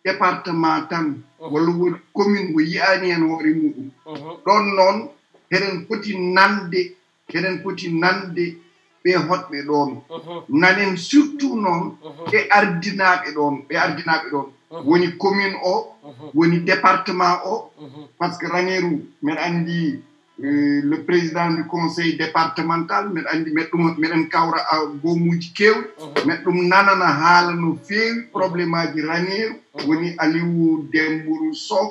département tan walla woodi commune ko yiyaani heen hoore muɗum ɗon noon heɗen poti nande heɗen poti nande ɓe hoɗɓe ɗoon mhm. nanen surtout noon mhm. e ardinaaɓe ɗoon ɓe ardinaaɓe ɗoon mhm. woni commune o woni département o par ce que raneru mbeɗa anndi euh, le président du conseil départemental mbeɗa anndi mbeɗa ɗum mbeɗen kawra ah, goomuuji keewɗi mbeɗa ɗum nanana haala no feewi probléme raneru woni aliwu demburu sow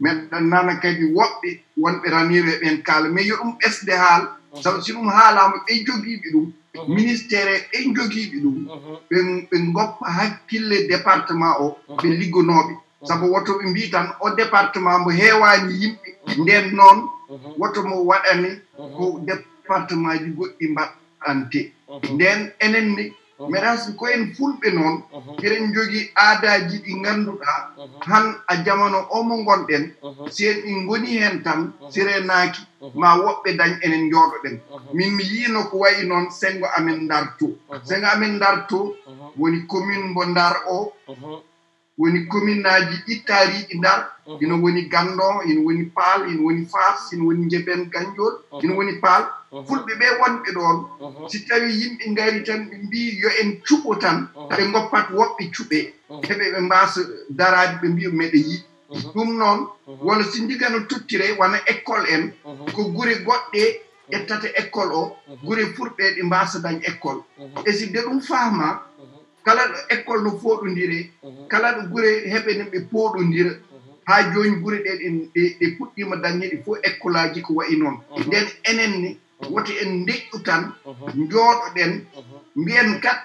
mbeɗa nana kadi woɓɓe wonɓe raneru e ɓen kaala mais yo ɗum ɓesde haala sabu uh-huh. si ɗum haalama ɓe jogiiɓe ɗum uh-huh. ministére ɓe jogiiɓe ɗum ɓe uh-huh. ɓe ngoppa hakkille département o ɓe liggonooɓe sabu woto ɓe mbi tan o département mo heewaani yimɓe nden noon woto mo waɗani ko département ji goɗɗi mbaɗante nden enenne Uh-huh. maintenant si koyen fulɓe noon uh-huh. eɗen jogii aadaaji ɗi ngannduɗaa uh-huh. han a jamano o mo ngonɗen si en ɗi ngoni heen tan sirenaaki ma woɓɓe dañ enen njooɗo ɗen min mi yiino ko wayi noon senngo amen ndartu senngo amen ndartu woni commune mbo ndar o woni commune aji ittariiɗi ndar mhm. ina woni gandon ina woni paal ina woni farce ina woni jeben gañjol mhm. ina woni paal mhm. fulɓe ɓe wonɓe ɗoon si tawi yimɓe ngari tan ɓe mbiyi yo en cuɓo tan ɓe goppat woɓɓe cuɓe heɓe ɓe mbasa daraade ɓe mbiya meɗe yiɗ ɗum noon wala si ndigano tuttire wona école en ko gure goɗɗe ƴettata école o gure furɓe ɗe mbasa dañ école e si de ɗum faama kala ɗo école no fooɗondire mhm. kala ɗo gure heɓe nen ɓe pooɗondira mhm. haa jooni gure ɗe ɗe puɗɗiima dañeɗi fof école aji ko wayi noon mhm. nden enen ne woto en deƴƴu tan njooɗoɗen mbiyen kat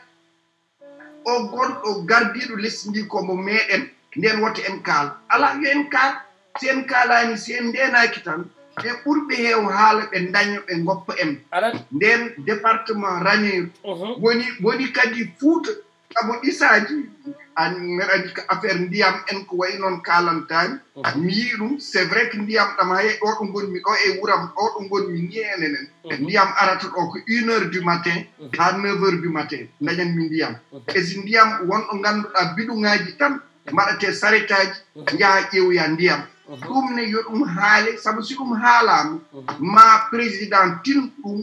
o gonɗo gardiiɗo lesdi komo meeɗen nden woto en kaal alaa yo en kaal si en kaalaani si en ndeenaaki tan ɓe ɓurɓe heew haala ɓe daño ɓe ngoppa en nden département ranir woni woni kadi fuuta sabu ɗisaaji an meɗaji ko affaire ndiyam en ko wayi noon kalantaani mi mhm. yii ɗum c'est vrai que ndiyam ɗam haye ɗo ɗo ngonmi ɗo e wuram ɗo ɗo ngonmi niienenen e mhm. ndiyam arata ɗo ko une heure du matin mhm. haa neuf heure du matin dañanmi ndiyam e si ndiyam wonɗo ngannduɗaa biɗuŋaaji tan mbaɗate saretaaji njaha ƴeewya ndiyam ɗum ne yo ɗum haale sabu si ɗum haalaama ma président tin ɗum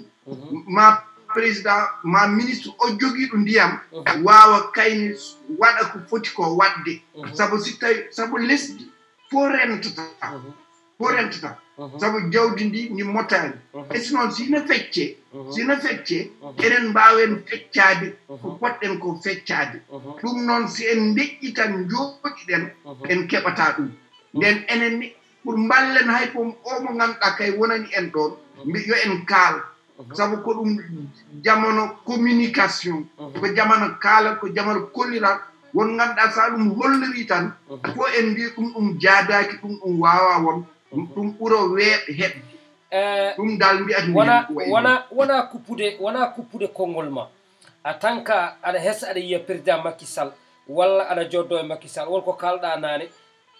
ma président ma ministre o jogiiɗo ndiyam mhm. waawa kayni waɗa ko foti ko waɗde mhm. sabu si tawi sabu lesdi fo rentata mhm. fo rentata sabu jawdi ndi ni motaani e sinon sino feccee sino feccee enen mbaawen feccaade ko potɗen ko feccaade ɗum noon si en ndeƴƴi tan jooɗiɗen en keɓataa ɗum nden enen ni pour mballen hay ko o mo ngannduɗaa kay wonani en ɗoon mbi yo en kaal Mhm. sabu ko ɗum jamano communication mhm. ko jamano kaala ko jamano kolliral won ngannduɗaa so ɗum holliri tan fo mhm. en mbi ɗum ɗum jaadaaki ɗum ɗum waawa won ɗum ɓuro weeɓe heɓde eh, ɗum dal mbiyatwona kuppude wona kuppude konngol ma a tanka aɗa hesa aɗa yiya président makky sall walla aɗa joddo e makky sall wonko kaalɗa naane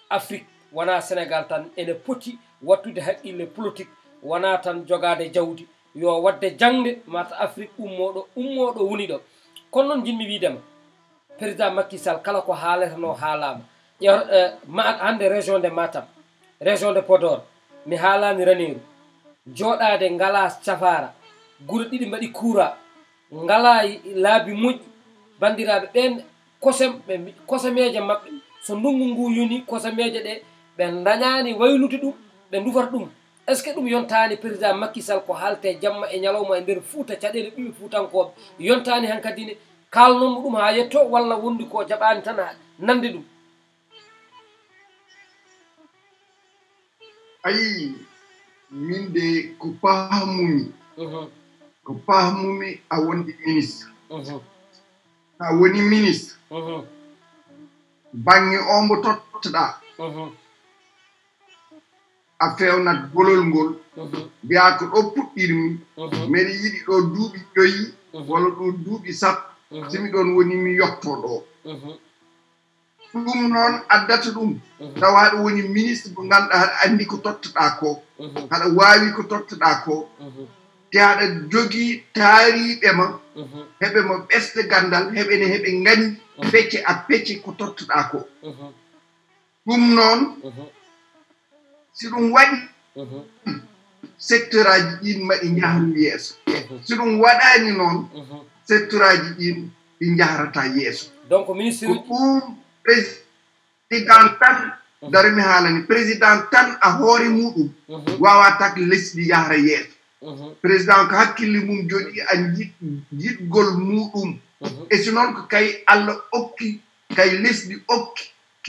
afrique wona sénégal tan ene poti wattude haqqille politique wona tan jogaade jawdi yo wadde jangde mata afrique ummoɗo ummoɗo woni ɗo kono noon jinmi wiidema président makisal kala ko haaletano haalama eh, hande région de matam région de podor mi haalani raniru joɗade ngala safara guure ɗiɗi mbaɗi kura ngala laabi moƴƴi bandiraɓe ɓen kosem ɓe kosameje mabɓe so ndungu ngu yoni kosameje ɗe ɓe dañani waylude ɗum ɓe dufata ɗum eske dum yontani president Macky Sall ko halte jamma e nyalawma e futa fuuta caɗele futan ko yontani han kadi ne kalnonmo ɗum ha yetto walla wondi ko jabaani tan nande dum ay min de ko mumi ko pahmumi a wondi ministre sa woni ministre bange a fewnat golol ngol mbiya mhm. ko ɗo puɗɗirmi miɗa mhm. yiɗi ɗo duuɓi ƴoyi mhm. walla ɗo duuɓi sappo simi ɗon woni mi yotto ɗo ɗum noon addata ɗum tawa aɗa woni ministre mo ngannduɗa haɗa anndi ko tottoɗa ko haɗa waawi ko tottoɗa ko te aɗa jogii taariɓe ma heɓe mo ɓesde ganndal heɓene heɓe nganndi pecce a pecce ko tottoɗa ko ɗum noon si wadi waɗi secteur aji ma maɗi jahru yeeso si ɗum wadani non mm-hmm. secteur aji ɗin ɗi jahrata yeeso donc ministre ko ɗum président tan mm-hmm. dari mi halani président tan a hoore mudu mm-hmm. wawa tak lesdi yahra yeeso président ko hakkille mum a jit jiɗgol gol e si ko kay allah okki kay lesdi okki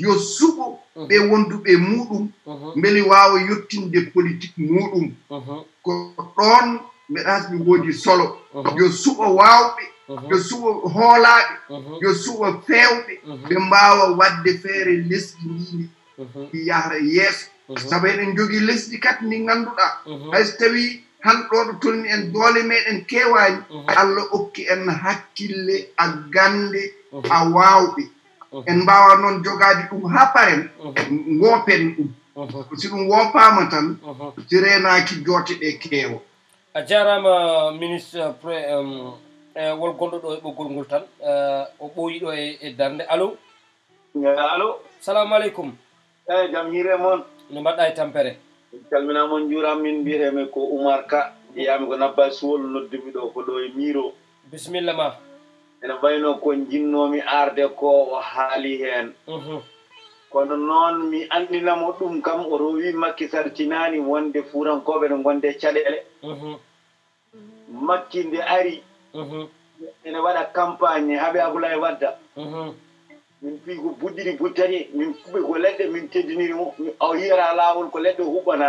yo suɓo ɓe uh-huh. wonduɓe muɗum uh-huh. beli wawa yettinde politique muɗum uh-huh. ko ɗon meɗasmi woodi solo yo suɓo wawɓe yo suɓo hoolaɓe yo suɓo fewɓe ɓe mbawa wadde feere lesdi ndini yahra e yeeso saabu eɗen jogi lesdi kadi ni ngannduɗa hayso tawi hanɗoɗo tolni en doole meɗen kewani allah okki en hakkille a gande a wawɓe en mbawa noon jogaadi ɗum haa paren ngoopen ɗum si ɗum wompama tan si renaaki jooɗe ɗe keewo a jarama ministre pré e wol gonɗo ɗo e ɓoggol ngol tan e, o ɓooyi ɗo e, e darnde allo allo salamu aleykum eyi jam hiire moon no mbaɗɗa e tampere calminamon juuram min mbiyeteme ko oumar ka yiyami ko nabba suwol noddimi ɗo ko ɗo e miro bisimilla ma ene bayno ko jinnomi arde ko o haali hen mhm. kono noon mi andinamo ɗum kam o rowi makki sartinani wonde furankoɓe ne gonde caɗele mhm. makki nde ari mhm. ene waɗa campagne haɓe abulaye wadda min pi ko buddiri buttati min kuɓi ko leɗɗe min teddinirimo o yiyata lawol ko leɗɗe huɓɓana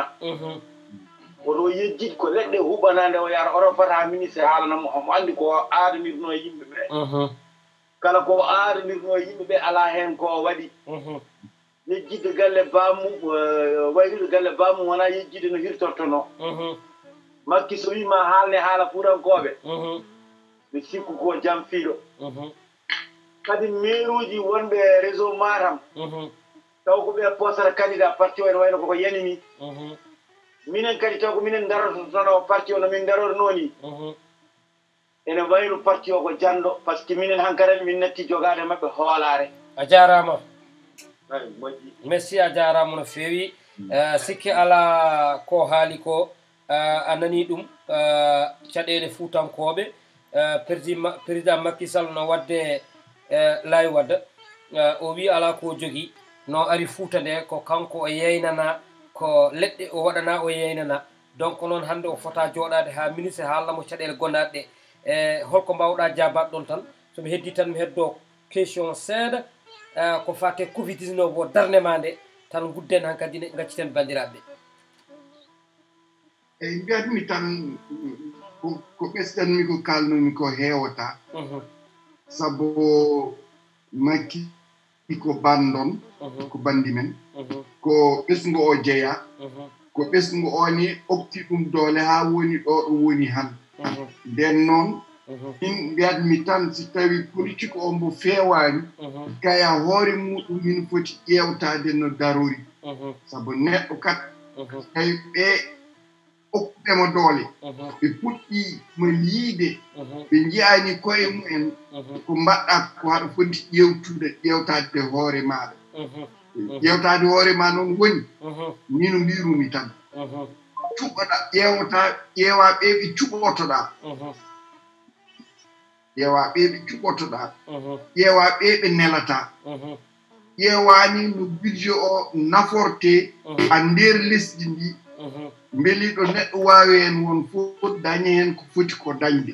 oto yejjiɗ ko leɗɗe huɓɓana nde o yaata oto fata ministre haalanamo omo andi ko aadanirno yimɓe kala ko aarinirno yimɓeɓe ala hen ko waɗi yejjidde galle bammu eh, wayrude galle bammu wona yejjide no hirtortono makki so wima haalne haala furankoɓe mi sikku ko jam fiiɗo kadi mairuji wonɓe réseau matam taw ko ɓe posata candidat parti o ene wayno koko yanimi minen kadi taw ko minen darototono parti o no min darorno ni ene wayru parti o ko janndo par ce que minen hankare min natti jogaade maɓɓe hoolaare a jaaraama moƴƴi merci a jaaraama no feewi mm. eh, sikke alaa ko haali ko eh, a nanii ɗum eh, caɗeele fuutankooɓe président makki sall no waɗde laawi wadda o wii alaa ko jogii no ari fuuta nde ko kanko o yeynanaa ko leɗɗe o waɗanaa o yeynanaa donc noon hannde o fotaa jooɗaade haa ministre haa allamo caɗeele gonnaaɗe ɗee e holko mbawɗa jabat ɗon tan somi heddi tan mi heddo question seeɗa e, ko fate covid 19 o darde ma nde tan gudden han kadi ne gacciten bandiraɓe eyi mi tan ko ɓesɗanmi ko kalnumi ko heewata mhm. sabu makki ko bandon mhm. ko bandi men mhm. ko ɓesngu o jeeya ko ɓesngu o ni okti ɗum doole haa woni ɗo ɗum woni han nden noon mbiyat mi tan si tawi politique o mbo feewaani gaya hoore muɗum min foti ƴeewtaade no darori sabu neɗɗo kat tawi ɓe okkuɓemo doole ɓe puɗɗi mo yiide ɓe njiyaani koye mumen ko mbaɗɗa ko haɗa foti ƴewtude ƴewtaade ɓe hoore maaɗa ƴewtaade hoore ma noon woni min mbirumi tan cuɓoɗa ƴeewata ƴeewa ɓeeɓi cuɓotoɗaa mhm. ƴeewa ɓeeɓi cuɓotoɗaa mhm. ƴeewa ɓeeɓe nelataa mhm. ƴeewaani no bidio o nafortee a ndeer lesdi ndi mbeliiɗo neɗɗo waawi heen won fof daña heen ko foti ko dañde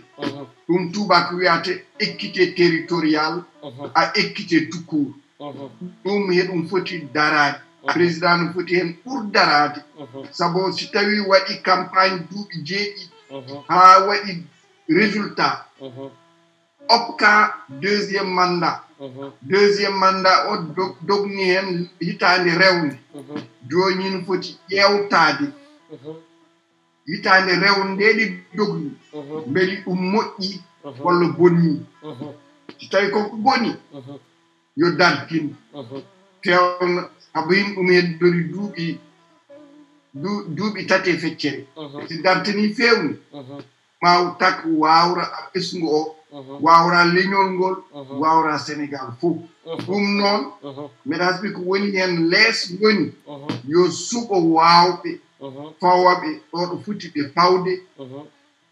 ɗum tuubaako wiyate ekkite territorial a ekkite dukkuur ɗum heɗum foti daraade président no foti hen ɓurdaraade sabu si tawi waɗi campagne duuɓi jeeɗiɗi haa waɗi résultat opka deuxiéme mandat deuxiéme mandat o dogni hen hitaande rewnde jooni no foti ƴeewtaade hitaande rewnde nde ɗi dogni mbeli ɗum moƴƴi walla bonni si tawi koko boni yo dartino tewna haabo yim ɗum hedde dori duuɓi duuɓi tati e feccere si mhm. dartani feewni maw mhm. tak waawra ɓesngu o mhm. waawra leñol ngol waawra sénégal fof ɗum noon mbeɗa hasɓi ko woni heen lees ngoni yo suɓo waawɓe fawaɓe ɗo ɗo foti ɓe fawde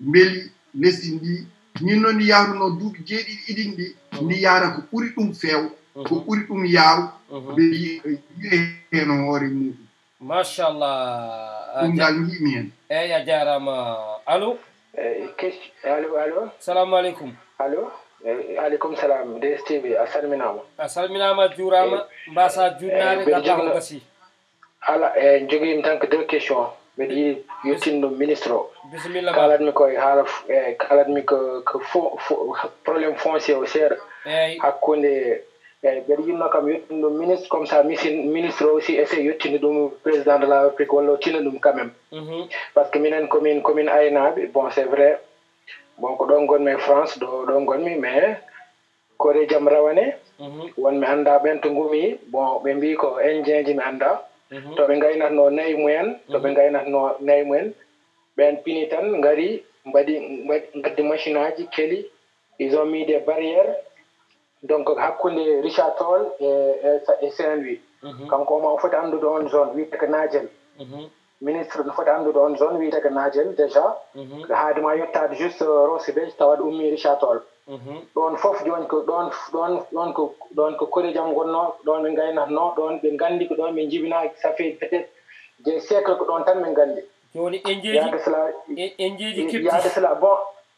mbeli lesdi ndi nin noon ndi yahrunoo duuɓi jeeɗiɗi iɗin ɗi ndi yahra ko ɓuri ɗum feew ko ɓuri ɗum yaaw ɓe yi'e no hoore muɗum machallah ɗum ngal jiimi heen eeyi a jaaraama alo alo alo salamu aleykum alo aleykum salam dstv a salminaama a salminaama juuraama mbaasa juutnaare gaddaako gasi ala eyi jogiimi tan ko deux question mbiɗa yiɗi yettinɗum ministre o bisimilla kalatmi koye haala e kalatmi ko ko problème foncier o seeɗa hakkunde eyyi mbeɗa ministre comme ça ministre aussi essaye de tenir le président de la république on le o quand même mhm. parce que comme que :fra commune commune bon c'est vrai bon :fra on ɗon France ɗo ɗo gonmi mais :fra koore on rawane mhm. wonɓe anda ben to gumi bon :fra bi mbi ko indien :fra ji mi anda tooɓe gaynatno nayyi mumen ben gai nayyi mumen ɓen piini tan gaari mbaɗi machine aji ils ont mis des barrières donc hakkunde richard toll e e saint kanko foti anndude on zone wiyete ko Le ministre no foti on zone wiyete ko Nagel déjà juste ummi richard toll fof joni ko ko ko gonno gandi ko fait peut être ko tan gandi joni en en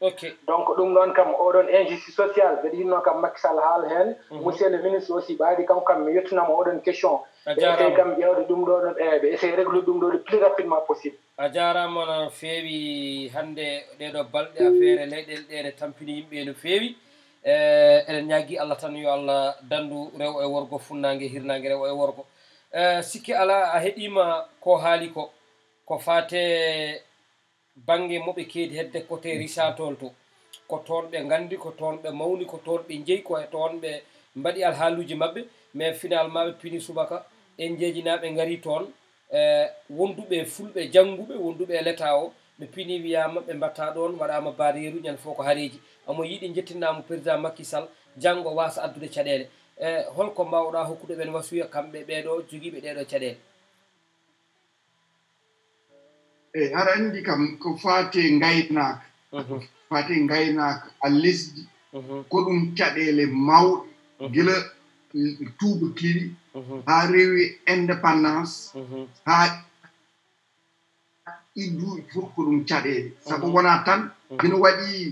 donc ɗum ɗon kam oɗon injustice social mbeɗo yinno kam makisal haal heen mhm. monsieur le ministre aussi ɓaadi kam kam mi yettunama oɗon question ɓeessay kam ƴewde ɗum ɗo ɗon eyyi ɓe essay réglude ɗum ɗo ɗo plus rapidement possible a jarama no feewi hannde ɗeɗo balɗe affaire leyɗele ɗe ne tampini yimɓe no feewi e, eɗen ñaagui allah tan yo allah dandu rew e worgo funnangue hirnangue rew e worgo e, sikki ala a heeɗima ko haali ko ko fate bange moɓe keedi hedde côté risa toon to ko toon ɓe nganndi ko toon ɓe mawni ko toon ɓe njeyi ko toon ɓe mbaɗi alhaaluuji maɓɓe mais finalement ɓe pini subaka en jeeji naa ɓe ngari toon e, wonduɓe fulɓe jannguɓe wonduɓe e leta o ɓe pini wiyama ɓe mbatta ɗoon waɗama barieru ñande fof ko hareji omo yiiɗi jettinnamo président makisall janngo waasa addude caɗele e holko mbawɗa hokkude ɓen wasuya kamɓe ɓeɗo jogiiɓe ɗeɗo caɗele eyi aɗa anndi kam ko faate ngaynaaka mhm. faate ngaynaaka a lesdi mhm. ko ɗum caɗeele mawɗe mhm. gila tuubotiri haa rewi indépendance haa idduuɓe fof ko ɗum caɗeele sabu wonaa tan hino waɗii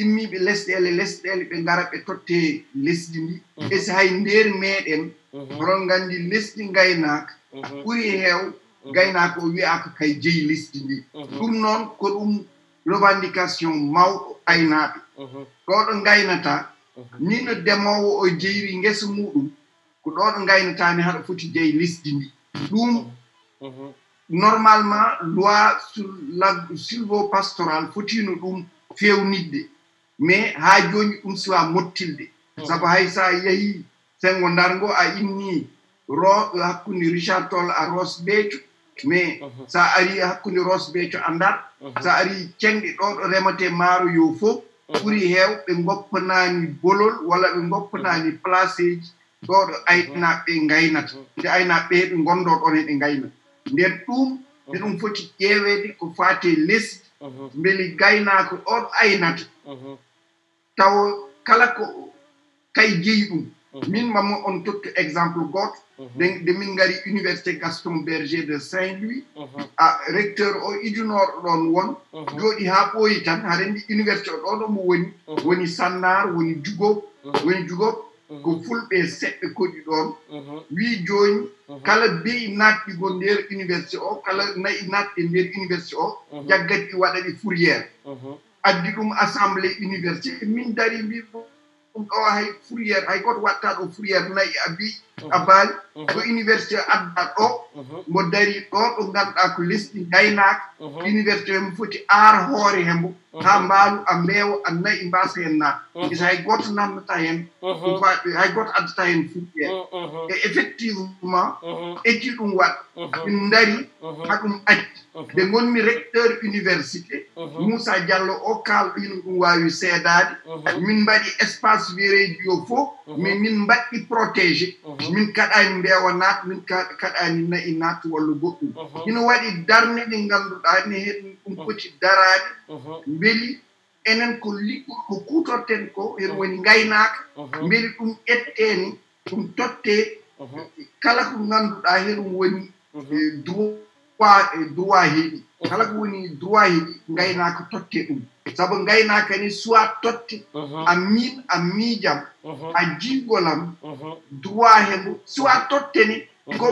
immiiɓe lesɗeele lesɗeele ɓe ngara ɓe totte lesdi ndi esi hay ndeer meeɗen horon nganndi lesdi ngaynaaka ɓuri heew Mhm. gaynaako o wiyaako kay jeyi lesdi ndi mhm. ɗum noon ko ɗum revendication mawɗo aynaaɓe mhm. ɗoɗo gaynataa ni no ndemoowo o jeyri ngesa muɗum ko ɗoɗo gaynataani haɗa foti jeyi lesdi ndi ɗum normalement loi sur la sulvo pastoral fotiino ɗum feewnidde mais haa jooni ɗum siwaa mottilde sabu hay so a yehii sengo ndar ngo a innii ro hakkunde richard toll a ros beeco mais mhm. so a arii hakkunde ros be co anndal mhm. so a arii cenɗe ɗo ɗo remetee maaro yo fof mhm. ɓuri heew ɓe goppanaani bolol walla ɓe goppanaani placéji ɗo ɗo aynaaɓe ngaynata nde aynaaɓe ɓe ngonndoo ɗoon heɓe ngayna nden ɗum nde ɗum foti ƴeeweede ko faatee lesdi mbeli gaynaako ɗo ɗo aynata taw kala ko kay jeyi ɗum Mhm. min mamo on totti exemple goto mhm. de min ngari université gaston berger de saint louis mhm. a recteur o ujunore ɗon won jooɗi haa ɓooyi tan haɗa ndi université o do mo woni woni sannar woni jugob woni jugob ko fulbe seɗɗe koɗi ɗon wi jooni kala beyi natɗigo nder université o kala nayi natɗe nder université o jaggati ɗi waɗa ɗi fourriére addi ɗum assemblée université min dari mbi Oh, i hay fourriére hay goto watta ɗo fourriére nayyi a Mhm. abbaaji mhm. ko université addat o mbo mhm. dari ɗo ɗo ngannduɗaa ko lesɗi gaynaaka université mo foti ar hoore hembo haa mbaalu a mbeewa a nayi mbaasa heen na isi hay gooto namdata hay e effectivement et ɗum waɗa ɗum ndari haa aj de mon recteur université moussa diallo o kaalɗo hino ɗum waawi seedaade min mbaɗi espace vireji yo fo mais min mbaɗɗi protégé min kaɗani mbewa naat min kaɗani nayi naat walla goɗɗum uh-huh. ina waɗi darni ɗi ngannduɗa ni he ɗum uh-huh. poti daraade uh-huh. mbeli enen ko liɓɓuɗ ko kutorten ko hen woni ngaynaaka mbeli ɗum etteni ɗum tottee kala ko ngannduɗa hen woni droit e droit heeɗi kala uhuh. uhuh. uhuh. ko woni droit ji ngaynaaka totte ɗum sabu ngaynaaka ni soit totte a miin a miijam a jiigolam droit he mbo soit totte ni ko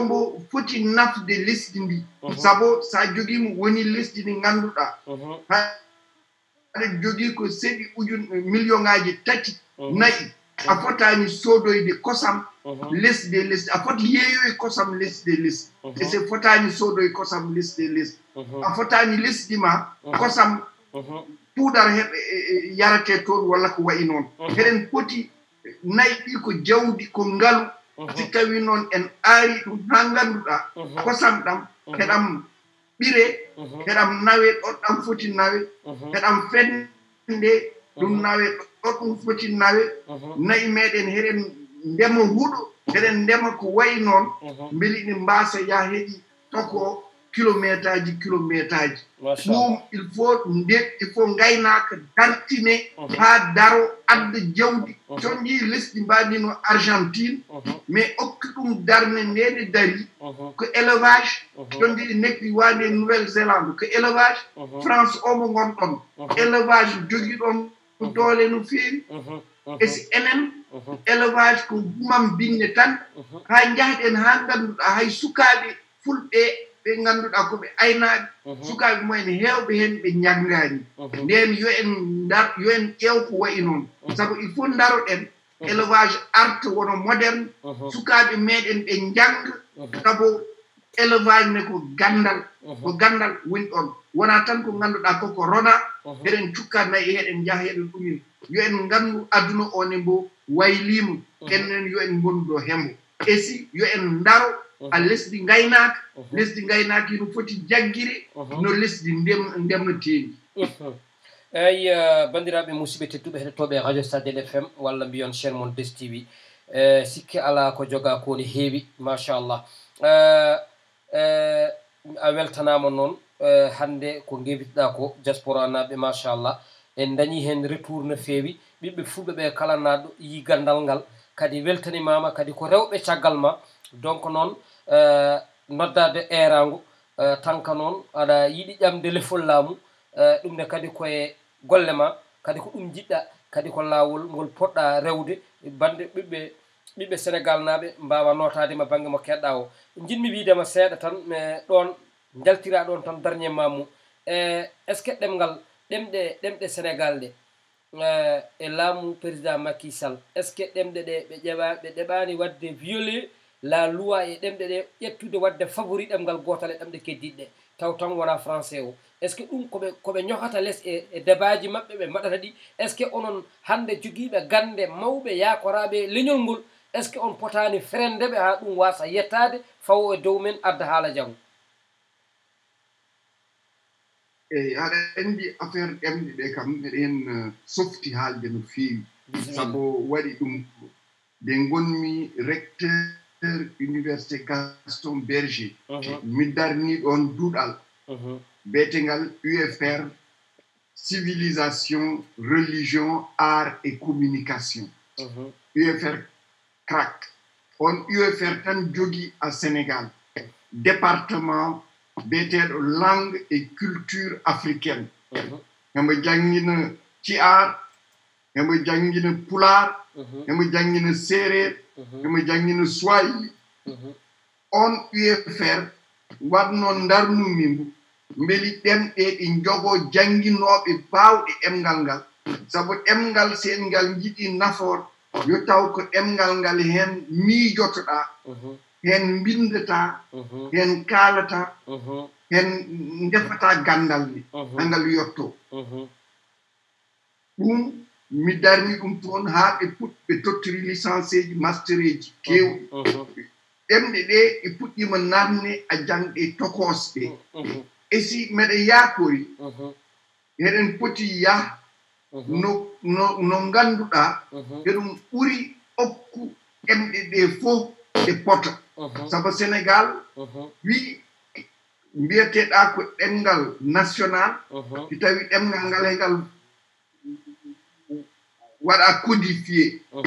foti nafde lesdi ndi sabu so jogiimo woni lesdi ndi ngannduɗaa aɗa jogii ko seɗi ujun million ŋaaji tati nayi a fotaani soodoyde kosam Uh -huh. lesɗe lesɗe a foti yeeyoy kosam lesɗe lesɗe uh -huh. e so fotaani soodoye kosam lesɗe lesɗe uh -huh. a fotaani lesɗi ma kosam puudar heɓ yaratee toon walla ko wayi noon uh-huh. heɗen poti nayi ɗi ko jawdi ko ngalu si uh-huh. tawi noon en aari ɗum haa ngannduɗaa uh-huh. kosam ɗam heɗam ɓire heɗam nawe ɗoɗɗam foti nawe heɗam fennde ɗum nawe ɗoɗɗum foti nawe nayi meeɗen heɗen ndema huɗo eɗen ndema ko wayi noon mhm. mbeli ɗi mbaasa yah heɗi toko kilométre aji kilométre aji ɗum il faut nde il faut ngaynaaka dartine mhm. haa daro adda jawdi coñƴi mhm. lesɗi mbaɗino argentine mais okki ɗum darne ndeɗe dari ko élevage coñɗi ɗi nekɗi waande nouvelle zélande ko élevage france omo gonɗon élevage jogi ɗon doole no feewi e si enen Uh-huh. élevage ko gumam binne tan uh-huh. haa njahɗen haa ngannduɗaa hay sukaaɓe fulɓe ɓe ngannduɗaa ko ɓe aynaaɓe uh-huh. sukaaɓe mumen heewɓe heen ɓe njanngaani ndeen yo en ndar yo en ƴeew ko wayi noon sabu il faut ndaroɗen élevage arte wono moderne sukaaɓe meeɗen ɓe njannga sabu élevage ne ko ganndal ko ganndal woni ɗoon wonaa tan ko ngannduɗaa ko ko rona eɗen cukka nayi heeɗen njaha heɗen ɗumin yo en nganndu aduna oo ne mbo waylima mhm. enen yo en gondo hemo esi yo en ndaro mhm. a lesdi ngaynaaka mhm. lesdi ngaynaaka ino foti jaggire no lesdi ndem ndemnoteendi eyi eh, banndiraaɓe musidɓe tedduɓe heɗotooɓe radio sadel fm walla mbiyon chaine mon bes tv eh, sikke alaa ko jogaa ko ne heewi machallah eh, a weltanaama noon hannde ko ngewitiɗaa ko diaspora naaɓe machallah en dañii heen retour no feewi ɓiɓɓe fulɓe ɓe kala naɗɗo yigalndal ngal kadi weltanimama kadi ko rewɓe caggal ma donc noon eh, noddade erangu eh, tanka noon aɗa yiɗi ƴamde lefol laamu eh, ɗum ne kadi koye golle ma kadi ko ɗum jiɗɗa kadi ko laawol ngol poɗɗa rewde bande ɓiɓɓe ɓiɓɓe sénégal naaɓe mbawa notadema bange mo keɗɗa o jinmi wiidema seeɗa tan e ɗon jaltira ɗon tan darnier mamu e est ce que ɗemngal ɗemɗe ɗemɗe sénégal ɗe e laamu président Macky est ce que demde de be ƴewa de debani la loi e de de de wadde favori gotal e taw français est ce que ɗum koɓe koɓe ñohata les e e que maɓɓe est ce que onon hande gande est ce que on potani frende de ha un wasa yettade faw e dow men adda eyi eh, aɗa anndi affaire ɗemɗe ɗe kam eɗen eh, softi haalde no feewi mm. sabu waɗi ɗum nde ngonmi recteur université gaston berger uh-huh. mi darnii ɗoon duuɗal uh-huh. beetengal ufr civilisation religion art et communication ufr uh-huh. crac on ufr tan jogii a sénégal département biyeteeɗo langue et culture africaine mhm. hembo janngina ciar hembo janngina pular mhm. hembo janngina séréer mhm. hembo janngina soili on ufr waɗno ndarnumimbo mbeli ɗemɗe ɗi jogoo jannginooɓe baawɗe ɗemngal ngal sabu ɗemngal seen ngal njiɗi nafoor yo taw ko ɗemngal ngal heen miijotoɗaa heen mbindataa heen mhm. kaalataa heen mhm. ndefataa ganndal ni mhm. anngal yottoo ɗum mi darni ɗum toon haa ɓe put ɓe tottiri licence eji mastereji keewɗi ɗemɗe ɗe e puɗɗiima naamne a jangɗe tokos ɗe e si meɗe yaakori heɗen poti yah no no ngannduɗaa eɗum ɓuri okku ɗemɗe ɗe fof e pota Uh-huh. sabu sénégal uh-huh. wi mbiyeteɗa ko ɗemgal national si uh-huh. tawi ɗemgal ngal hengal waɗa codifié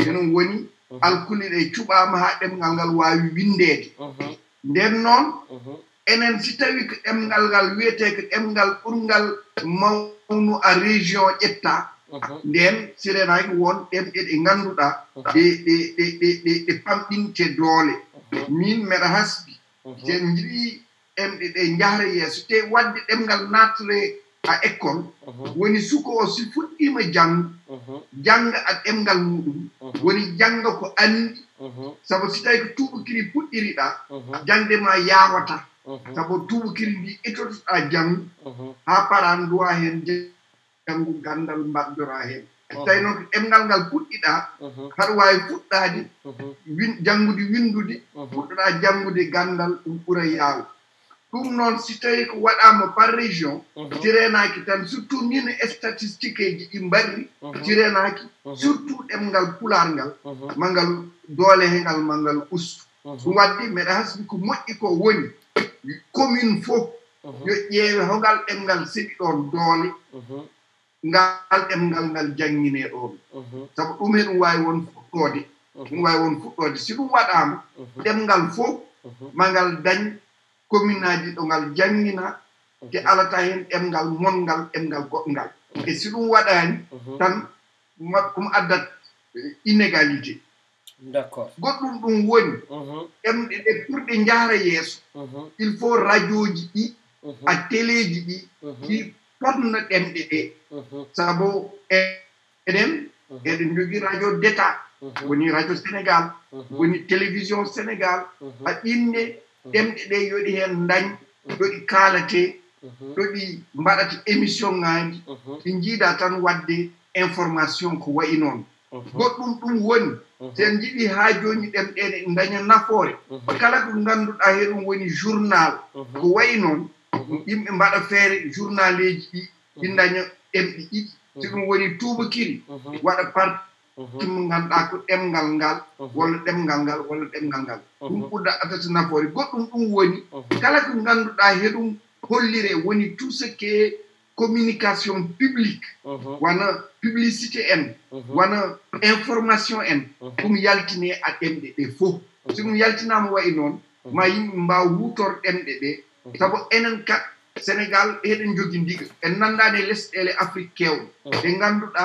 enon woni alkulli ɗe cuɓama ha ɗemgal ngal wawi windede nden noon enen si tawi ko ɗemgal ngal wiyete ko ɗemgal ɓurgal mawnu a région ƴetta nden sirenaki won ɗemɗe ɗe ngannduɗa ɗe ɗe ɗe ɗe ɗe pamɗinte doole min meɗa hasbi mhm. te jiɗi emɗe ɗe jahra yeeso te wadde ɗemngal natre a école mhm. woni suko o si fuɗɗima jang mhm. janga a ɗemngal muɗum woni janga ko andi sabu si tawi ko tuubakiri puɗɗiriɗa jangde ma yawata sabu tuubakiri ndi itotoɗa jang ha paran duwa hen jangu gandal mbaddora hen so tawii noon emngal ngal puɗɗiɗa haɗa waawi puɗɗaade janngude winndude puɗɗoɗaa janngude ganndal ɗum ɓura yaawu ɗum noon si tawii ko waɗaama par région jireenaaki tan surtout min statistique eji ɗi mbarri jireenaaki surtout ɗemngal pulaar ngal ma ngal doole he ngal ma ngal ustu ɗum waɗdi meɗa hasbi ko moƴƴi koo woni commune fof yo ƴeewe hogal ɗemngal seɗi ɗoon doole ngal ɗemngal ngal janngine ɗoon mhm. sabu ɗume ɗum waawi won fuɗɗoode mhm. ɗum waawi won fuɗɗoode si ɗum waɗaama mhm. ɗemngal fof ma ngal dañ commune aji ɗo ngal janngina te alata heen ɗemngal monngal ɗemngal goɗngal e si ɗum waɗaani tan ɗum addat e, inégalité d' accord goɗɗum ɗum woni ɗemɗe ɗe pour ɗe njahara yeeso il faut radio ji ɗi a téléji ɗi ɗonno ɗemɗe ɗe mhm. sabu e-, eɗen mhm. eɗen jogi radio détat mhm. woni radio sénégal woni télévision sénégal a ɓinne ɗemɗe ɗe yoɗi heen dañ ɗoɗi kaalate ɗoɗi mbaɗata émission ŋaaji ɗi njiiɗa tan waɗde information ko wayi noon goɗɗum ɗum woni sen jiɗi haa jooni ɗemɗeɗe daña nafoore kala ko ngannduɗaa heɗum woni journal ko wayi noon yimɓe mbaɗa feere journal eji ɗi binndaño mhm. emɓe ɗiɗi so mhm. ɗum woni tuubakiri mhm. waɗa par tim ngannduɗaa ko ɗemngal ngal walla ɗemngal ngal walla ɗemngal ngal ɗum ɓurda addata nafoore goɗɗum ɗum woni kala ko ngannduɗaa heɗum hollire woni tout ce que communication publique wona publicité en wona information en ɗum yaltinee a ɗemɗe ɗe fof so ɗum yaltinaama wayi noon ma yimɓe mbaawa wuutor ɗemɗe ɗee sabu enen kat sénégal eɗen jogi ndiga en nanndani lesɗele afrique kewɗe oh. ɗe ngannduɗa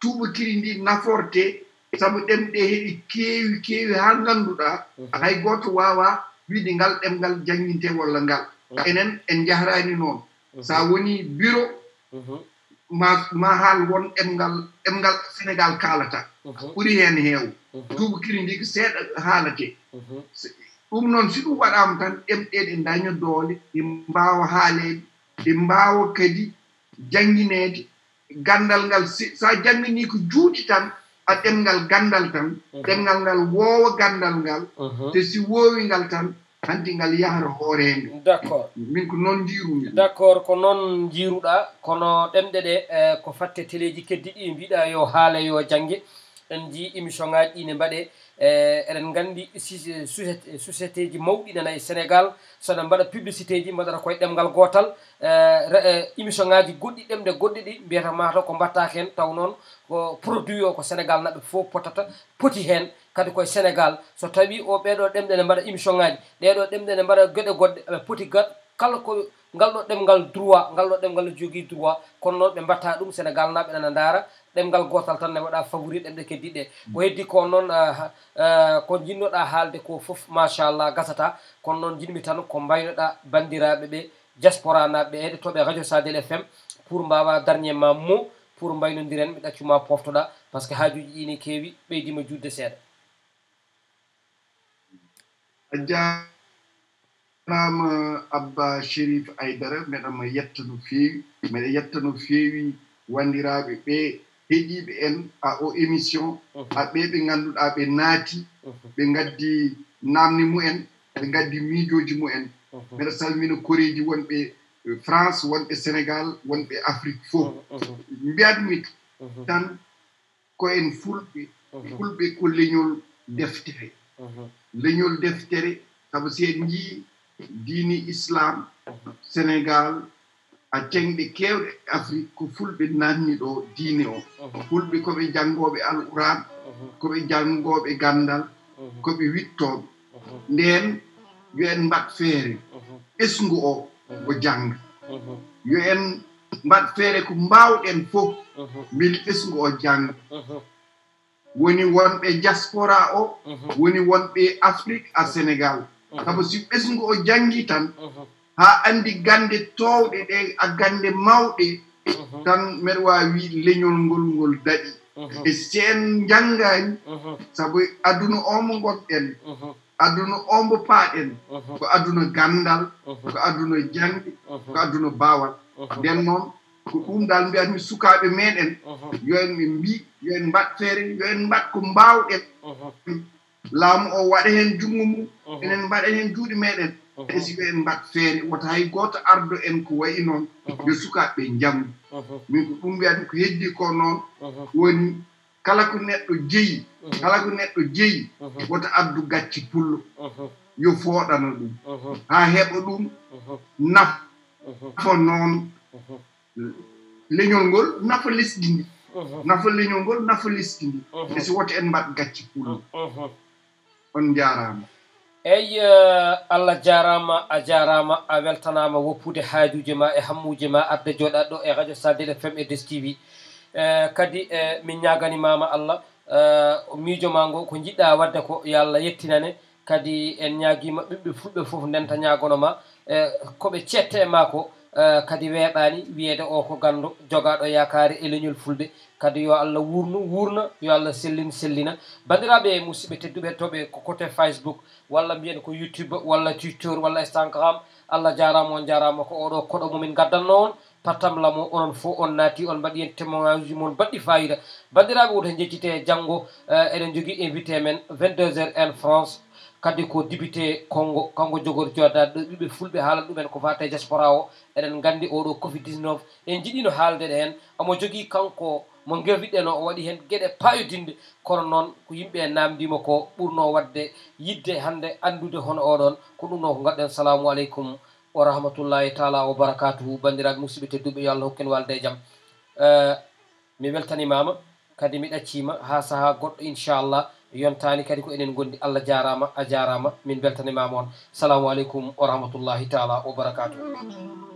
tuubakiri ndi naforte sabu ɗemɗe heɗi keewi keewi haa ngannduɗa mhm. hay gooto waawa wiide ngal ɗemngal jannginte walla ngal oh. enen en njahraani noon mhm. so a woni bureau mhm. ma ma haal won ɗemngal ɗemngal sénégal kaalata ɓuri heen heew tuubakiri ndi ko seeɗa haalate ɗum noon si ɗum waɗama tan ɗemɗe ɗe daño doole ɗi mbawa haaleede ɗi mbawa kadi jangguineede gandal ngal so a janngini ko juuɗi tan a ɗemngal gandal tan mhm. ɗemngal ngal woowa gandal ngal mhm. te si woowi ngal tan hanti ngal yahra hooreende d' accord min ko noon jiirumi d' accord ko noon jiiruɗa kono ɗemɗe ɗe eh, ko fatte téléji keddi ɗi mbiɗa yo haala yo jangge en ji émission ngaji ɗi ne mbaɗe e, eɗen gandi société ji mawɗi nanayi e sénégal soɗa mbaɗa publicité ji mbaɗata koye ɗemgal gotal e, émission ngaji goɗɗi ɗemɗe goɗɗi ɗi mbiyata mata ko mbattake hen taw noon ko produit o ko sénégal naɓe fo potata poti hen kadi koye sénégal so tawi o ɓeɗo ɗemɗe ne mbaɗa émission ngaji ɗeɗo ɗemɗe ne mbaɗa gueɗe goɗɗe aɓe poti gat kala ko ngal ɗo ɗemgal droit ngal ɗo ɗemgal jogui droit kono noon ɓe mbatta ɗum sénégal naɓe nana dara ɗemgal gotal tan nawaɗa favori ɗemɗe keddiɗe mm. ko heddi ko noon ah, ah, ko jinnoɗa haalde ko fof machallah gasata kono noon jinmi tan ko mbaynoɗa bandiraɓe ɓe diaspora naɓe ɓe heɗotoɓe radio sadel fm pour mbawa dernier ma mo pour mbaynodiren mi ɗaccuma poftoɗa par ce que haajuji ɗi ni keewi ɓeydima judde seeɗa a abba shérif aydara mbeɗa mi yetta no feewi mbeɗa yetta no feewi wandiraɓe ɓe heɗiɓe en a o émission mhm. aɓɓe ɓe ngannduɗaa ɓe naati ɓe mhm. ngaddi namni mumen ɓe ngaddi miijooji mumen mhm. mbeɗa salmina koreeji wonɓe e france wonɓe sénégal wonɓe afrique fof mbiyatmi tan ko en fulɓe fulɓe ko leñol deftere leñol deftere sabu si en njii diini islam sénégal a jengɗe keewɗe afrique ko fulɓe nanni ɗo diine o fulɓe koɓe janngooɓe alquran uh-huh. koɓe janngooɓe ganndal uh-huh. koɓe wittooɓe uh-huh. ndeen yo en mbat feere ɓesngu o o jannga yo en mbat feere ko mbaawɗen fof mbel ɓesngu o jannga woni wonɓe diaspora o woni wonɓe afrique a sénégal sabu si ɓesngu o janngii tan haa anndi gannde toowɗe ɗe a gannde mawɗe mhm. tan mbeɗa waawi wii leñol ngol ngol daɗi mhm. e seen njanngaani mhm. sabu aduna o mo ngoɗɗen aduna o mbo paaɗen ko aduna ganndal ko aduna jannde ko aduna baawal nden noon ko ɗumdal mbiyatmi sukaaɓe meeɗen yo en ɓe mbii yo en mbat feere yo en mbat ko mbaawɗen laamu o waɗa heen junngo mum enen mbaɗa heen juuɗe meeɗen Uh-huh. e si ɓe mbat feere wota hay gooto ardo en ko wayi noon uh-huh. yo sukaaɓe njanngu uh-huh. min ko ɗum wiyaa ɗum ko heddii ko noon woni kala ko neɗɗo jeyi kala ko neɗɗo jeyi wota addu gacci pullo yo fooɗana ɗum haa heɓa ɗum naf nafa noon leñol ngol nafa lesdi ndi nafa leñol ngol nafa lesdi ndi e si wota en mbat gacci pullo on njaaraama eyi eh, allah jarama a jarama a weltanama woppude haajuji ma e hammuji ma arde joɗaɗo e radio sadel fm e des tv eh, kadi e min ñaganimama allah miijo ma ngo ko jiɗɗa wadde ko yo allah yettinane kadi en ñaguima ɓiɓɓe fulɓe foof ndenta ñagono ma koɓe cette e ma ko Eh, kadi weeɓaani wiyeede o ko ganndo jogaaɗo yakaari eleñol fulde kadi yo allah wuurnu wuurna yo allah sellin sellina banndiraaɓe e musidɓe tedduɓe toɓe ko coté facebook walla mbiyen ko youtube walla twitter walla instagram allah jaaraama on jaaraama ko oɗo koɗo mumin gaddanno on pattam lamo onon fof on naati on mbaɗi hen témoignage mon baɗɗi fayida banndiraaɓe wuto jejjitee janngo eh, eɗen jogii invité men 22 heures en france kadi ko dibité kongo kanko jogori joddade ɗo ɓiɓe fulɓe haalat ɗumen ko fate diaspora o eɗen gandi oɗo covid 19 en jiiɗino haalde ɗe hen omo jogui kanko mo gerriɗen o o waɗi hen gueɗe payodinde kono noon ko yimɓe namdima ko ɓurno wadde yidde hande andude hono oɗon ko ɗum noon ko gadɗen salamu aleykum wa rahmatullahi taala wa barakatuhu bandiraɓe musidɓe tedduɓe yo allah hokkin walde e jaam eh, mi weltanimama kadi mi ɗaccima ha saaha goɗɗo inchallah yontaani kadi ko enen ngondi allah jaaraama a jaaraama min mbeltanimaama on salamu aleykum wa rahmatullahi taala wa barakatuh